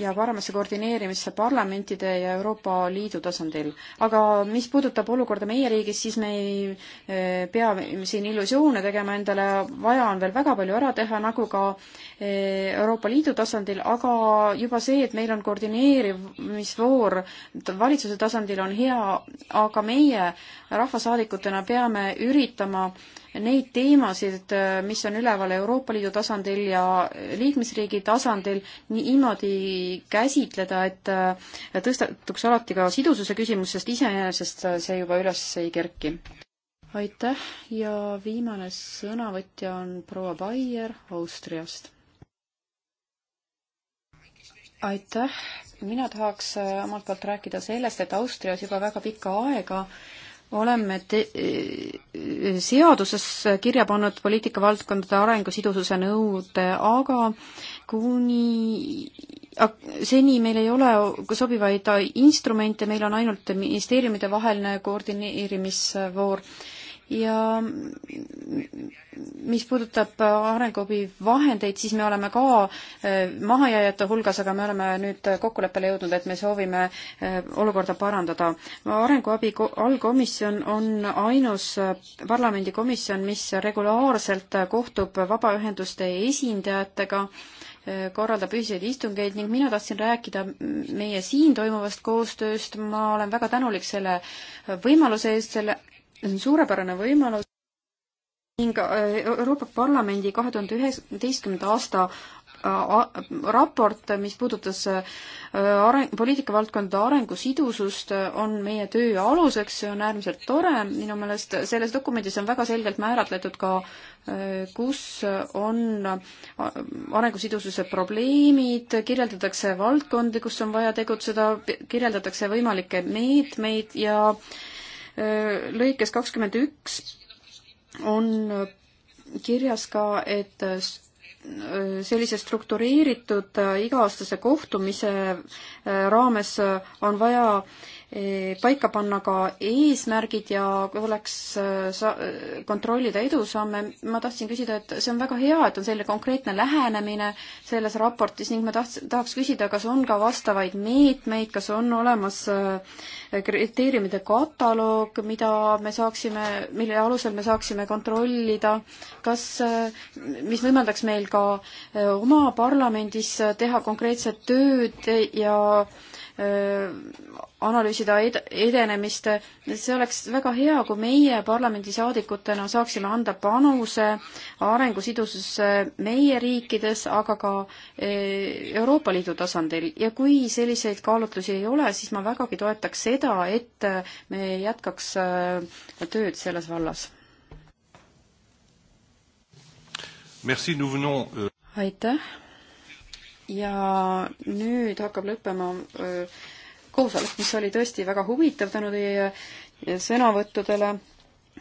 ja paremasse koordineerimisse parlamentide ja Euroopa Liidu tasandil. aga mis puudutab olukorda meie riigis, siis me ei e, pea siin illusioone tegema endale, vaja on veel väga palju ära teha, nagu ka äh, Euroopa Liidu tasandil, aga juba see, et meil on koordineerimisvoor valitsuse tasandil, on hea, aga meie rahvasaadikutena peame üritama neid teemasid, mis on üleval Euroopa Liidu tasandil ja liikmesriigi tasandil, niimoodi käsitleda, et tõstatuks alati ka sidususe küsimus, sest iseenesest see juba üles ei kerki. aitäh ja viimane sõnavõtja on proua Baier Austriast aitäh, mina tahaks äh, omalt poolt rääkida sellest, et Austrias juba väga pikka aega oleme te-, äh, seaduses kirja pannud poliitikavaldkondade arengu sidususe nõude, aga kuni seni meil ei ole sobivaid instrumente, meil on ainult ministeeriumide vaheline koordineerimisvoor ja mis puudutab arenguabi vahendeid, siis me oleme ka eh, mahajääjate hulgas, aga me oleme nüüd kokkuleppele jõudnud, et me soovime eh, olukorda parandada. arenguabi allkomisjon on ainus eh, parlamendikomisjon, mis regulaarselt kohtub vabaühenduste esindajatega korraldab ühiseid istungeid ning mina tahtsin rääkida meie siin toimuvast koostööst, ma olen väga tänulik selle võimaluse eest, selle, see on suurepärane võimalus ning äh, Euroopa Parlamendi kahe tuhande üheksateistkümnenda aasta äh, raport, mis puudutas äh, areng, poliitikavaldkondade arengu sidusust, on meie töö aluseks, see on äärmiselt tore, minu meelest selles dokumendis on väga selgelt määratletud ka, kus on arengusidususe probleemid, kirjeldatakse valdkondi, kus on vaja tegutseda, kirjeldatakse võimalikke meetmeid ja äh, lõikes kakskümmend üks on kirjas ka, et sellise struktureeritud iga-aastase kohtumise äh, raames on vaja äh, Eh, paika panna ka eesmärgid ja tuleks eh, sa-, kontrollida edusamme. ma tahtsin küsida, et see on väga hea, et on selline konkreetne lähenemine selles raportis ning ma tahts-, tahaks küsida, kas on ka vastavaid meetmeid, kas on olemas eh, kriteeriumide kataloog, mida me saaksime, mille alusel me saaksime kontrollida, kas, mis võimaldaks meil ka oma parlamendis teha konkreetset tööd ja äh, analüüsida ed-, edenemist, see oleks väga hea, kui meie parlamendisaadikutena saaksime anda panuse arengusidususse meie riikides, aga ka Euroopa Liidu tasandil ja kui selliseid kaalutlusi ei ole, siis ma vägagi toetaks seda, et me jätkaks tööd selles vallas. aitäh ja nüüd hakkab lõppema koosolek, mis oli tõesti väga huvitav tänu teie sõnavõttudele.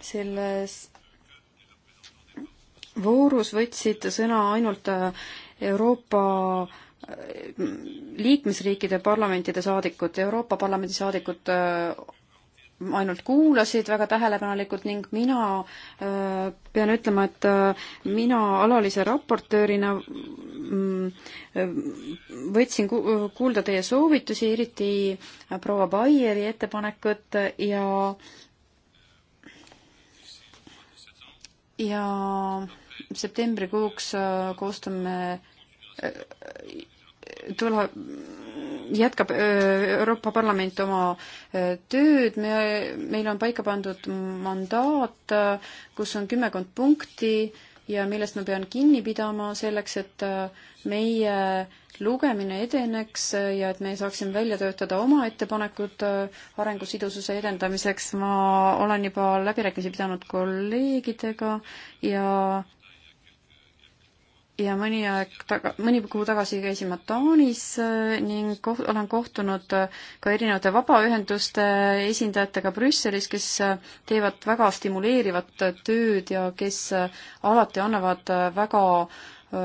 selles voorus võtsid sõna ainult Euroopa liikmesriikide parlamentide saadikud, Euroopa Parlamendi saadikud ainult kuulasid väga tähelepanelikult ning mina öö, äh, pean ütlema, et öö, äh, mina alalise raportöörina mm, äh, võtsin ku kuulda teie soovitusi, eriti proua Baieri ettepanekut ja ja septembrikuuks koostame tuleb, jätkab Euroopa Parlament oma tööd, me, meil on paika pandud mandaat, kus on kümmekond punkti ja millest ma pean kinni pidama selleks, et meie lugemine edeneks ja et me saaksime välja töötada oma ettepanekud arengusidususe edendamiseks. ma olen juba läbirääkimisi pidanud kolleegidega ja ja mõni aeg taga, mõni kuu tagasi käisin ma Taanis äh, ning koht, olen kohtunud äh, ka erinevate vabaühenduste esindajatega Brüsselis, kes äh, teevad väga stimuleerivat tööd ja kes alati annavad väga öö,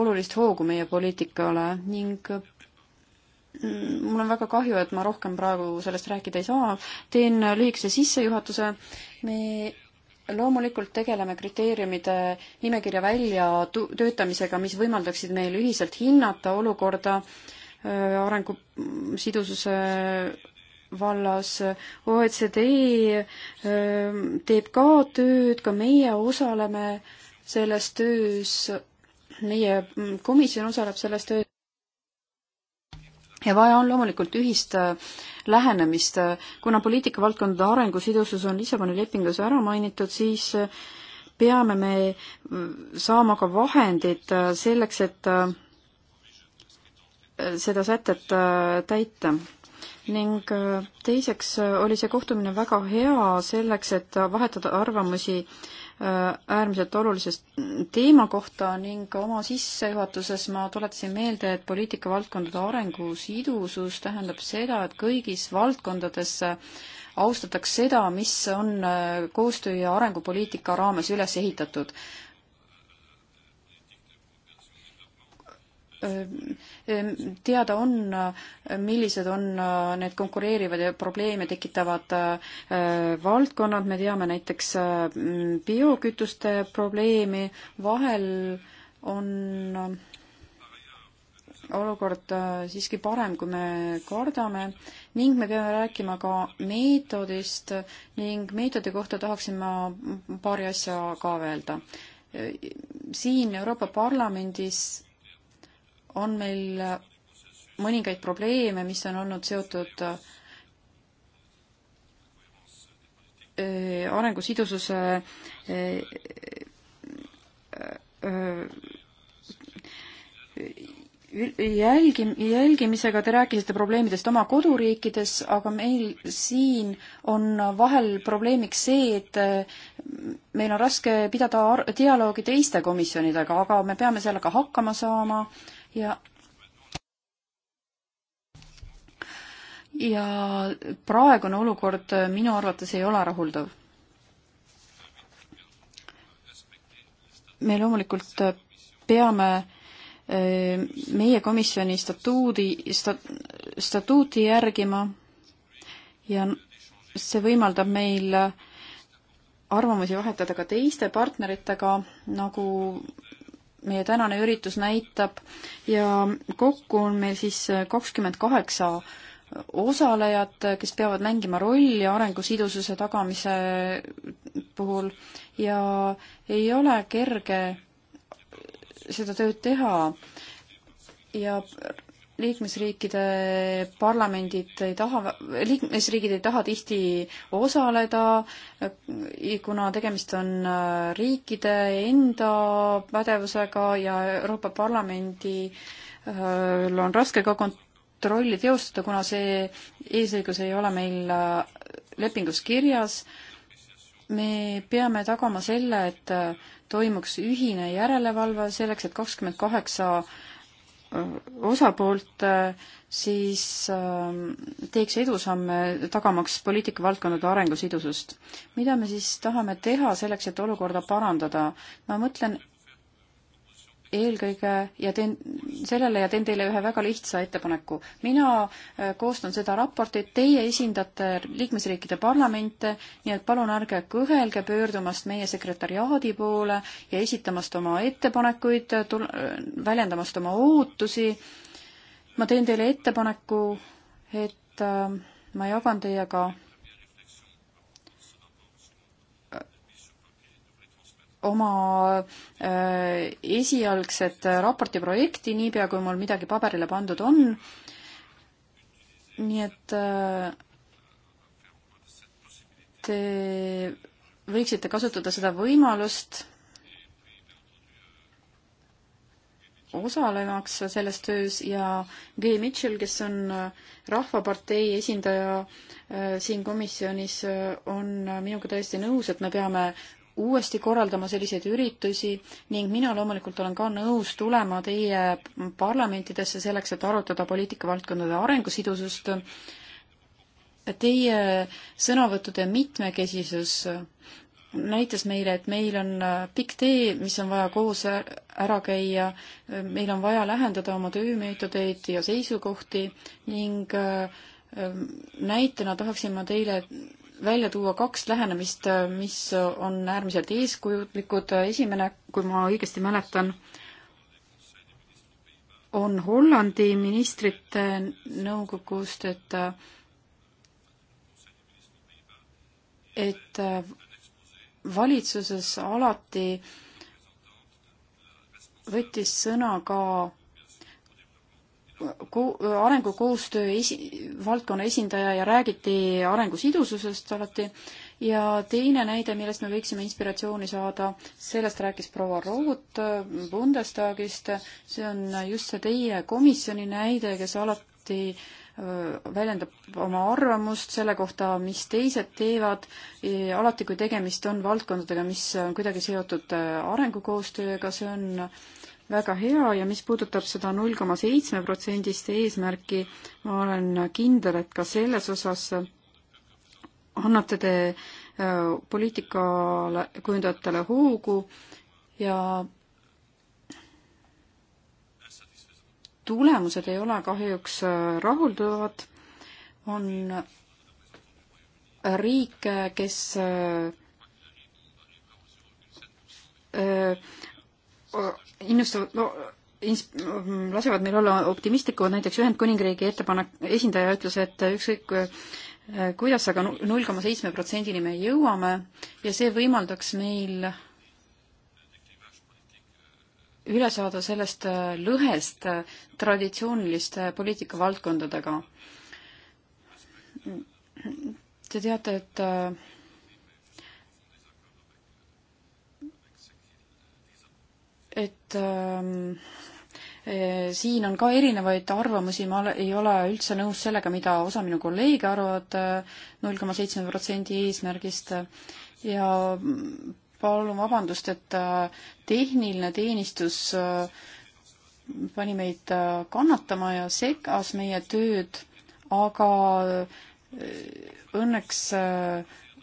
olulist hoogu meie poliitikale ning mm, mul on väga kahju, et ma rohkem praegu sellest rääkida ei saa. teen lühikese sissejuhatuse. me loomulikult tegeleme kriteeriumide nimekirja väljatöötamisega, mis võimaldaksid meil ühiselt hinnata olukorda äh, arengu sidususe vallas. OECD äh, teeb ka tööd, ka meie osaleme selles töös, meie mm, komisjon osaleb selles töös ja vaja on loomulikult ühist äh, lähenemist. kuna poliitikavaldkondade arengusidusus on Lissaboni lepingus ära mainitud, siis äh, peame me mm, saama ka vahendid äh, selleks, et seda sätet täita. ning teiseks oli see kohtumine väga hea selleks, et vahetada arvamusi äh, Äh, äärmiselt olulise teema kohta ning oma sissejuhatuses ma tuletasin meelde, et poliitikavaldkondade arengu sidusus tähendab seda, et kõigis valdkondades austataks seda, mis on äh, koostöö- ja arengupoliitika raames üles ehitatud. Ehm, ehm, teada on, äh, millised on äh, need konkureerivad ja probleeme tekitavad äh, valdkonnad, me teame näiteks biokütuste probleemi, vahel on olukord siiski parem, kui me kardame ning me peame rääkima ka meetodist ning meetodi kohta tahaksin ma paari asja ka öelda. siin Euroopa Parlamendis on meil mõningaid probleeme, mis on olnud seotud äh, arengusidususe äh, äh, jälgi, jälgimisega te rääkisite probleemidest oma koduriikides, aga meil siin on vahel probleemiks see, et meil on raske pidada dialoogi teiste komisjonidega, aga me peame sellega hakkama saama äh, ja ja praegune olukord minu arvates ei ole rahuldav. me loomulikult peame eh, meie komisjoni statuudi sta,, statuuti järgima ja see võimaldab meil arvamusi vahetada ka teiste partneritega, nagu meie tänane üritus näitab ja kokku on meil siis kakskümmend kaheksa osalejat, kes peavad mängima rolli arengusidususe tagamise puhul ja ei ole kerge seda tööd teha ja liikmesriikide parlamendid ei taha, liikmesriigid ei taha tihti osaleda, kuna tegemist on äh, riikide enda pädevusega ja Euroopa Parlamendil äh, on raske ka kontrolli teostada, kuna see eesõigus ei ole meil äh, lepingus kirjas. me peame tagama selle, et toimuks ühine järelevalve selleks, et kakskümmend kaheksa osapoolt, äh, siis ähm, teeks edusamme, tagamaks poliitikavaldkondade arengu sidusust. mida me siis tahame teha selleks, et olukorda parandada? ma mõtlen, eelkõige ja teen sellele ja teen teile ühe väga lihtsa ettepaneku. mina äh, koostan seda raportit, teie esindate liikmesriikide parlamente, nii et palun ärge kõhelge pöördumast meie sekretariaadi poole ja esitamast oma ettepanekuid, äh, väljendamast oma ootusi. ma teen teile ettepaneku, et äh, ma jagan teiega oma äh, esialgset raporti projekti, niipea kui mul midagi paberile pandud on. nii et äh, te võiksite kasutada seda võimalust osalemaks selles töös ja Gay Mitchell, kes on äh, Rahvapartei esindaja äh, siin komisjonis, äh, on minuga täiesti nõus, et me peame uuesti korraldama selliseid üritusi ning mina loomulikult olen ka nõus tulema teie parlamentidesse selleks, et arutada poliitikavaldkondade arengusidusust. Teie sõnavõttude mitmekesisus näitas meile, et meil on pikk tee, mis on vaja koos ära käia, meil on vaja lähendada oma töömeetodeid ja seisukohti ning äh, näitena tahaksin ma teile välja tuua kaks lähenemist, mis on äärmiselt eeskujulikud. esimene, kui ma õigesti mäletan, on Hollandi ministrite nõukogust, et et valitsuses alati võttis sõna ka arengukoostöö esi-, valdkonna esindaja ja räägiti arengu sidususest alati ja teine näide, millest me võiksime inspiratsiooni saada, sellest rääkis proua Root äh, Bundestagist, see on just see teie komisjoni näide, kes alati väljendab oma arvamust selle kohta, mis teised teevad, alati kui tegemist on valdkondadega, mis on kuidagi seotud arengukoostööga, see on väga hea ja mis puudutab seda null koma seitsme protsendist eesmärki, ma olen kindel, et ka selles osas annate te poliitikale kujundajatele hoogu ja tulemused ei ole kahjuks äh, rahuldavad, on riike, kes äh, äh, innustavad no,, ins-, lasevad meil olla optimistlikud, näiteks Ühendkuningriigi ettepanek, esindaja ütles, et ükskõik kuidas aga, aga null koma seitsme protsendini me jõuame ja see võimaldaks meil üle saada sellest äh, lõhest äh, traditsiooniliste poliitikavaldkondadega. Te teate, et äh, et ähm, siin on ka erinevaid arvamusi, ma ei ole üldse nõus sellega, mida osa minu kolleege arvavad null koma seitsme protsendi eesmärgist ja palun vabandust, et äh, tehniline teenistus äh, pani meid äh, kannatama ja segas meie tööd, aga õnneks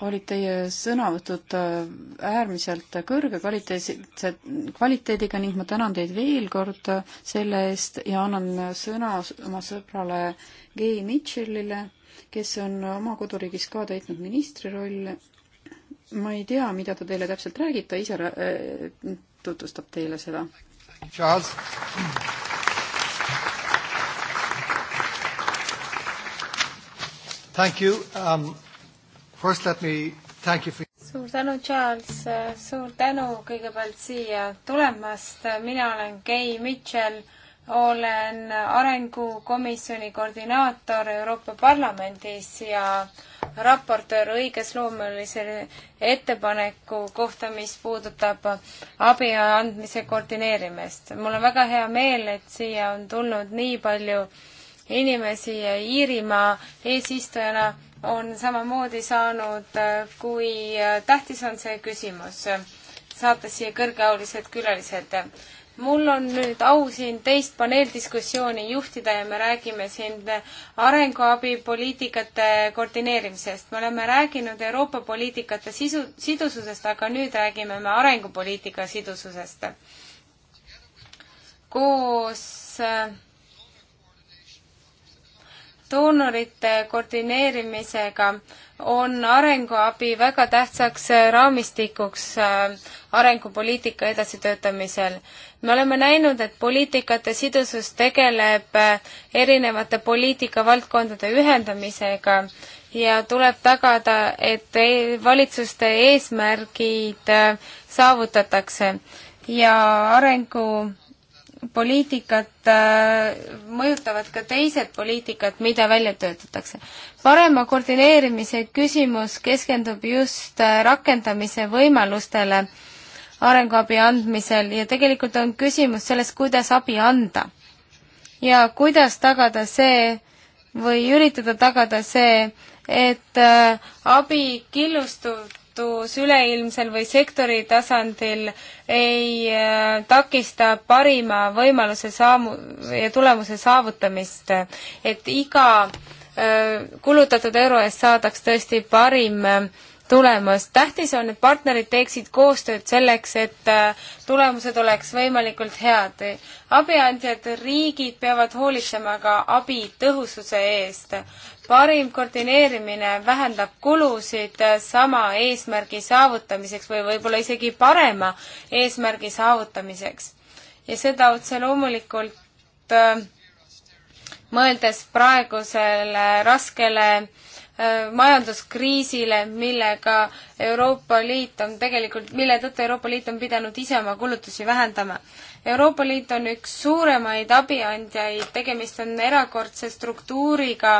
olid teie sõnavõtud äärmiselt kõrge kvaliteetse, kvaliteediga ning ma tänan teid veel kord selle eest ja annan sõna oma sõbrale Gay Mitchellile, kes on oma koduriigis ka täitnud ministri rolli ma ei tea, mida ta teile täpselt räägib, ta ise äh, tutvustab teile seda. Charles. Thank you um,. First let me thank you for suur tänu, Charles, suur tänu kõigepealt siia tulemast, mina olen Kei Mitchell, olen arengukomisjoni koordinaator Euroopa Parlamendis ja äh, raportöör õigesloomelise ettepaneku kohta, mis puudutab abi andmise koordineerimist. mul on väga hea meel, et siia on tulnud nii palju inimesi ja Iirimaa eesistujana on samamoodi saanud, kui tähtis on see küsimus, saates siia kõrgeaulised külalised mul on nüüd au siin teist paneeldiskussiooni juhtida ja me räägime siin arenguabipoliitikate koordineerimisest. me oleme rääkinud Euroopa poliitikate sisu, sidususest, aga nüüd räägime me arengupoliitika sidususest. koos äh, doonorite koordineerimisega on arenguabi väga tähtsaks äh, raamistikuks äh, arengupoliitika edasitöötamisel me oleme näinud, et poliitikate sidusus tegeleb äh, erinevate poliitikavaldkondade ühendamisega ja tuleb tagada, et e-, valitsuste eesmärgid äh, saavutatakse ja arengupoliitikat äh, mõjutavad ka teised poliitikad, mida välja töötatakse. parema koordineerimise küsimus keskendub just rakendamise võimalustele arenguabi andmisel ja tegelikult on küsimus selles, kuidas abi anda. ja kuidas tagada see või üritada tagada see, et äh, abi killustutus üleilmsel või sektori tasandil ei äh, takista parima võimaluse saamu- ja tulemuse saavutamist, et iga äh, kulutatud euro eest saadaks tõesti parim tulemast. tähtis on, et partnerid teeksid koostööd selleks, et äh, tulemused oleks võimalikult head. abiandjad riigid peavad hoolitsema ka abi tõhususe eest. parim koordineerimine vähendab kulusid äh, sama eesmärgi saavutamiseks või võib-olla isegi parema eesmärgi saavutamiseks. ja seda otse loomulikult äh, mõeldes praegusele raskele Äh, majanduskriisile, millega Euroopa Liit on tegelikult, mille tõttu Euroopa Liit on pidanud ise oma kulutusi vähendama. Euroopa Liit on üks suuremaid abiandjaid, tegemist on erakordse struktuuriga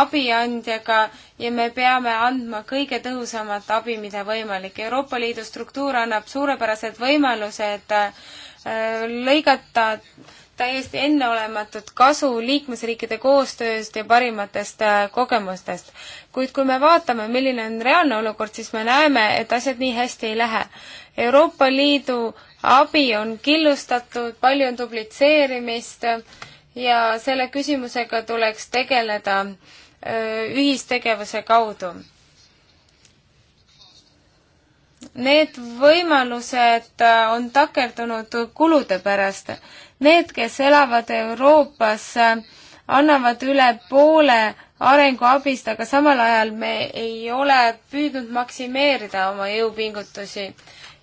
abiandjaga ja me peame andma kõige tõhusamat abi, mida võimalik. Euroopa Liidu struktuur annab suurepärased võimalused äh, lõigata äh, täiesti enneolematut kasu liikmesriikide koostööst ja parimatest äh, kogemustest. kuid kui me vaatame, milline on reaalne olukord, siis me näeme, et asjad nii hästi ei lähe. Euroopa Liidu abi on killustatud, palju on dublitseerimist ja selle küsimusega tuleks tegeleda äh, ühistegevuse kaudu. Need võimalused äh, on takerdunud kulude pärast Need, kes elavad Euroopas, annavad üle poole arenguabist, aga samal ajal me ei ole püüdnud maksimeerida oma jõupingutusi.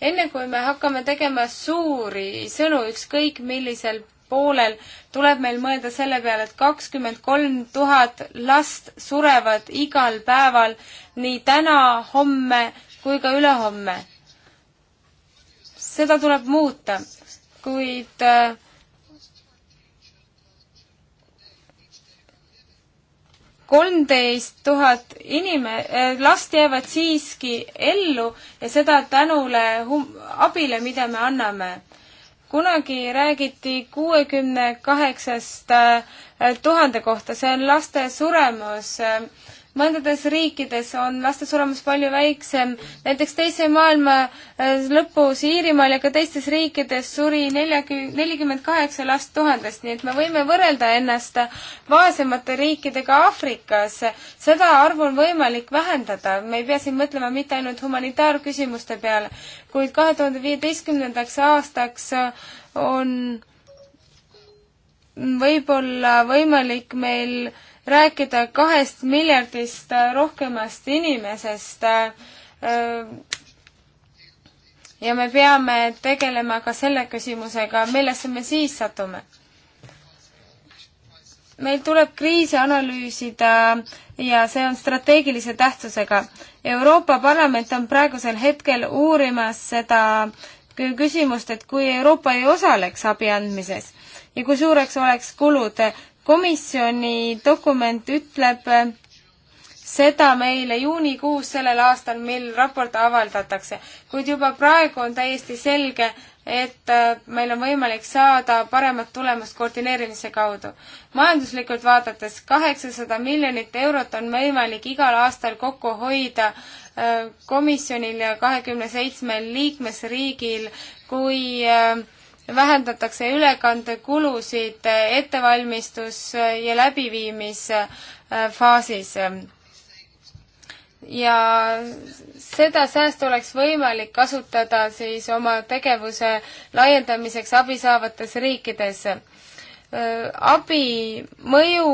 enne kui me hakkame tegema suuri sõnu ükskõik millisel poolel, tuleb meil mõelda selle peale, et kakskümmend kolm tuhat last surevad igal päeval nii täna, homme kui ka ülehomme. seda tuleb muuta, kuid äh, kolmteist tuhat inime-, eh, last jäävad siiski ellu ja seda tänule hum-, abile, mida me anname. kunagi räägiti kuuekümne kaheksast eh, tuhande kohta, see on laste suremus äh, mõndades riikides on laste suremus palju väiksem, näiteks teise maailma äh, lõpus Iirimaal ja ka teistes riikides suri neljakümne, nelikümmend kaheksa last tuhandest, nii et me võime võrrelda ennast vaesemate riikidega Aafrikas. seda arvu on võimalik vähendada, me ei pea siin mõtlema mitte ainult humanitaarküsimuste peale, kuid kahe tuhande viieteistkümnendaks aastaks äh, on võib-olla võimalik meil rääkida kahest miljardist äh, rohkemast inimesest. Äh, äh, ja me peame tegelema ka selle küsimusega, millesse me siis satume. meil tuleb kriisi analüüsida ja see on strateegilise tähtsusega. Euroopa Parlament on praegusel hetkel uurimas seda küsimust, et kui Euroopa ei osaleks abi andmises ja kui suureks oleks kulud, komisjoni dokument ütleb äh, seda meile juunikuus sellel aastal, mil raport avaldatakse, kuid juba praegu on täiesti selge, et äh, meil on võimalik saada paremat tulemust koordineerimise kaudu. majanduslikult vaadates kaheksasada miljonit eurot on võimalik igal aastal kokku hoida äh, komisjonil ja kahekümne seitsmel liikmesriigil, kui äh, vähendatakse ülekandekulusid ettevalmistus- ja läbiviimisfaasis. ja seda säästu oleks võimalik kasutada siis oma tegevuse laiendamiseks abi saavates riikides. Äh, abi mõju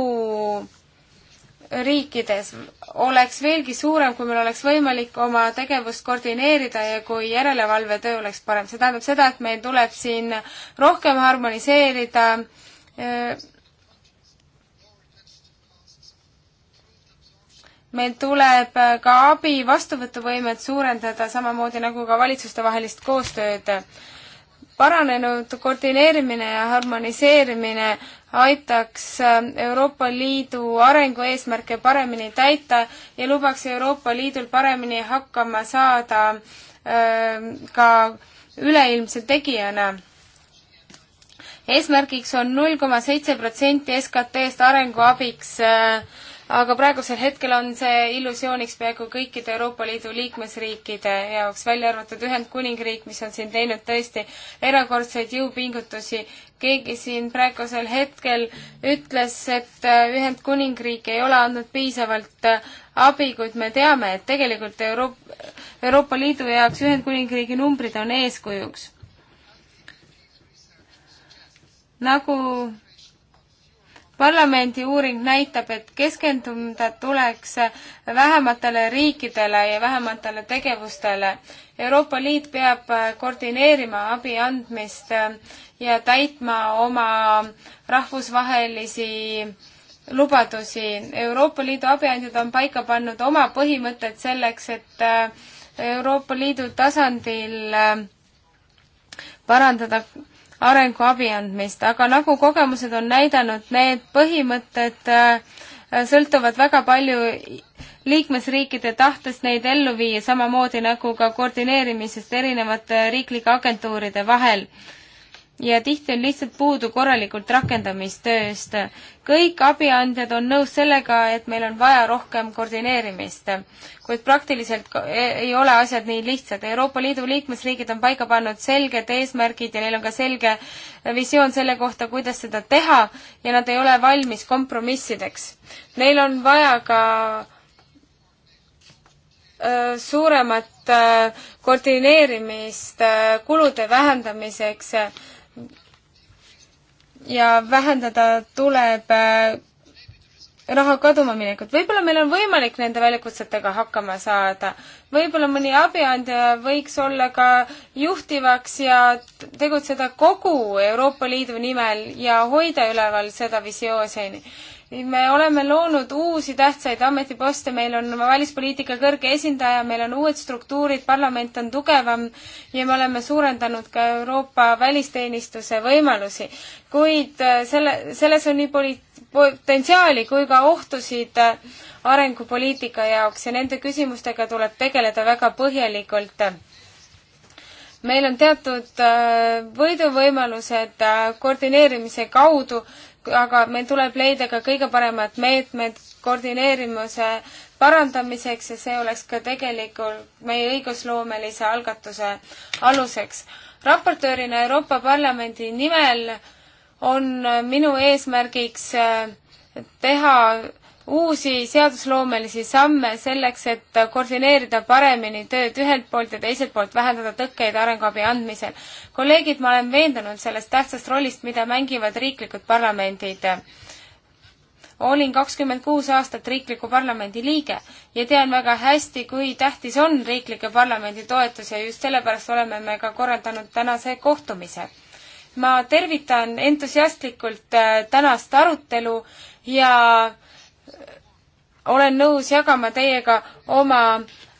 riikides oleks veelgi suurem, kui meil oleks võimalik oma tegevust koordineerida ja kui järelevalvetöö oleks parem. see tähendab seda, et meil tuleb siin rohkem harmoniseerida äh, meil tuleb ka abi vastuvõtuvõimet suurendada, samamoodi nagu ka valitsustevahelist koostööd. paranenud koordineerimine ja harmoniseerimine aitaks äh, Euroopa Liidu arengueesmärke paremini täita ja lubaks Euroopa Liidul paremini hakkama saada äh, ka üleilmse tegijana eesmärgiks on null koma seitse protsenti SKT-st arenguabiks, äh, aga praegusel hetkel on see illusiooniks peaaegu kõikide Euroopa Liidu liikmesriikide jaoks, välja arvatud Ühendkuningriik, mis on siin teinud tõesti erakordseid jõupingutusi keegi siin praegusel hetkel ütles, et äh, Ühendkuningriik ei ole andnud piisavalt äh, abi, kuid me teame, et tegelikult Euroop-, Euroopa Liidu jaoks Ühendkuningriigi numbrid on eeskujuks. nagu parlamendi uuring näitab, et keskenduda tuleks vähematele riikidele ja vähematele tegevustele. Euroopa Liit peab koordineerima abi andmist ja täitma oma rahvusvahelisi lubadusi. Euroopa Liidu abiandjad on paika pannud oma põhimõtted selleks, et Euroopa Liidu tasandil parandada arenguabi andmist, aga nagu kogemused on näidanud, need põhimõtted äh, sõltuvad väga palju liikmesriikide tahtest neid ellu viia, samamoodi nagu ka koordineerimisest erinevate riiklike agentuuride vahel. ja tihti on lihtsalt puudu korralikult rakendamistööst kõik abiandjad on nõus sellega, et meil on vaja rohkem koordineerimist, kuid praktiliselt e-, ei ole asjad nii lihtsad. Euroopa Liidu liikmesriigid on paika pannud selged eesmärgid ja neil on ka selge visioon selle kohta, kuidas seda teha ja nad ei ole valmis kompromissideks. Neil on vaja ka suuremat koordineerimist kulude vähendamiseks ja vähendada tuleb äh, raha kaduma minekut. võib-olla meil on võimalik nende väljakutsetega hakkama saada. võib-olla mõni abiandja võiks olla ka juhtivaks ja tegutseda kogu Euroopa Liidu nimel ja hoida üleval seda visiooseni me oleme loonud uusi tähtsaid ametiposte, meil on välispoliitika kõrge esindaja, meil on uued struktuurid, parlament on tugevam ja me oleme suurendanud ka Euroopa välisteenistuse võimalusi. kuid äh, selle, selles on nii poli-, potentsiaali kui ka ohtusid äh, arengupoliitika jaoks ja nende küsimustega tuleb tegeleda väga põhjalikult meil on teatud äh, võiduvõimalused koordineerimise kaudu aga meil tuleb leida ka kõige paremad meetmed koordineerimise parandamiseks ja see oleks ka tegelikult meie õigusloomelise algatuse aluseks. raportöörina Euroopa Parlamendi nimel on minu eesmärgiks äh, teha uusi seadusloomelisi samme selleks, et koordineerida paremini tööd ühelt poolt ja teiselt poolt vähendada tõkkeid arenguabi andmisel. kolleegid, ma olen veendunud sellest tähtsast rollist, mida mängivad riiklikud parlamendid. olin kakskümmend kuus aastat riikliku parlamendi liige ja tean väga hästi, kui tähtis on riiklike parlamendi toetus ja just sellepärast oleme me ka korraldanud tänase kohtumise. ma tervitan entusiastlikult äh, tänast arutelu ja äh, olen nõus jagama teiega oma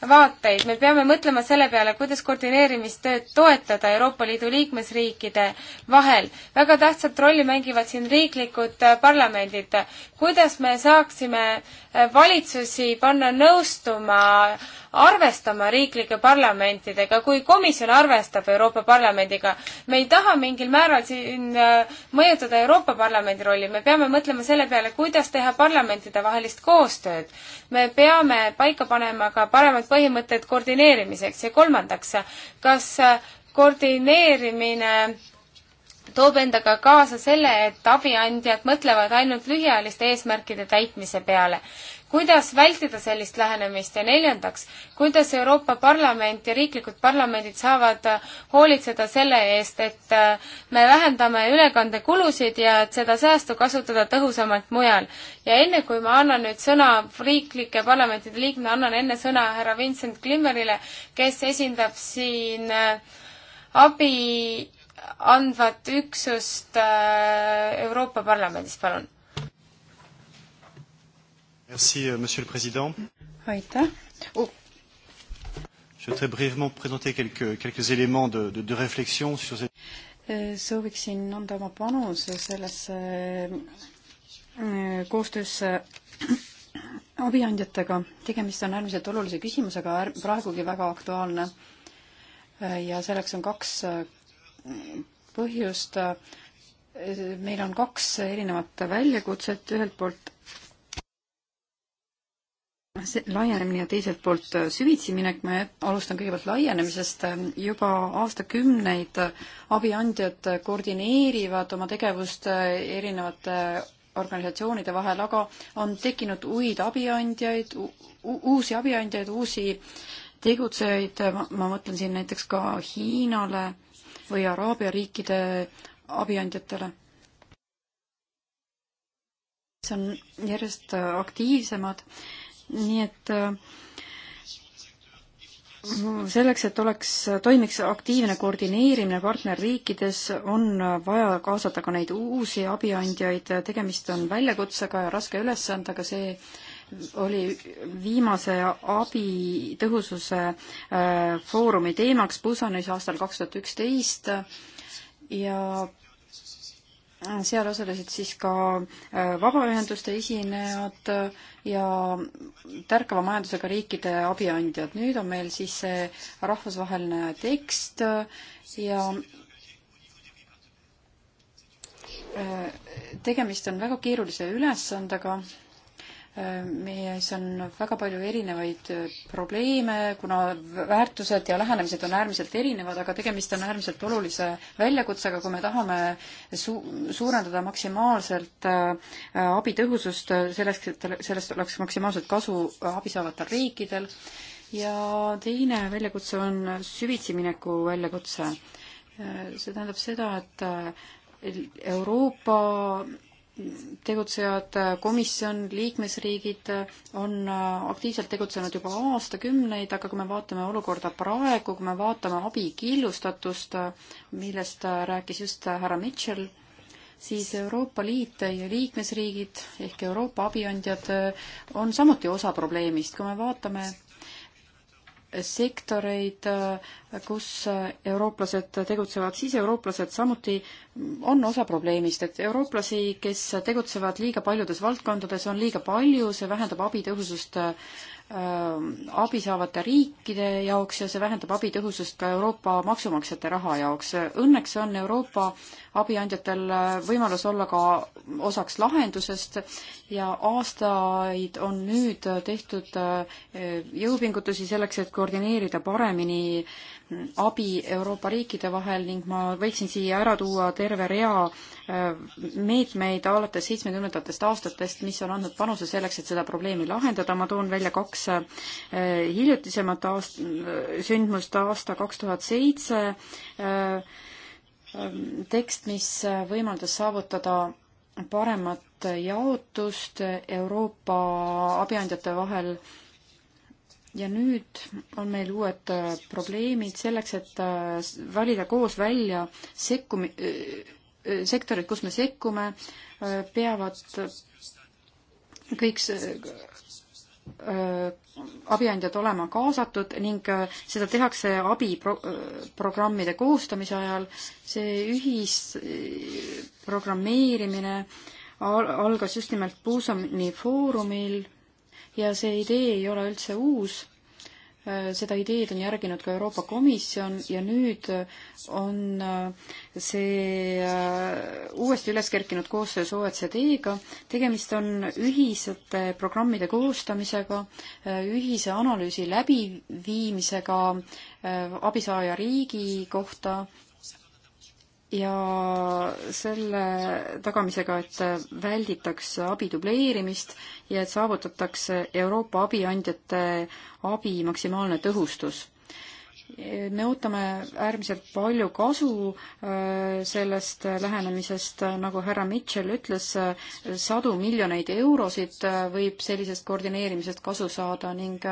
vaateid, me peame mõtlema selle peale, kuidas koordineerimistööd toetada Euroopa Liidu liikmesriikide vahel. väga tähtsat rolli mängivad siin riiklikud äh, parlamendid. kuidas me saaksime äh, valitsusi panna nõustuma arvestama riiklike parlamentidega, kui komisjon arvestab Euroopa Parlamendiga. me ei taha mingil määral siin äh, mõjutada Euroopa Parlamendi rolli, me peame mõtlema selle peale, kuidas teha parlamentide vahelist koostööd. me peame paika panema ka paremad paremat põhimõtet koordineerimiseks ja kolmandaks, kas koordineerimine toob endaga kaasa selle, et abiandjad mõtlevad ainult lühiajaliste eesmärkide täitmise peale kuidas vältida sellist lähenemist ja neljandaks, kuidas Euroopa Parlament ja riiklikud parlamendid saavad hoolitseda selle eest, et äh, me vähendame ülekandekulusid ja et seda säästu kasutada tõhusamalt mujal. ja enne, kui ma annan nüüd sõna riiklike parlamentide liikmele, annan enne sõna härra Vincent Klimmerile, kes esindab siin äh, abi andvat üksust äh, Euroopa Parlamendis, palun Euh, aitäh oh.. Je voudrais brièvement présenter quelques, quelques éléments de, de, de réflexion sur cette... Euh, sooviksin anda oma panuse sellesse äh, koostöösse abiandjatega. tegemist on äärmiselt olulise küsimusega, praegugi väga aktuaalne. Äh, ja selleks on kaks äh, põhjust. meil on kaks erinevat väljakutset, ühelt poolt see laienemine ja teiselt poolt äh, süvitsi minek, ma alustan kõigepealt laienemisest, äh, juba aastakümneid äh, abiandjad koordineerivad oma tegevust erinevate organisatsioonide vahel, aga on tekkinud uid abiandjaid, uusi abiandjaid, uusi tegutsejaid, ma mõtlen siin näiteks ka Hiinale või Araabia riikide abiandjatele mis on järjest aktiivsemad nii et äh, selleks, et oleks, toimiks aktiivne koordineerimine partnerriikides, on vaja kaasata ka neid uusi abiandjaid, tegemist on väljakutsega ja raske ülesandega, see oli viimase abi tõhususe äh, foorumi teemaks Busanis aastal kaks tuhat üksteist ja seal osalesid siis ka äh, vabaühenduste esinejad äh, ja tärkava majandusega riikide abiandjad. nüüd on meil siis see rahvusvaheline tekst äh, ja tegemist on väga keerulise ülesandega meie ees on väga palju erinevaid probleeme, kuna väärtused ja lähenemised on äärmiselt erinevad, aga tegemist on äärmiselt olulise väljakutsega, kui me tahame su-, suurendada maksimaalselt äh, abi tõhusust selleks, et sellest oleks maksimaalselt kasu abi saavatel riikidel. ja teine väljakutse on süvitsi mineku väljakutse. Äh, see tähendab seda, et äh, Euroopa tegutsejad, äh, komisjon, liikmesriigid äh, on äh, aktiivselt tegutsenud juba aastakümneid, aga kui me vaatame olukorda praegu, kui me vaatame abi killustatust, millest rääkis just härra Mitchell, siis Euroopa Liit ja liikmesriigid ehk Euroopa abiandjad on samuti osa probleemist, kui me vaatame sektoreid, äh, kus äh, eurooplased tegutsevad, siis eurooplased samuti on osa probleemist, et eurooplasi, kes tegutsevad liiga paljudes valdkondades, on liiga palju, see vähendab abi tõhusust äh, Ähm, abi saavate riikide jaoks ja see vähendab abi tõhusust ka Euroopa maksumaksjate raha jaoks. Õnneks on Euroopa abiandjatel äh, võimalus olla ka osaks lahendusest ja aastaid on nüüd tehtud äh, jõupingutusi selleks, et koordineerida paremini äh, abi Euroopa riikide vahel ning ma võiksin siia ära tuua terve rea äh, meetmeid alates seitsmekümnendatest aastatest, mis on andnud panuse selleks, et seda probleemi lahendada, ma toon välja kaks äh, hiljutisemat aast-, sündmust, aasta kaks tuhat seitse äh, tekst, mis võimaldas saavutada paremat jaotust Euroopa abiandjate vahel äh, ja nüüd on meil uued äh, probleemid selleks, et äh, valida koos välja sekkumi-, äh, sektorid, kus me sekkume, peavad kõik abiandjad olema kaasatud ning seda tehakse abiprogrammide koostamise ajal. see ühisprogrammeerimine algas just nimelt Puusani foorumil ja see idee ei ole üldse uus äh, seda ideed on järginud ka Euroopa Komisjon ja nüüd äh, on äh, see uuesti üles kerkinud koostöös OECD-ga. tegemist on ühisete programmide koostamisega, ühise analüüsi läbiviimisega abisaaja riigi kohta ja selle tagamisega, et välditakse abi dubleerimist ja et saavutatakse Euroopa abiandjate abi maksimaalne tõhustus nõutame äärmiselt palju kasu äh, sellest lähenemisest, nagu härra Mitchell ütles, äh, sadu miljoneid eurosid äh, võib sellisest koordineerimisest kasu saada ning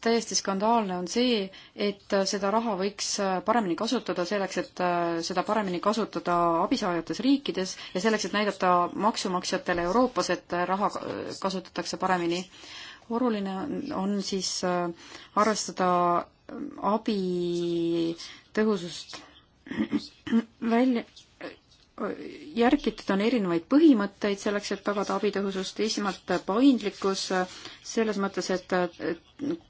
täiesti skandaalne on see, et seda raha võiks paremini kasutada selleks, et seda paremini kasutada abisaajates riikides ja selleks, et näidata maksumaksjatele Euroopas, et raha kasutatakse paremini oluline on, on siis arvestada abi tõhusust välja, järgitud on erinevaid põhimõtteid selleks, et tagada abitõhusust, esimalt paindlikkus selles mõttes, et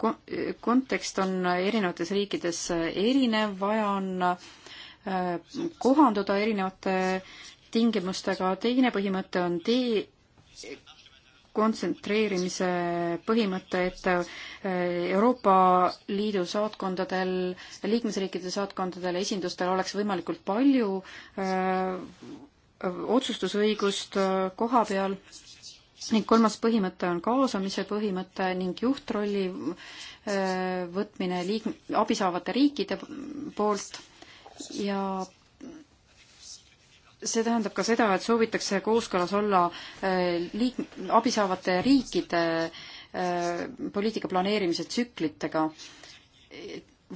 kontekst on erinevates riikides erinev, vaja on äh, kohanduda erinevate tingimustega, teine põhimõte on tee kontsentreerimise põhimõte, et äh, Euroopa Liidu saatkondadel, liikmesriikide saatkondadel, esindustel oleks võimalikult palju öö, äh, otsustusõigust äh, koha peal ning kolmas põhimõte on kaasamise põhimõte ning juhtrolli võtmine liik-, abi saavate riikide poolt ja see tähendab ka seda, et soovitakse kooskõlas olla äh, liik-, abi saavate riikide äh, poliitika planeerimise tsüklitega.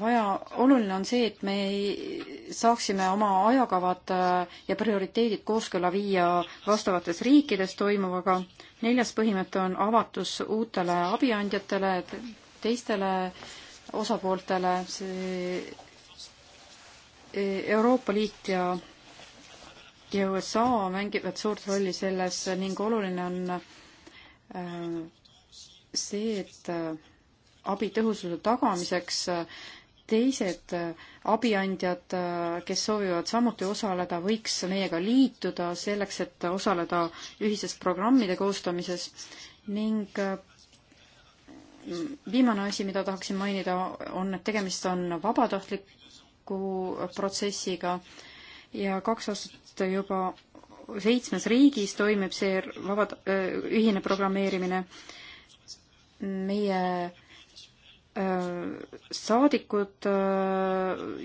vaja, oluline on see, et me saaksime oma ajakavad äh, ja prioriteedid kooskõlla viia vastavates riikides toimuvaga. neljas põhimõte on avatus uutele abiandjatele, teistele osapooltele, see Euroopa Liit ja ja USA mängivad suurt rolli selles ning oluline on äh, see, et äh, abi tõhususe tagamiseks äh, teised abiandjad, kes soovivad samuti osaleda, võiks meiega liituda selleks, et osaleda ühises programmide koostamises ning viimane asi, mida tahaksin mainida, on, et tegemist on vabatahtliku protsessiga äh, ja kaks aastat juba seitsmes riigis toimib see vaba, ühine programmeerimine. meie saadikud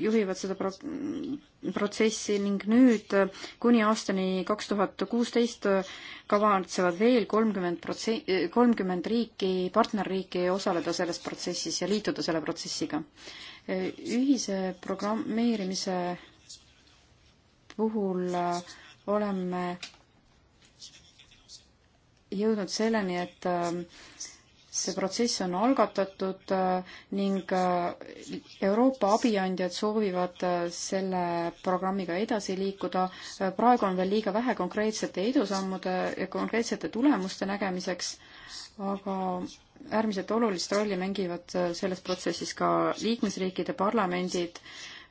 juhivad seda pro-, protsessi ning nüüd kuni aastani kaks tuhat kuusteist kavatsevad veel kolmkümmend protse-, kolmkümmend riiki, partnerriiki osaleda selles protsessis ja liituda selle protsessiga. ühise programmeerimise puhul äh, oleme jõudnud selleni, et äh, see protsess on algatatud äh, ning Euroopa abiandjad soovivad selle programmiga edasi liikuda. praegu on veel liiga vähe konkreetsete edusammude ja konkreetsete tulemuste nägemiseks, aga äärmiselt olulist rolli mängivad selles protsessis ka liikmesriikide parlamendid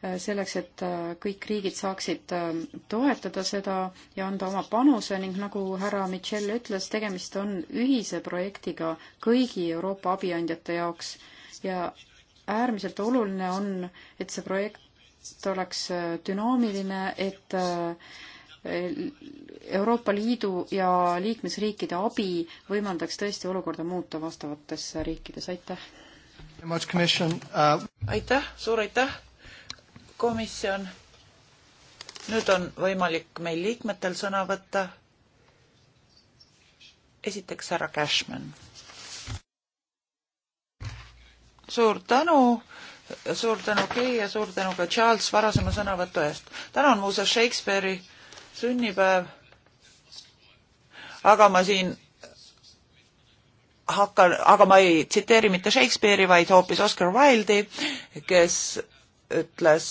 Äh, selleks, et äh, kõik riigid saaksid äh, toetada seda ja anda oma panuse ning nagu härra Michel ütles, tegemist on ühise projektiga kõigi Euroopa abiandjate jaoks ja äärmiselt oluline on, et see projekt oleks dünaamiline, et Euroopa Liidu ja liikmesriikide abi võimaldaks tõesti olukorda muuta vastavates riikides, aitäh! Uh, aitäh, suur aitäh komisjon. nüüd on võimalik meil liikmetel sõna võtta. esiteks härra Cashman. suur tänu, suur tänu Kei ja suur tänu ka Charles varasema sõnavõtu eest. täna on muuseas Shakespeare'i sünnipäev. aga ma siin hakkan, aga ma ei tsiteeri mitte Shakespeare'i, vaid hoopis Oscar Wilde'i, kes ütles,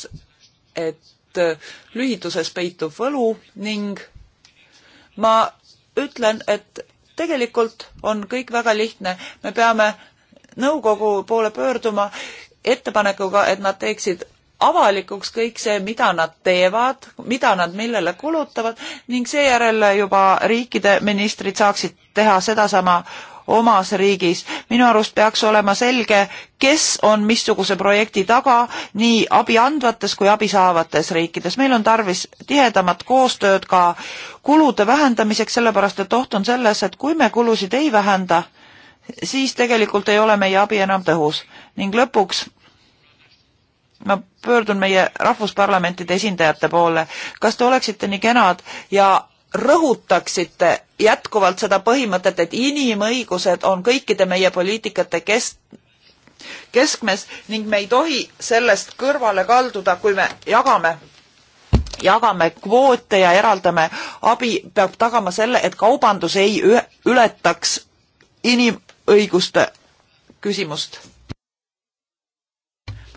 et äh, lühiduses peitub võlu ning ma ütlen, et tegelikult on kõik väga lihtne, me peame nõukogu poole pöörduma ettepanekuga, et nad teeksid avalikuks kõik see, mida nad teevad, mida nad millele kulutavad ning seejärel juba riikide ministrid saaksid teha sedasama omas riigis. minu arust peaks olema selge, kes on missuguse projekti taga nii abi andvates kui abi saavates riikides. meil on tarvis tihedamat koostööd ka kulude vähendamiseks, sellepärast et oht on selles, et kui me kulusid ei vähenda, siis tegelikult ei ole meie abi enam tõhus ning lõpuks ma pöördun meie rahvusparlamentide esindajate poole. kas te oleksite nii kenad ja rõhutaksite jätkuvalt seda põhimõtet, et inimõigused on kõikide meie poliitikate kes-, keskmes ning me ei tohi sellest kõrvale kalduda, kui me jagame, jagame kvoote ja eraldame abi, peab tagama selle, et kaubandus ei ületaks inimõiguste küsimust.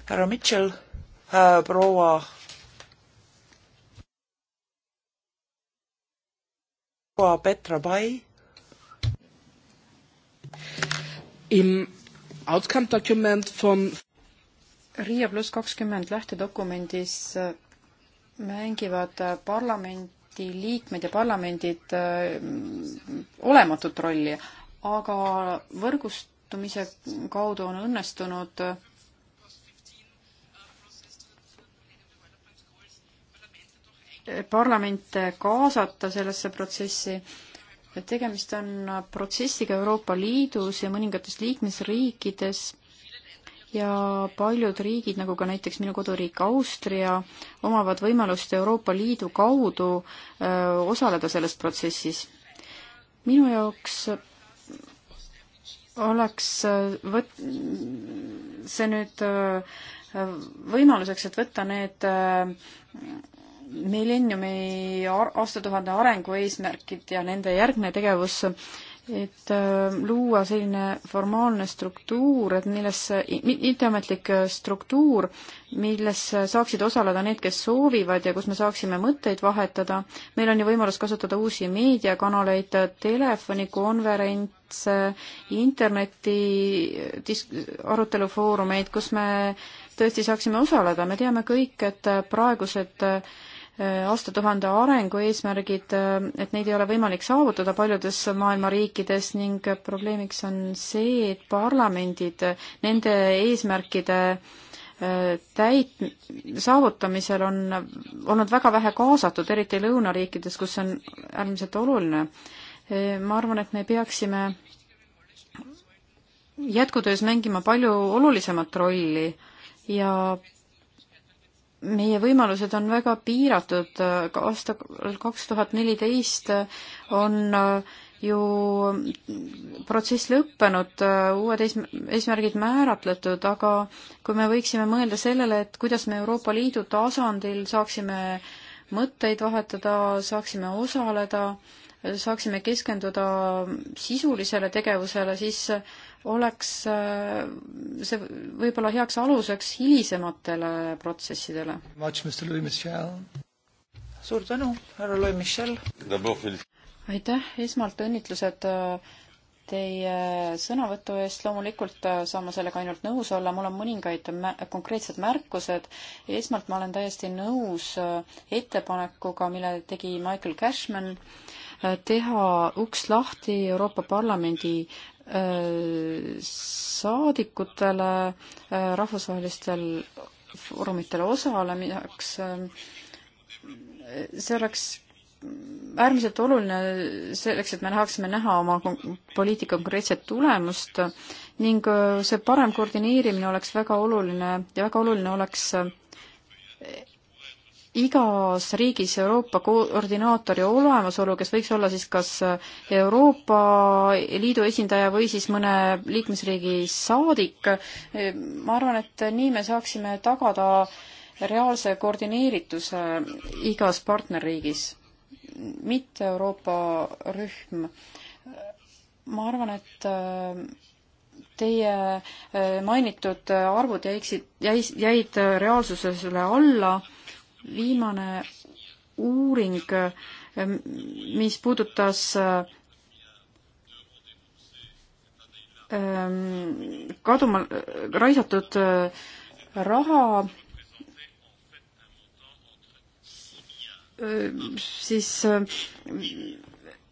härra Mitchell äh,, proua proua Petra Pai. Im outcome document from Riia pluss kakskümmend lähtedokumendis äh, mängivad äh, parlamendi liikmed ja parlamendid äh, olematut rolli, aga võrgustumise kaudu on õnnestunud parlamente kaasata sellesse protsessi. et tegemist on protsessiga Euroopa Liidus ja mõningates liikmesriikides ja paljud riigid, nagu ka näiteks minu koduriik Austria, omavad võimalust Euroopa Liidu kaudu öö, osaleda selles protsessis. minu jaoks oleks võt-, see nüüd öö, võimaluseks, et võtta need öö, millenniumi aastatuhande arengueesmärgid ja nende järgne tegevus, et äh, luua selline formaalne struktuur, et milles, mitteametlik äh, struktuur, milles saaksid osaleda need, kes soovivad ja kus me saaksime mõtteid vahetada. meil on ju võimalus kasutada uusi meediakanaleid, äh, telefonikonverentse, interneti disk-, arutelufoorumeid, kus me tõesti saaksime osaleda, me teame kõik, et praegused et aastatuhande arengueesmärgid, et neid ei ole võimalik saavutada paljudes maailma riikides ning probleemiks on see, et parlamendid nende eesmärkide äh, täit-, saavutamisel on olnud väga vähe kaasatud, eriti lõunariikides, kus see on äärmiselt oluline. ma arvan, et me peaksime jätkutöös mängima palju olulisemat rolli ja meie võimalused on väga piiratud, aastal kaks tuhat neliteist on äh, ju protsess lõppenud, äh, uued eesmärgid määratletud, aga kui me võiksime mõelda sellele, et kuidas me Euroopa Liidu tasandil saaksime mõtteid vahetada, saaksime osaleda, saaksime keskenduda sisulisele tegevusele, siis oleks äh, see võib-olla heaks aluseks hilisematele protsessidele. suur tänu, härra Louis Michel! aitäh, esmalt õnnitlused äh, teie sõnavõtu eest, loomulikult äh, saan ma sellega ainult nõus olla, mul on mõningaid mä konkreetsed märkused. esmalt ma olen täiesti nõus ettepanekuga, mille tegi Michael Cashman, teha uks lahti Euroopa Parlamendi Äh, saadikutele äh, rahvusvahelistel foorumitel osalemiseks, äh, see oleks äärmiselt oluline selleks, et me tahaksime näha oma poliitika konkreetset tulemust ning see parem koordineerimine oleks väga oluline ja väga oluline oleks igas riigis Euroopa koordinaatori olemasolu, kes võiks olla siis kas Euroopa Liidu esindaja või siis mõne liikmesriigi saadik. ma arvan, et nii me saaksime tagada reaalse koordineerituse igas partnerriigis, mitte Euroopa rühm. ma arvan, et äh, teie äh, mainitud arvud jäiksid, jäi, jäid reaalsusele alla viimane uuring, mis puudutas ähm, kaduma, raisatud äh, raha, äh, siis äh,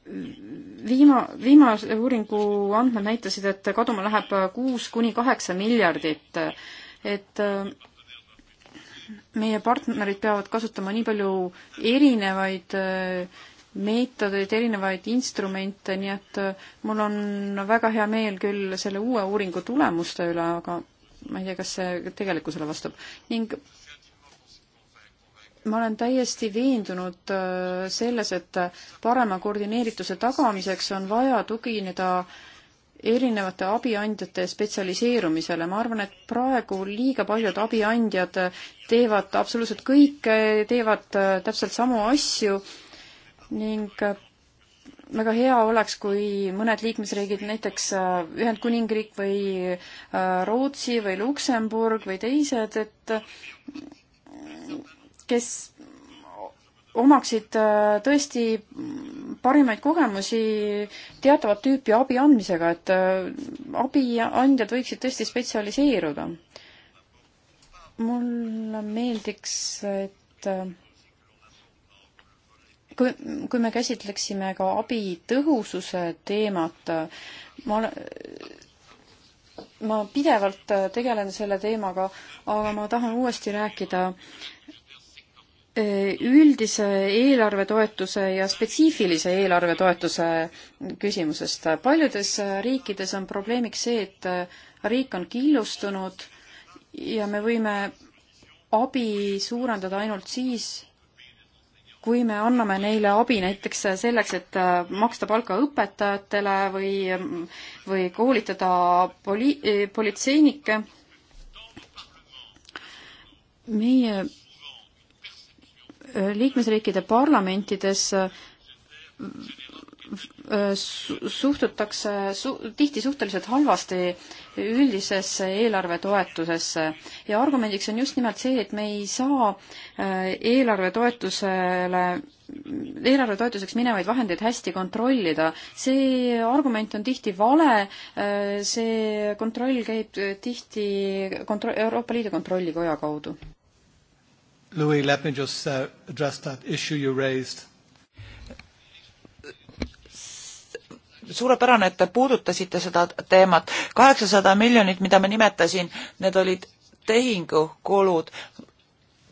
viima-, viimase uuringu andmed näitasid, et kaduma läheb kuus kuni kaheksa miljardit, et äh, meie partnerid peavad kasutama nii palju erinevaid äh, meetodeid, erinevaid instrumente, nii et äh, mul on väga hea meel küll selle uue uuringu tulemuste üle, aga ma ei tea, kas see tegelikkusele vastab. ning ma olen täiesti veendunud äh, selles, et parema koordineerituse tagamiseks on vaja tugineda äh, erinevate abiandjate spetsialiseerumisele, ma arvan, et praegu liiga paljud abiandjad teevad absoluutselt kõike, teevad äh, täpselt samu asju ning äh, väga hea oleks, kui mõned liikmesriigid, näiteks äh, Ühendkuningriik või Rootsi või Luksemburg või teised, et kes omaksid äh, tõesti parimaid kogemusi teatavat tüüpi abi andmisega, et äh, abiandjad võiksid tõesti spetsialiseeruda. mulle meeldiks, et äh, kui, kui me käsitleksime ka abi tõhususe teemat, ma olen ma pidevalt tegelen selle teemaga, aga ma tahan uuesti rääkida äh, Äh, üldise eelarvetoetuse ja spetsiifilise eelarvetoetuse küsimusest. paljudes riikides on probleemiks see, et äh, riik on killustunud ja me võime abi suurendada ainult siis, kui me anname neile abi näiteks selleks, et äh, maksta palka õpetajatele või, või koolitada poli-, politseinikke. meie liikmesriikide parlamentides äh, suhtutakse su, tihti suhteliselt halvasti üldisesse eelarvetoetusesse ja argumendiks on just nimelt see, et me ei saa äh, eelarvetoetusele, eelarvetoetuseks minevaid vahendeid hästi kontrollida. see argument on tihti vale, äh, see kontroll käib tihti kontro-, Euroopa Liidu Kontrollikoja kaudu. Louis, let me just uh, address that issue you raised. suurepärane, et te puudutasite seda teemat. kaheksasada miljonit, mida ma nimetasin, need olid tehingukulud.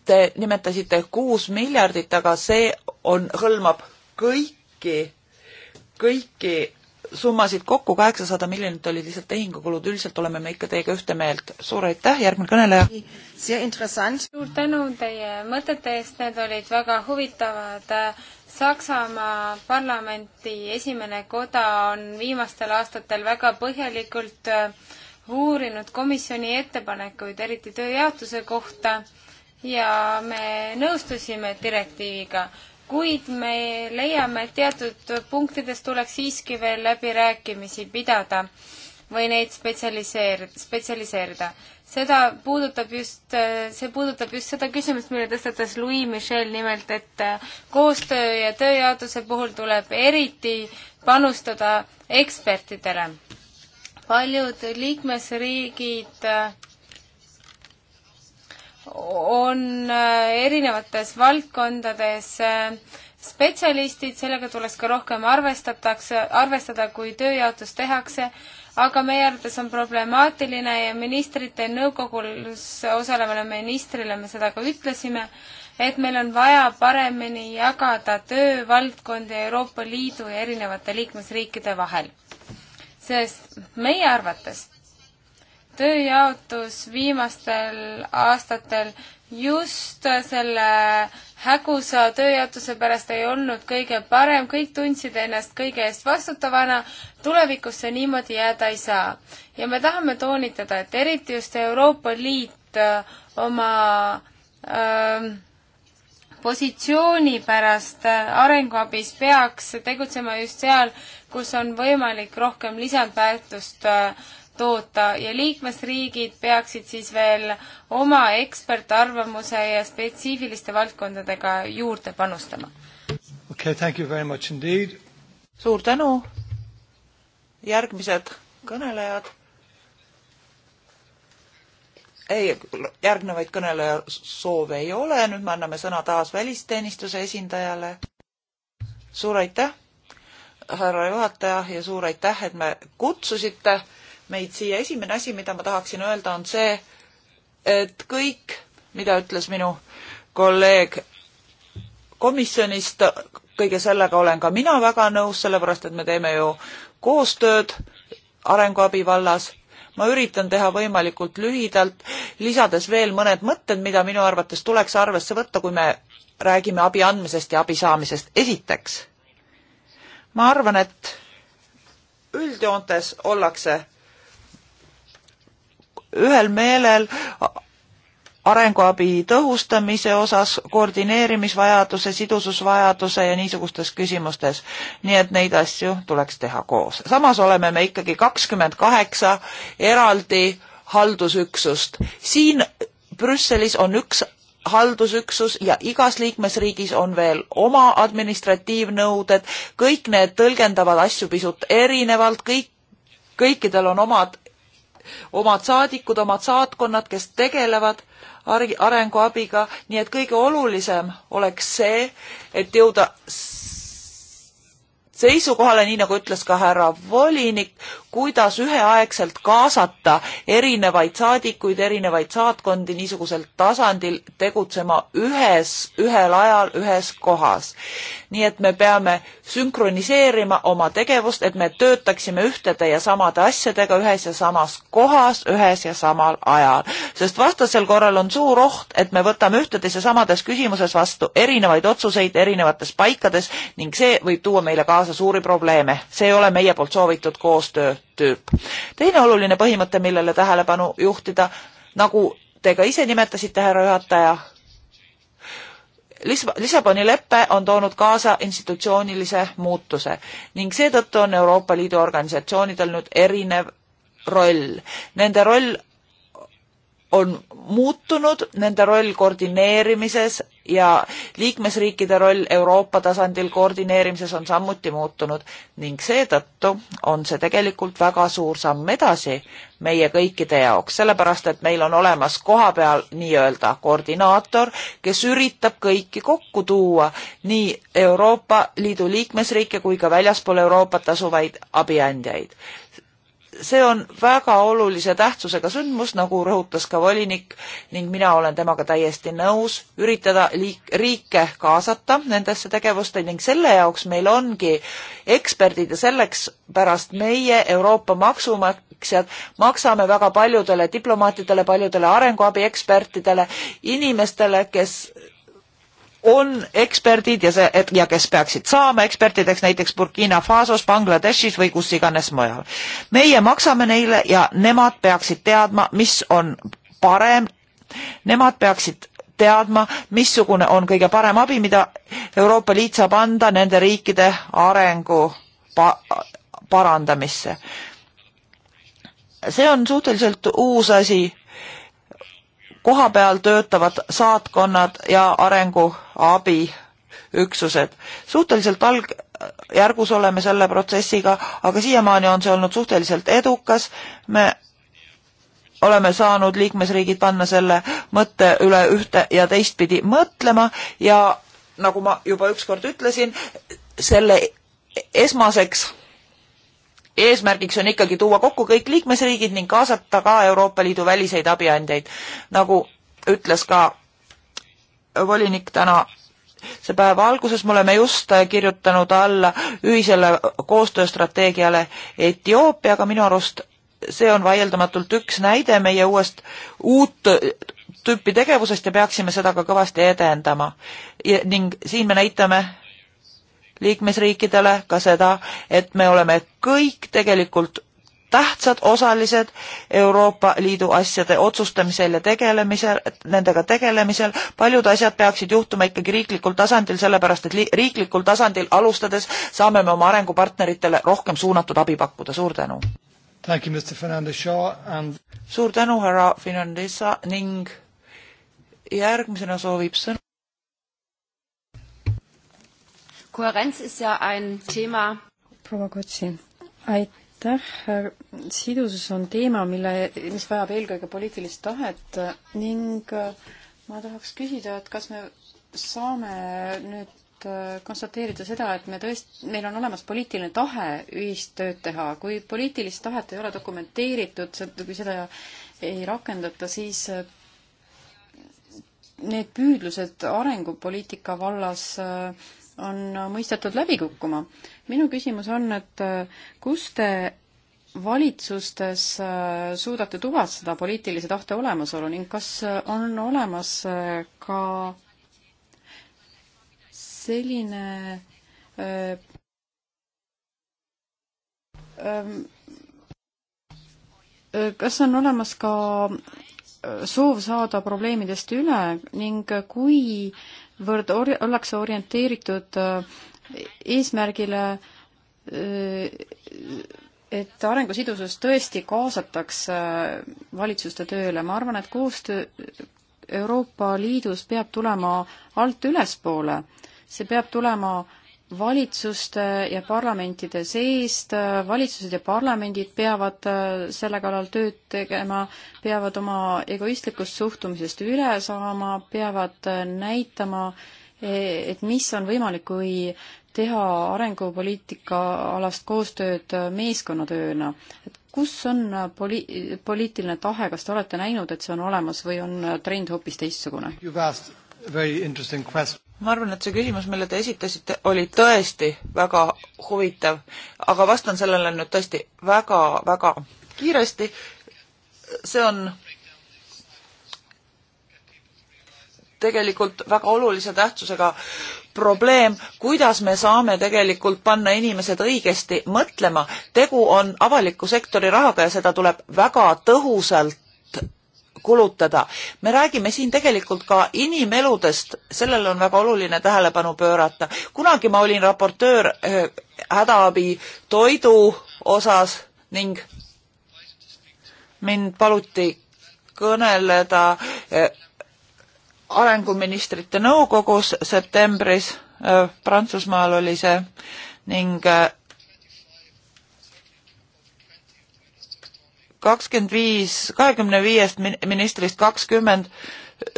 Te nimetasite kuus miljardit, aga see on, hõlmab kõiki, kõiki summasid kokku, kaheksasada miljonit olid lihtsalt tehingukulud, üldiselt oleme me ikka teiega ühte meelt. suur aitäh, järgmine kõneleja. suur tänu teie mõtete eest, need olid väga huvitavad. Saksamaa parlamenti esimene koda on viimastel aastatel väga põhjalikult äh, uurinud komisjoni ettepanekuid, eriti tööjaotuse kohta ja me nõustusime direktiiviga kuid me leiame, et teatud punktides tuleks siiski veel läbirääkimisi pidada või neid spetsialiseerida, spetsialiseerida. seda puudutab just, see puudutab just seda küsimust, mille tõstatas Louis Michel, nimelt et koostöö ja tööjaotuse puhul tuleb eriti panustada ekspertidele. paljud liikmesriigid on äh, erinevates valdkondades äh, spetsialistid, sellega tuleks ka rohkem arvestatakse, arvestada, kui tööjaotus tehakse, aga meie arvates on problemaatiline ja ministrite nõukogus osalevale ministrile me seda ka ütlesime, et meil on vaja paremini jagada töövaldkondi Euroopa Liidu ja erinevate liikmesriikide vahel. sest meie arvates tööjaotus viimastel aastatel just selle hägusa tööjaotuse pärast ei olnud kõige parem, kõik tundsid ennast kõige eest vastutavana, tulevikus see niimoodi jääda ei saa. ja me tahame toonitada, et eriti just Euroopa Liit äh, oma öö, ähm, positsiooni pärast äh, arenguabis peaks tegutsema just seal, kus on võimalik rohkem lisandväärtust öö, äh, toota ja liikmesriigid peaksid siis veel oma ekspertarvamuse ja spetsiifiliste valdkondadega juurde panustama. okei okay,, thank you very much indeed. suur tänu. järgmised kõnelejad. ei, järgnevaid kõneleja soove ei ole, nüüd me anname sõna taas välisteenistuse esindajale. suur aitäh, härra juhataja ja suur aitäh, et me kutsusite meid siia. esimene asi, mida ma tahaksin öelda, on see, et kõik, mida ütles minu kolleeg komisjonist, kõige sellega olen ka mina väga nõus, sellepärast et me teeme ju koostööd arenguabi vallas. ma üritan teha võimalikult lühidalt, lisades veel mõned mõtted, mida minu arvates tuleks arvesse võtta, kui me räägime abi andmisest ja abi saamisest. esiteks, ma arvan, et üldjoontes ollakse ühel meelel arenguabi tõhustamise osas, koordineerimisvajaduse, sidususvajaduse ja niisugustes küsimustes. nii et neid asju tuleks teha koos. samas oleme me ikkagi kakskümmend kaheksa eraldi haldusüksust. siin Brüsselis on üks haldusüksus ja igas liikmesriigis on veel oma administratiivnõuded, kõik need tõlgendavad asju pisut erinevalt, kõik, kõikidel on omad omad saadikud, omad saatkonnad, kes tegelevad arenguabiga, nii et kõige olulisem oleks see, et jõuda seisukohale, nii nagu ütles ka härra volinik, kuidas üheaegselt kaasata erinevaid saadikuid, erinevaid saatkondi niisugusel tasandil tegutsema ühes, ühel ajal, ühes kohas. nii et me peame sünkroniseerima oma tegevust, et me töötaksime ühtede ja samade asjadega ühes ja samas kohas, ühes ja samal ajal. sest vastasel korral on suur oht, et me võtame ühtedes ja samades küsimuses vastu erinevaid otsuseid erinevates paikades ning see võib tuua meile kaasa suuri probleeme. see ei ole meie poolt soovitud koostöö tööb. teine oluline põhimõte, millele tähelepanu juhtida, nagu te ka ise nimetasite, härra juhataja, Lissaboni lepe on toonud kaasa institutsioonilise muutuse ning seetõttu on Euroopa Liidu organisatsioonidel nüüd erinev roll. Nende roll on muutunud, nende roll koordineerimises ja liikmesriikide roll Euroopa tasandil koordineerimises on samuti muutunud ning seetõttu on see tegelikult väga suur samm edasi meie kõikide jaoks, sellepärast et meil on olemas kohapeal nii-öelda koordinaator, kes üritab kõiki kokku tuua, nii Euroopa Liidu liikmesriike kui ka väljaspool Euroopat asuvaid abiandjaid see on väga olulise tähtsusega sündmus, nagu rõhutas ka volinik ning mina olen temaga täiesti nõus, üritada liik-, riike kaasata nendesse tegevuste ning selle jaoks meil ongi eksperdid ja selleks pärast meie Euroopa maksumaksjad maksame väga paljudele diplomaatidele, paljudele arenguabi ekspertidele, inimestele, kes on eksperdid ja see, et ja kes peaksid saama ekspertideks näiteks Burkina Fasos, Bangladeshis või kus iganes mujal. meie maksame neile ja nemad peaksid teadma, mis on parem, nemad peaksid teadma, missugune on kõige parem abi, mida Euroopa Liit saab anda nende riikide arengu pa parandamisse. see on suhteliselt uus asi kohapeal töötavad saatkonnad ja arenguabiüksused. suhteliselt algjärgus oleme selle protsessiga, aga siiamaani on see olnud suhteliselt edukas. me oleme saanud liikmesriigid panna selle mõtte üle ühte ja teistpidi mõtlema ja nagu ma juba ükskord ütlesin, selle esmaseks eesmärgiks on ikkagi tuua kokku kõik liikmesriigid ning kaasata ka Euroopa Liidu väliseid abiandjaid. nagu ütles ka volinik täna see päeva alguses me oleme just kirjutanud alla ühisele koostööstrateegiale Etioopiaga, minu arust see on vaieldamatult üks näide meie uuest, uut tüüpi tegevusest ja peaksime seda ka kõvasti edendama. ning siin me näitame liikmesriikidele ka seda, et me oleme kõik tegelikult tähtsad osalised Euroopa Liidu asjade otsustamisel ja tegelemisel, nendega tegelemisel. paljud asjad peaksid juhtuma ikkagi riiklikul tasandil, sellepärast et riiklikul tasandil alustades saame me oma arengupartneritele rohkem suunatud abi pakkuda. suur tänu! And... suur tänu, härra Fernandesa ning järgmisena soovib sõna Kohärenz ist ja ein Thema. proua Kotsi, aitäh. sidusus on teema, mille, mis vajab eelkõige poliitilist tahet ning ma tahaks küsida, et kas me saame nüüd konstateerida seda, et me tõest-, meil on olemas poliitiline tahe ühist tööd teha. kui poliitilist tahet ei ole dokumenteeritud, kui seda ei rakendata, siis need püüdlused arengupoliitika vallas äh, on mõistetud läbi kukkuma. minu küsimus on, et äh, kus te valitsustes äh, suudate tuvastada poliitilise tahte olemasolu ning kas äh, on olemas ka selline öö, öö, ähm, kas on olemas ka soov saada probleemidest üle ning kui öö, kuivõrd or-, ollakse orienteeritud äh, eesmärgile äh, et arengusidusus tõesti kaasataks äh, valitsuste tööle, ma arvan, et koostöö Euroopa Liidus peab tulema alt ülespoole, see peab tulema äh, valitsuste ja parlamentide seest, valitsused ja parlamendid peavad äh, selle kallal tööd tegema, peavad oma egoistlikust suhtumisest üle saama, peavad äh, näitama, e, et mis on võimalik, kui teha arengupoliitika alast koostööd äh, meeskonnatööna. et kus on poli-, poliitiline tahe, kas te olete näinud, et see on olemas või on trend hoopis teistsugune? ma arvan, et see küsimus, mille te esitasite, oli tõesti väga huvitav, aga vastan sellele nüüd tõesti väga-väga kiiresti. see on tegelikult väga olulise tähtsusega probleem, kuidas me saame tegelikult panna inimesed õigesti mõtlema. tegu on avaliku sektori rahaga ja seda tuleb väga tõhusalt kulutada. me räägime siin tegelikult ka inimeludest, sellele on väga oluline tähelepanu pöörata. kunagi ma olin raportöör äh, hädaabi toidu osas ning mind paluti kõneleda äh, arenguministrite nõukogus septembris, äh, Prantsusmaal oli see, ning kakskümmend viis, kahekümne viiest ministrist kakskümmend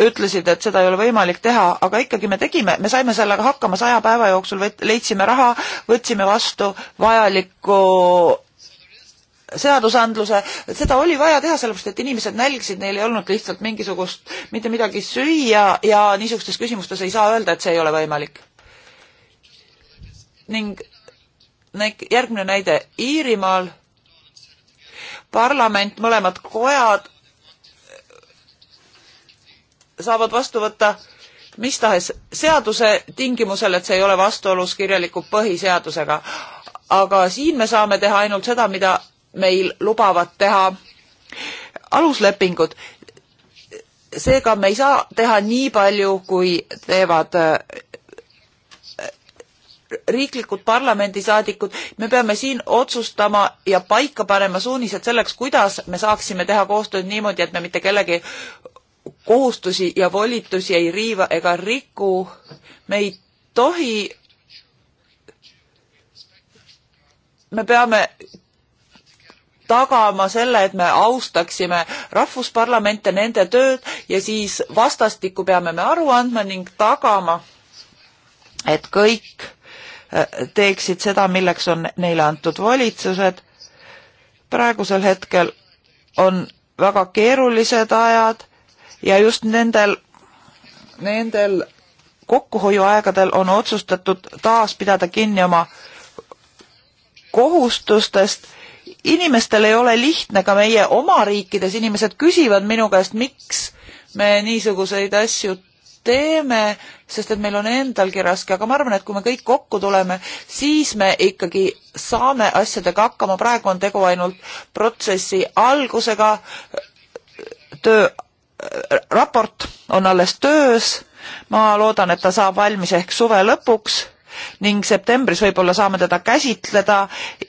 ütlesid, et seda ei ole võimalik teha, aga ikkagi me tegime, me saime sellega hakkama saja päeva jooksul, leidsime raha, võtsime vastu vajaliku seadusandluse, seda oli vaja teha, sellepärast et inimesed nälgisid, neil ei olnud lihtsalt mingisugust mitte midagi süüa ja niisugustes küsimustes ei saa öelda, et see ei ole võimalik. ning järgmine näide Iirimaal parlament, mõlemad kojad saavad vastu võtta mis tahes seaduse tingimusel, et see ei ole vastuolus kirjaliku põhiseadusega. aga siin me saame teha ainult seda, mida meil lubavad teha aluslepingud. seega me ei saa teha nii palju, kui teevad riiklikud parlamendisaadikud, me peame siin otsustama ja paika panema suunised selleks, kuidas me saaksime teha koostööd niimoodi, et me mitte kellegi kohustusi ja volitusi ei riiva ega riku. me ei tohi. me peame tagama selle, et me austaksime rahvusparlamente, nende tööd ja siis vastastikku peame me aru andma ning tagama, et kõik teeksid seda, milleks on neile antud valitsused. praegusel hetkel on väga keerulised ajad ja just nendel, nendel kokkuhoiuaegadel on otsustatud taas pidada kinni oma kohustustest. inimestel ei ole lihtne, ka meie oma riikides inimesed küsivad minu käest, miks me niisuguseid asju teeme, sest et meil on endalgi raske, aga ma arvan, et kui me kõik kokku tuleme, siis me ikkagi saame asjadega hakkama, praegu on tegu ainult protsessi algusega, töö, äh, raport on alles töös, ma loodan, et ta saab valmis ehk suve lõpuks ning septembris võib-olla saame teda käsitleda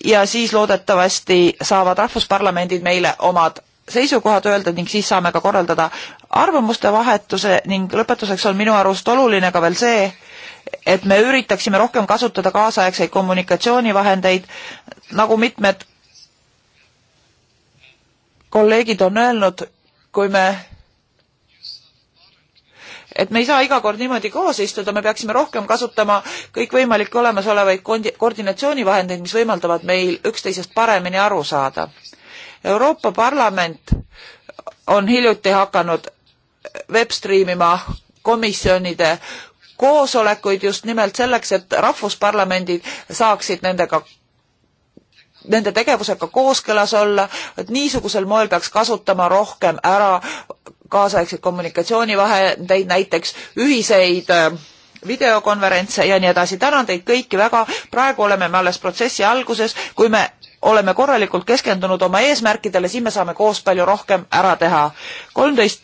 ja siis loodetavasti saavad rahvusparlamendid meile omad seisukohad öelda ning siis saame ka korraldada arvamuste vahetuse ning lõpetuseks on minu arust oluline ka veel see, et me üritaksime rohkem kasutada kaasaegseid kommunikatsioonivahendeid, nagu mitmed kolleegid on öelnud, kui me et me ei saa iga kord niimoodi koos istuda, me peaksime rohkem kasutama kõikvõimalikke olemasolevaid koordinatsioonivahendeid, mis võimaldavad meil üksteisest paremini aru saada Euroopa Parlament on hiljuti hakanud webstreamima komisjonide koosolekuid just nimelt selleks, et rahvusparlamendid saaksid nendega nende tegevusega kooskõlas olla, et niisugusel moel peaks kasutama rohkem ära kaasaegseid kommunikatsioonivahendeid, näiteks ühiseid äh, videokonverentse ja nii edasi. tänan teid kõiki väga, praegu oleme me alles protsessi alguses, kui me oleme korralikult keskendunud oma eesmärkidele, siis me saame koos palju rohkem ära teha. kolmteist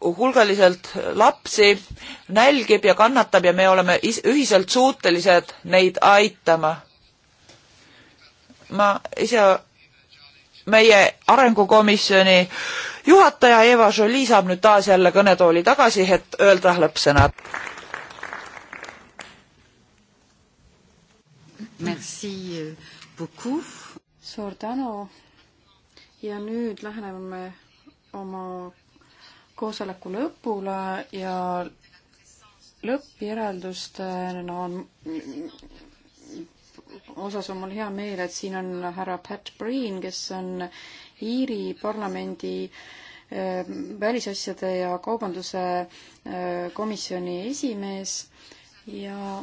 hulgaliselt lapsi nälgib ja kannatab ja me oleme ühiselt suutelised neid aitama. ma ise, meie arengukomisjoni juhataja Eva Jolie saab nüüd taas jälle kõnetooli tagasi, et öelda lõppsõnad. Merci euh, beaucoup. suur tänu. ja nüüd läheneme oma koosoleku lõpule ja lõppjäreldustena no, on osas on mul hea meel, et siin on härra Pat Breen, kes on Iiri parlamendi eh, välisasjade ja kaubanduse eh, komisjoni esimees ja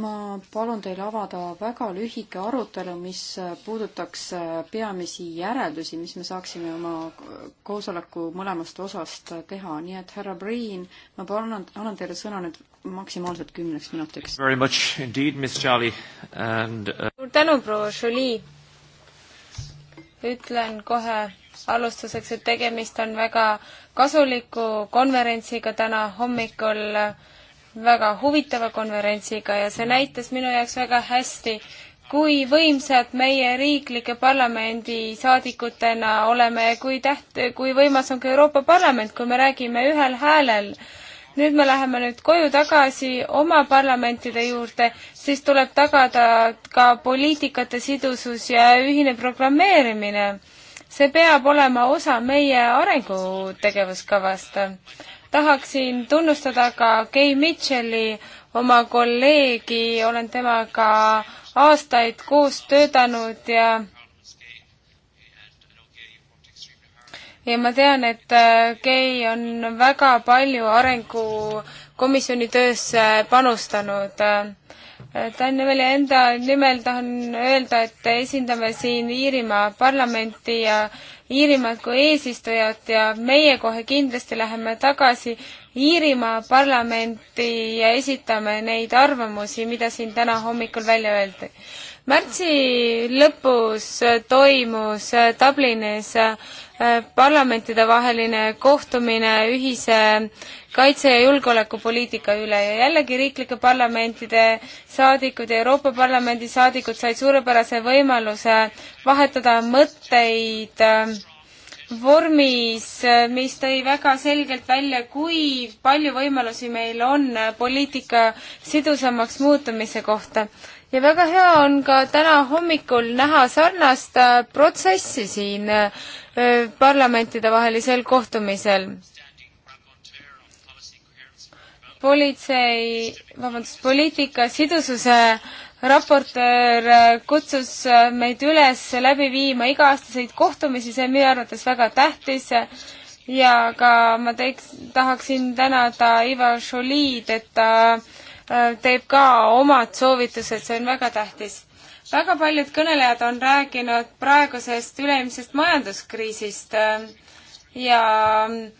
ma palun teil avada väga lühike arutelu, mis puudutaks peamisi järeldusi, mis me saaksime oma koosoleku mõlemast osast teha, nii et härra Priin, ma palun, annan teile sõna nüüd maksimaalselt kümneks minutiks. Uh, suur tänu, proua Jolie! ütlen kohe alustuseks, et tegemist on väga kasuliku konverentsiga täna hommikul äh, väga huvitava konverentsiga ja see näitas minu jaoks väga hästi, kui võimsad meie riiklike parlamendi saadikutena oleme ja kui täht-, kui võimas on ka Euroopa Parlament, kui me räägime ühel häälel. nüüd me läheme nüüd koju tagasi oma parlamentide juurde, siis tuleb tagada ka poliitikate sidusus ja ühine programmeerimine. see peab olema osa meie arengutegevuskavast tahaksin tunnustada ka Kay Mitchell'i, oma kolleegi, olen temaga aastaid koos töötanud ja ja ma tean, et äh, Kei on väga palju arengukomisjoni töösse panustanud. Äh, Danieli enda nimel tahan öelda, et esindame siin Iirimaa parlamenti ja Iirimaad kui eesistujat ja meie kohe kindlasti läheme tagasi Iirimaa parlamenti ja esitame neid arvamusi, mida siin täna hommikul välja öeldi. märtsi lõpus toimus Dublinis Äh, parlamentidevaheline kohtumine ühise kaitse- ja julgeolekupoliitika üle ja jällegi riiklike parlamentide saadikud ja Euroopa Parlamendi saadikud said suurepärase võimaluse vahetada mõtteid äh, vormis, äh, mis tõi väga selgelt välja, kui palju võimalusi meil on poliitika sidusamaks muutumise kohta ja väga hea on ka täna hommikul näha sarnast äh, protsessi siin äh, parlamentidevahelisel kohtumisel. politsei, vabandust, poliitika sidususe raportöör äh, kutsus meid üles läbi viima iga-aastaseid kohtumisi, see on minu arvates väga tähtis ja ka ma teeks, tahaksin tänada Ivar Šoliid, et ta äh, Äh, teeb ka omad soovitused, see on väga tähtis. väga paljud kõnelejad on rääkinud praegusest üleilmsest majanduskriisist äh, ja mm,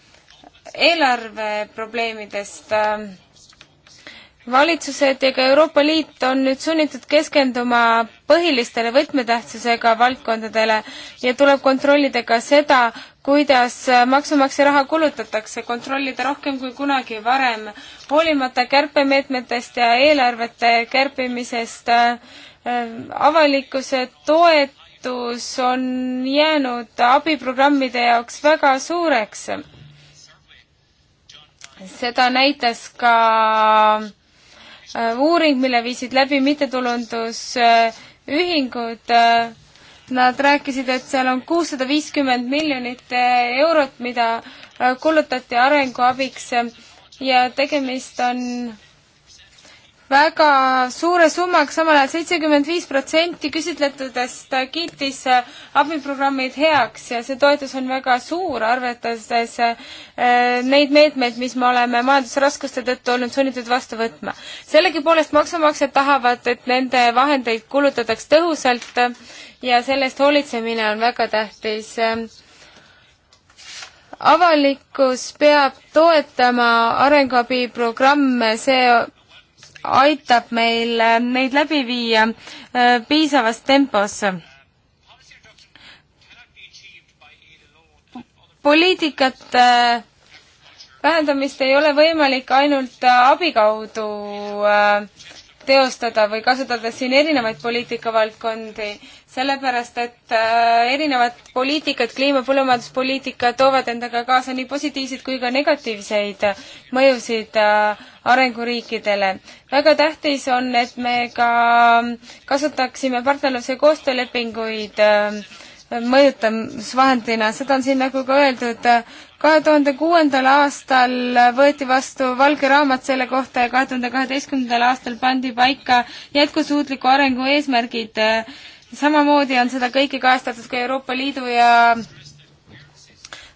eelarveprobleemidest. Äh, valitsused ja ka Euroopa Liit on nüüd sunnitud keskenduma põhilistele võtmetähtsusega valdkondadele ja tuleb kontrollida ka seda, kuidas maksumaksja raha kulutatakse, kontrollida rohkem kui kunagi varem. hoolimata kärpemeetmetest ja eelarvete kärpimisest äh, avalikkuse toetus on jäänud abiprogrammide jaoks väga suureks. seda näitas ka äh, uuring, mille viisid läbi mittetulundusühingud äh, Nad rääkisid, et seal on kuussada viiskümmend miljonit eh, eurot, mida eh, kulutati arenguabiks ja tegemist on väga suure summaga, samal ajal seitsekümmend viis protsenti küsitletudest kiitis eh, abiprogrammid heaks ja see toetus on väga suur, arvestades neid meetmeid, mis me oleme majandusraskuste tõttu olnud sunnitud vastu võtma. sellegipoolest maksumaksjad tahavad, et nende vahendeid kulutataks tõhusalt ja sellest hoolitsemine on väga tähtis. avalikkus peab toetama arenguabiprogramme, see aitab meil neid läbi viia äh, piisavas tempos. poliitikate äh, vähendamist ei ole võimalik ainult äh, abi kaudu teostada või kasutades siin erinevaid poliitikavaldkondi sellepärast, et äh, erinevad poliitikad, kliima, põllumajanduspoliitika toovad endaga kaasa nii positiivseid kui ka negatiivseid mõjusid äh, arenguriikidele. väga tähtis on, et me ka kasutaksime partnerluse koostöölepinguid äh, mõjutamisvahendina, seda on siin nagu ka öeldud, kahe tuhande kuuendal aastal võeti vastu valge raamat selle kohta ja kahe tuhande kaheteistkümnendal aastal pandi paika jätkusuutliku arengu eesmärgid samamoodi on seda kõike kajastatud ka Euroopa Liidu ja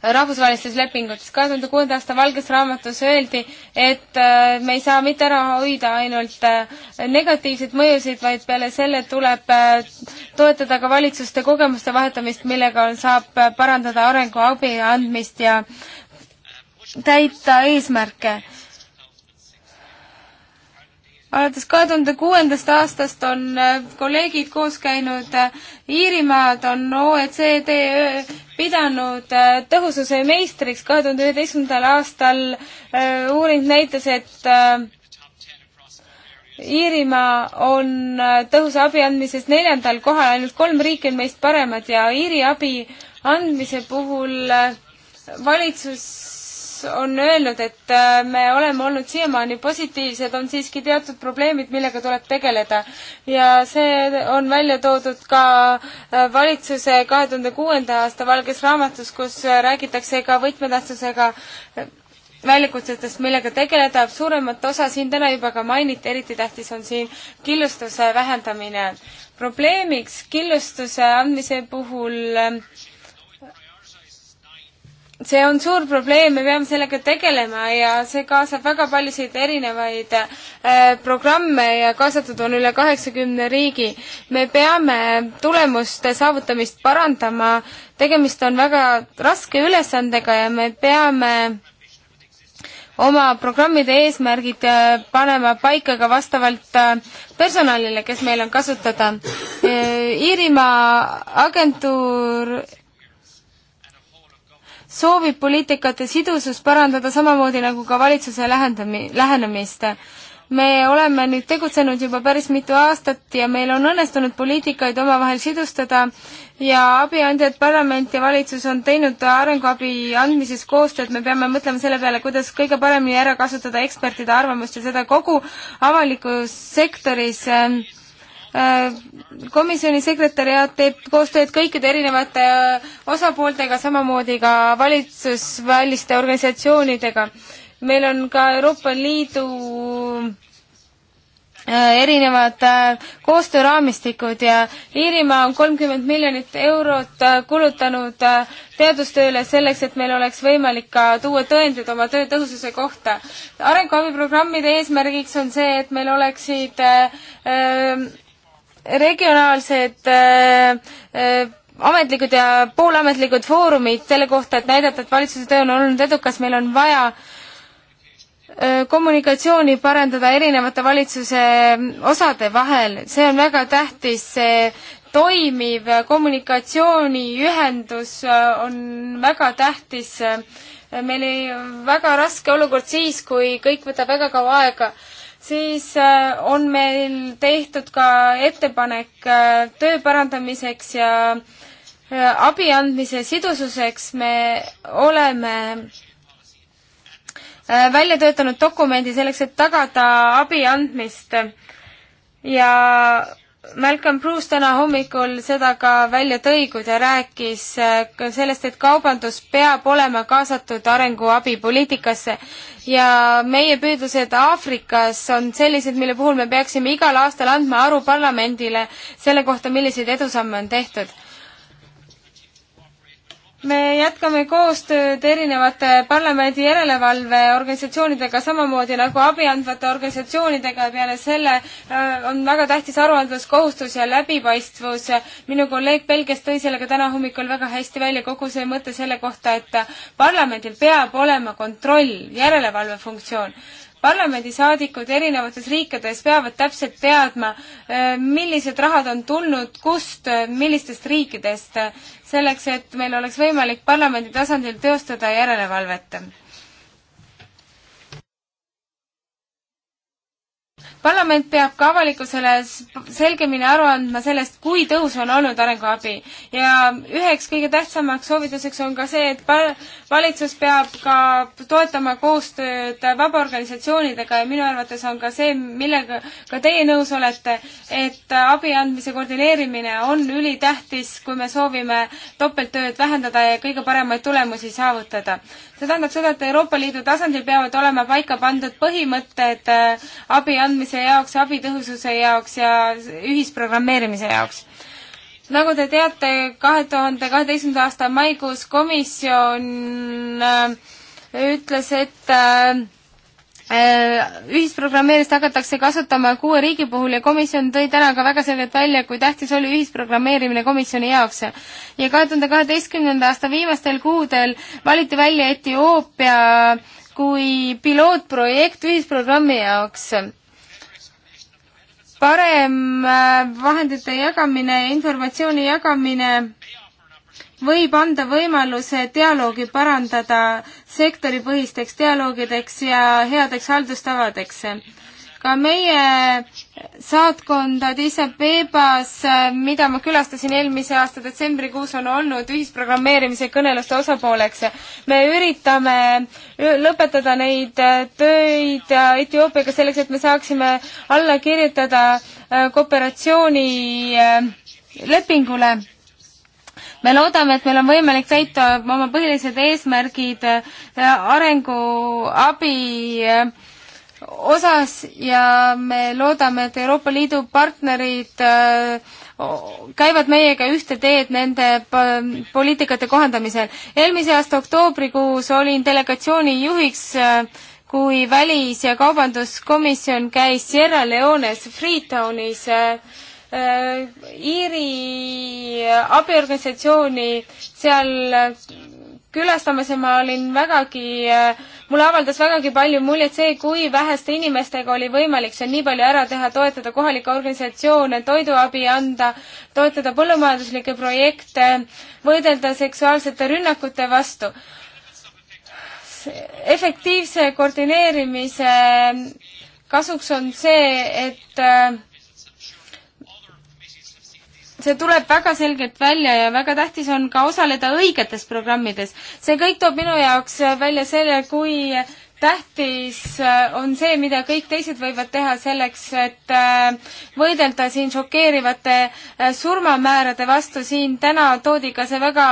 rahvusvahelistes lepingutes. kahe tuhande kuuenda aasta valges raamatus öeldi, et äh, me ei saa mitte ära hoida ainult äh, negatiivseid mõjusid, vaid peale selle tuleb äh, toetada ka valitsuste kogemuste vahetamist, millega saab parandada arenguabi andmist ja täita eesmärke alates kahe tuhande kuuendast aastast on äh, kolleegid koos käinud äh, Iirimaad, on OECD äh, pidanud tõhususe meistriks. kahe tuhande üheteistkümnendal aastal uuring näitas, et Iirimaa on tõhusa abi andmises neljandal kohal, ainult kolm riiki on meist paremad ja Iiri abi andmise puhul valitsus on öelnud, et äh, me oleme olnud siiamaani positiivsed, on siiski teatud probleemid, millega tuleb tegeleda. ja see on välja toodud ka äh, valitsuse kahe tuhande kuuenda aasta valges raamatus, kus äh, räägitakse ka võtmetähtsusega väljakutsetest, millega tegeleda, suuremat osa siin täna juba ka mainiti, eriti tähtis on siin killustuse vähendamine. probleemiks killustuse andmise puhul äh, see on suur probleem, me peame sellega tegelema ja see kaasab väga paljusid erinevaid äh, programme ja kaasatud on üle kaheksakümne riigi. me peame tulemuste saavutamist parandama, tegemist on väga raske ülesandega ja me peame oma programmide eesmärgid äh, panema paika ka vastavalt äh, personalile, kes meil on kasutada. Äh, Iirimaa agentuur soovib poliitikate sidusust parandada, samamoodi nagu ka valitsuse lähendami-, lähenemist. me oleme nüüd tegutsenud juba päris mitu aastat ja meil on õnnestunud poliitikaid omavahel sidustada ja abiandjad, parlament ja valitsus on teinud arenguabi andmises koostööd, me peame mõtlema selle peale, kuidas kõige paremini ära kasutada ekspertide arvamust ja seda kogu avalikus sektoris äh, Äh, komisjoni sekretäriaat teeb koostööd kõikide erinevate äh, osapooltega, samamoodi ka valitsusväliste organisatsioonidega. meil on ka Euroopa Liidu äh, erinevad koostööraamistikud ja Iirimaa on kolmkümmend miljonit eurot kulutanud teadustööle selleks, et meil oleks võimalik ka tuua tõendeid oma töö tõhususe kohta. arenguabiprogrammide eesmärgiks on see, et meil oleksid äh, regionaalsed äh, äh, ametlikud ja poolametlikud foorumid selle kohta, et näidata, et valitsuse töö on olnud edukas, meil on vaja äh, kommunikatsiooni parendada erinevate valitsuse äh, osade vahel, see on väga tähtis, see toimiv kommunikatsiooniühendus äh, on väga tähtis. meil oli väga raske olukord siis, kui kõik võtab väga kaua aega äh, siis äh, on meil tehtud ka ettepanek äh, töö parandamiseks ja äh, abi andmise sidususeks. me oleme välja töötanud dokumendi selleks, et tagada abi andmist ja Malcolm Bruce täna hommikul seda ka välja tõi, kui ta rääkis äh, sellest, et kaubandus peab olema kaasatud arenguabipoliitikasse ja meie püüdlused Aafrikas on sellised, mille puhul me peaksime igal aastal andma aru parlamendile selle kohta, milliseid edusamme on tehtud me jätkame koostööd erinevate parlamendi järelevalveorganisatsioonidega, samamoodi nagu abiandvate organisatsioonidega, peale selle äh, on väga tähtis aruandluskohustus ja läbipaistvus. minu kolleeg Belgias tõi selle ka täna hommikul väga hästi välja, kogu see mõte selle kohta, et parlamendil peab olema kontroll, järelevalvefunktsioon parlamendisaadikud erinevates riikides peavad täpselt teadma, äh, millised rahad on tulnud kust, äh, millistest riikidest selleks, et meil oleks võimalik parlamendi tasandil teostada järelevalvet parlament peab ka avalikkusele selgemini aru andma sellest, kui tõus on olnud arenguabi. ja üheks kõige tähtsamaks soovituseks on ka see, et valitsus peab ka toetama koostööd vabaorganisatsioonidega ja minu arvates on ka see, millega ka teie nõus olete, et abi andmise koordineerimine on ülitähtis, kui me soovime topelttööd vähendada ja kõige paremaid tulemusi saavutada see tähendab seda, et Euroopa Liidu tasandil peavad olema paika pandud põhimõtted äh, abi andmise jaoks, abi tõhususe jaoks ja ühisprogrammeerimise jaoks nagu te teate, kahe tuhande kaheteistkümnenda aasta maikuus komisjon äh, ütles, et äh, Äh, ühisprogrammeerimist hakatakse kasutama kuue riigi puhul ja komisjon tõi täna ka väga selgelt välja, kui tähtis oli ühisprogrammeerimine komisjoni jaoks. ja kahe tuhande kaheteistkümnenda aasta viimastel kuudel valiti välja Etioopia kui pilootprojekt ühisprogrammi jaoks parem äh, vahendite jagamine ja informatsiooni jagamine võib anda võimaluse dialoogi parandada sektoripõhisteks dialoogideks ja headeks haldustavadeks. ka meie saatkond Addis Abebas, mida ma külastasin eelmise aasta detsembrikuus, on olnud ühisprogrammeerimise kõneluste osapooleks. me üritame lõpetada neid töid Etioopiaga selleks, et me saaksime alla kirjutada kooperatsiooni lepingule me loodame, et meil on võimalik täita oma põhilised eesmärgid äh, arenguabi äh, osas ja me loodame, et Euroopa Liidu partnerid äh, käivad meiega ühte teed nende poliitikate kohandamisel. eelmise aasta oktoobrikuus olin delegatsiooni juhiks, kui välis- ja kaubanduskomisjon käis Sierra Leones Freetownis Äh, Iiri abiorganisatsiooni seal külastamas ja ma olin vägagi, äh, mulle avaldas vägagi palju muljet see, kui väheste inimestega oli võimalik seal nii palju ära teha, toetada kohalikke organisatsioone, toiduabi anda, toetada põllumajanduslikke projekte, võidelda seksuaalsete rünnakute vastu. efektiivse koordineerimise kasuks on see, et äh, see tuleb väga selgelt välja ja väga tähtis on ka osaleda õigetes programmides. see kõik toob minu jaoks välja selle, kui tähtis äh, on see, mida kõik teised võivad teha selleks, et äh, võidelda siin šokeerivate äh, surmamäärade vastu. siin täna toodi ka see väga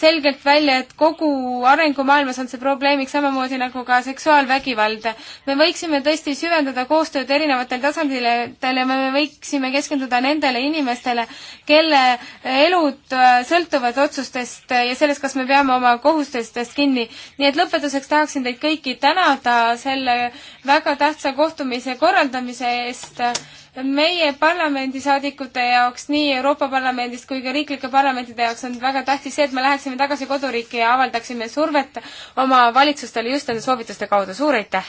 selgelt välja, et kogu arengumaailmas on see probleemiks, samamoodi nagu ka seksuaalvägivald. me võiksime tõesti süvendada koostööd erinevatel tasanditel ja me võiksime keskenduda nendele inimestele, kelle elud sõltuvad otsustest ja sellest, kas me peame oma kohustustest kinni. nii et lõpetuseks tahaksin teid kõiki tänada selle väga tähtsa kohtumise korraldamise eest meie parlamendisaadikute jaoks, nii Euroopa Parlamendist kui ka riiklike parlamentide jaoks on väga tähtis see, et me läheksime tagasi koduriiki ja avaldaksime survet oma valitsustele just nende soovituste kaudu. suur aitäh!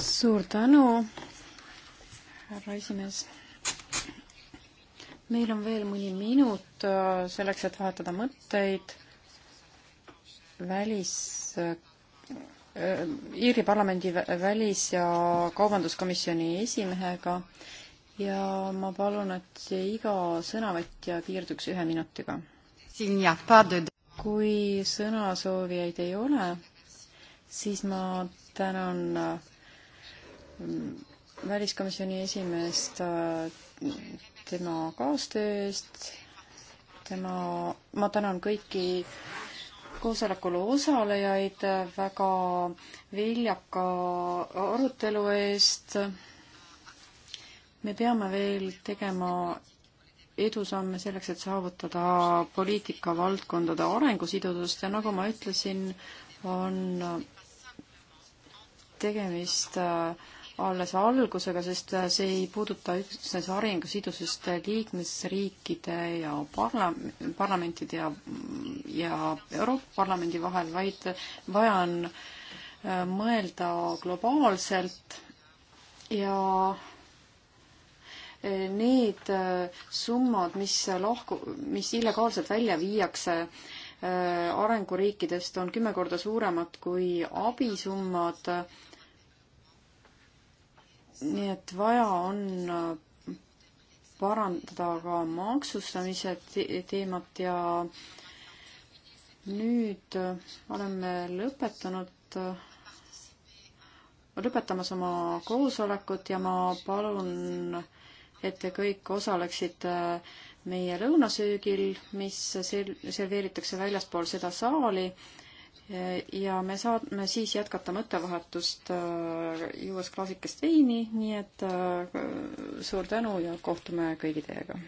suur tänu, härra esimees. meil on veel mõni minut äh, selleks, et vahetada mõtteid välis äh, Iiri parlamendi välis- ja kaubanduskomisjoni esimehega ja ma palun, et iga sõnavõtja piirduks ühe minutiga. kui sõnasoovijaid ei ole, siis ma tänan äh, väliskomisjoni esimeest äh, tema kaastöö eest, tema, ma tänan kõiki koosolekul osalejaid väga viljaka arutelu eest. me peame veel tegema edusamme selleks, et saavutada poliitikavaldkondade arengusidudust ja nagu ma ütlesin, on tegemist äh, alles algusega, sest see ei puuduta üksnes arengusidusust liikmesriikide ja parla-, parlamentide ja, ja Euroopa Parlamendi vahel, vaid vaja on äh, mõelda globaalselt ja äh, need äh, summad, mis lahku, mis illegaalselt välja viiakse arenguriikidest, on kümme korda suuremad kui abisummad nii et vaja on äh, parandada ka maksustamise teemat ja nüüd äh, oleme lõpetanud, äh, lõpetamas oma koosolekut ja ma palun, et te kõik osaleksite meie lõunasöögil, mis serveeritakse väljaspool seda saali ja me saame siis jätkata mõttevahetust, äh, juues klaasikest veini, nii et äh, suur tänu ja kohtume kõigi teiega!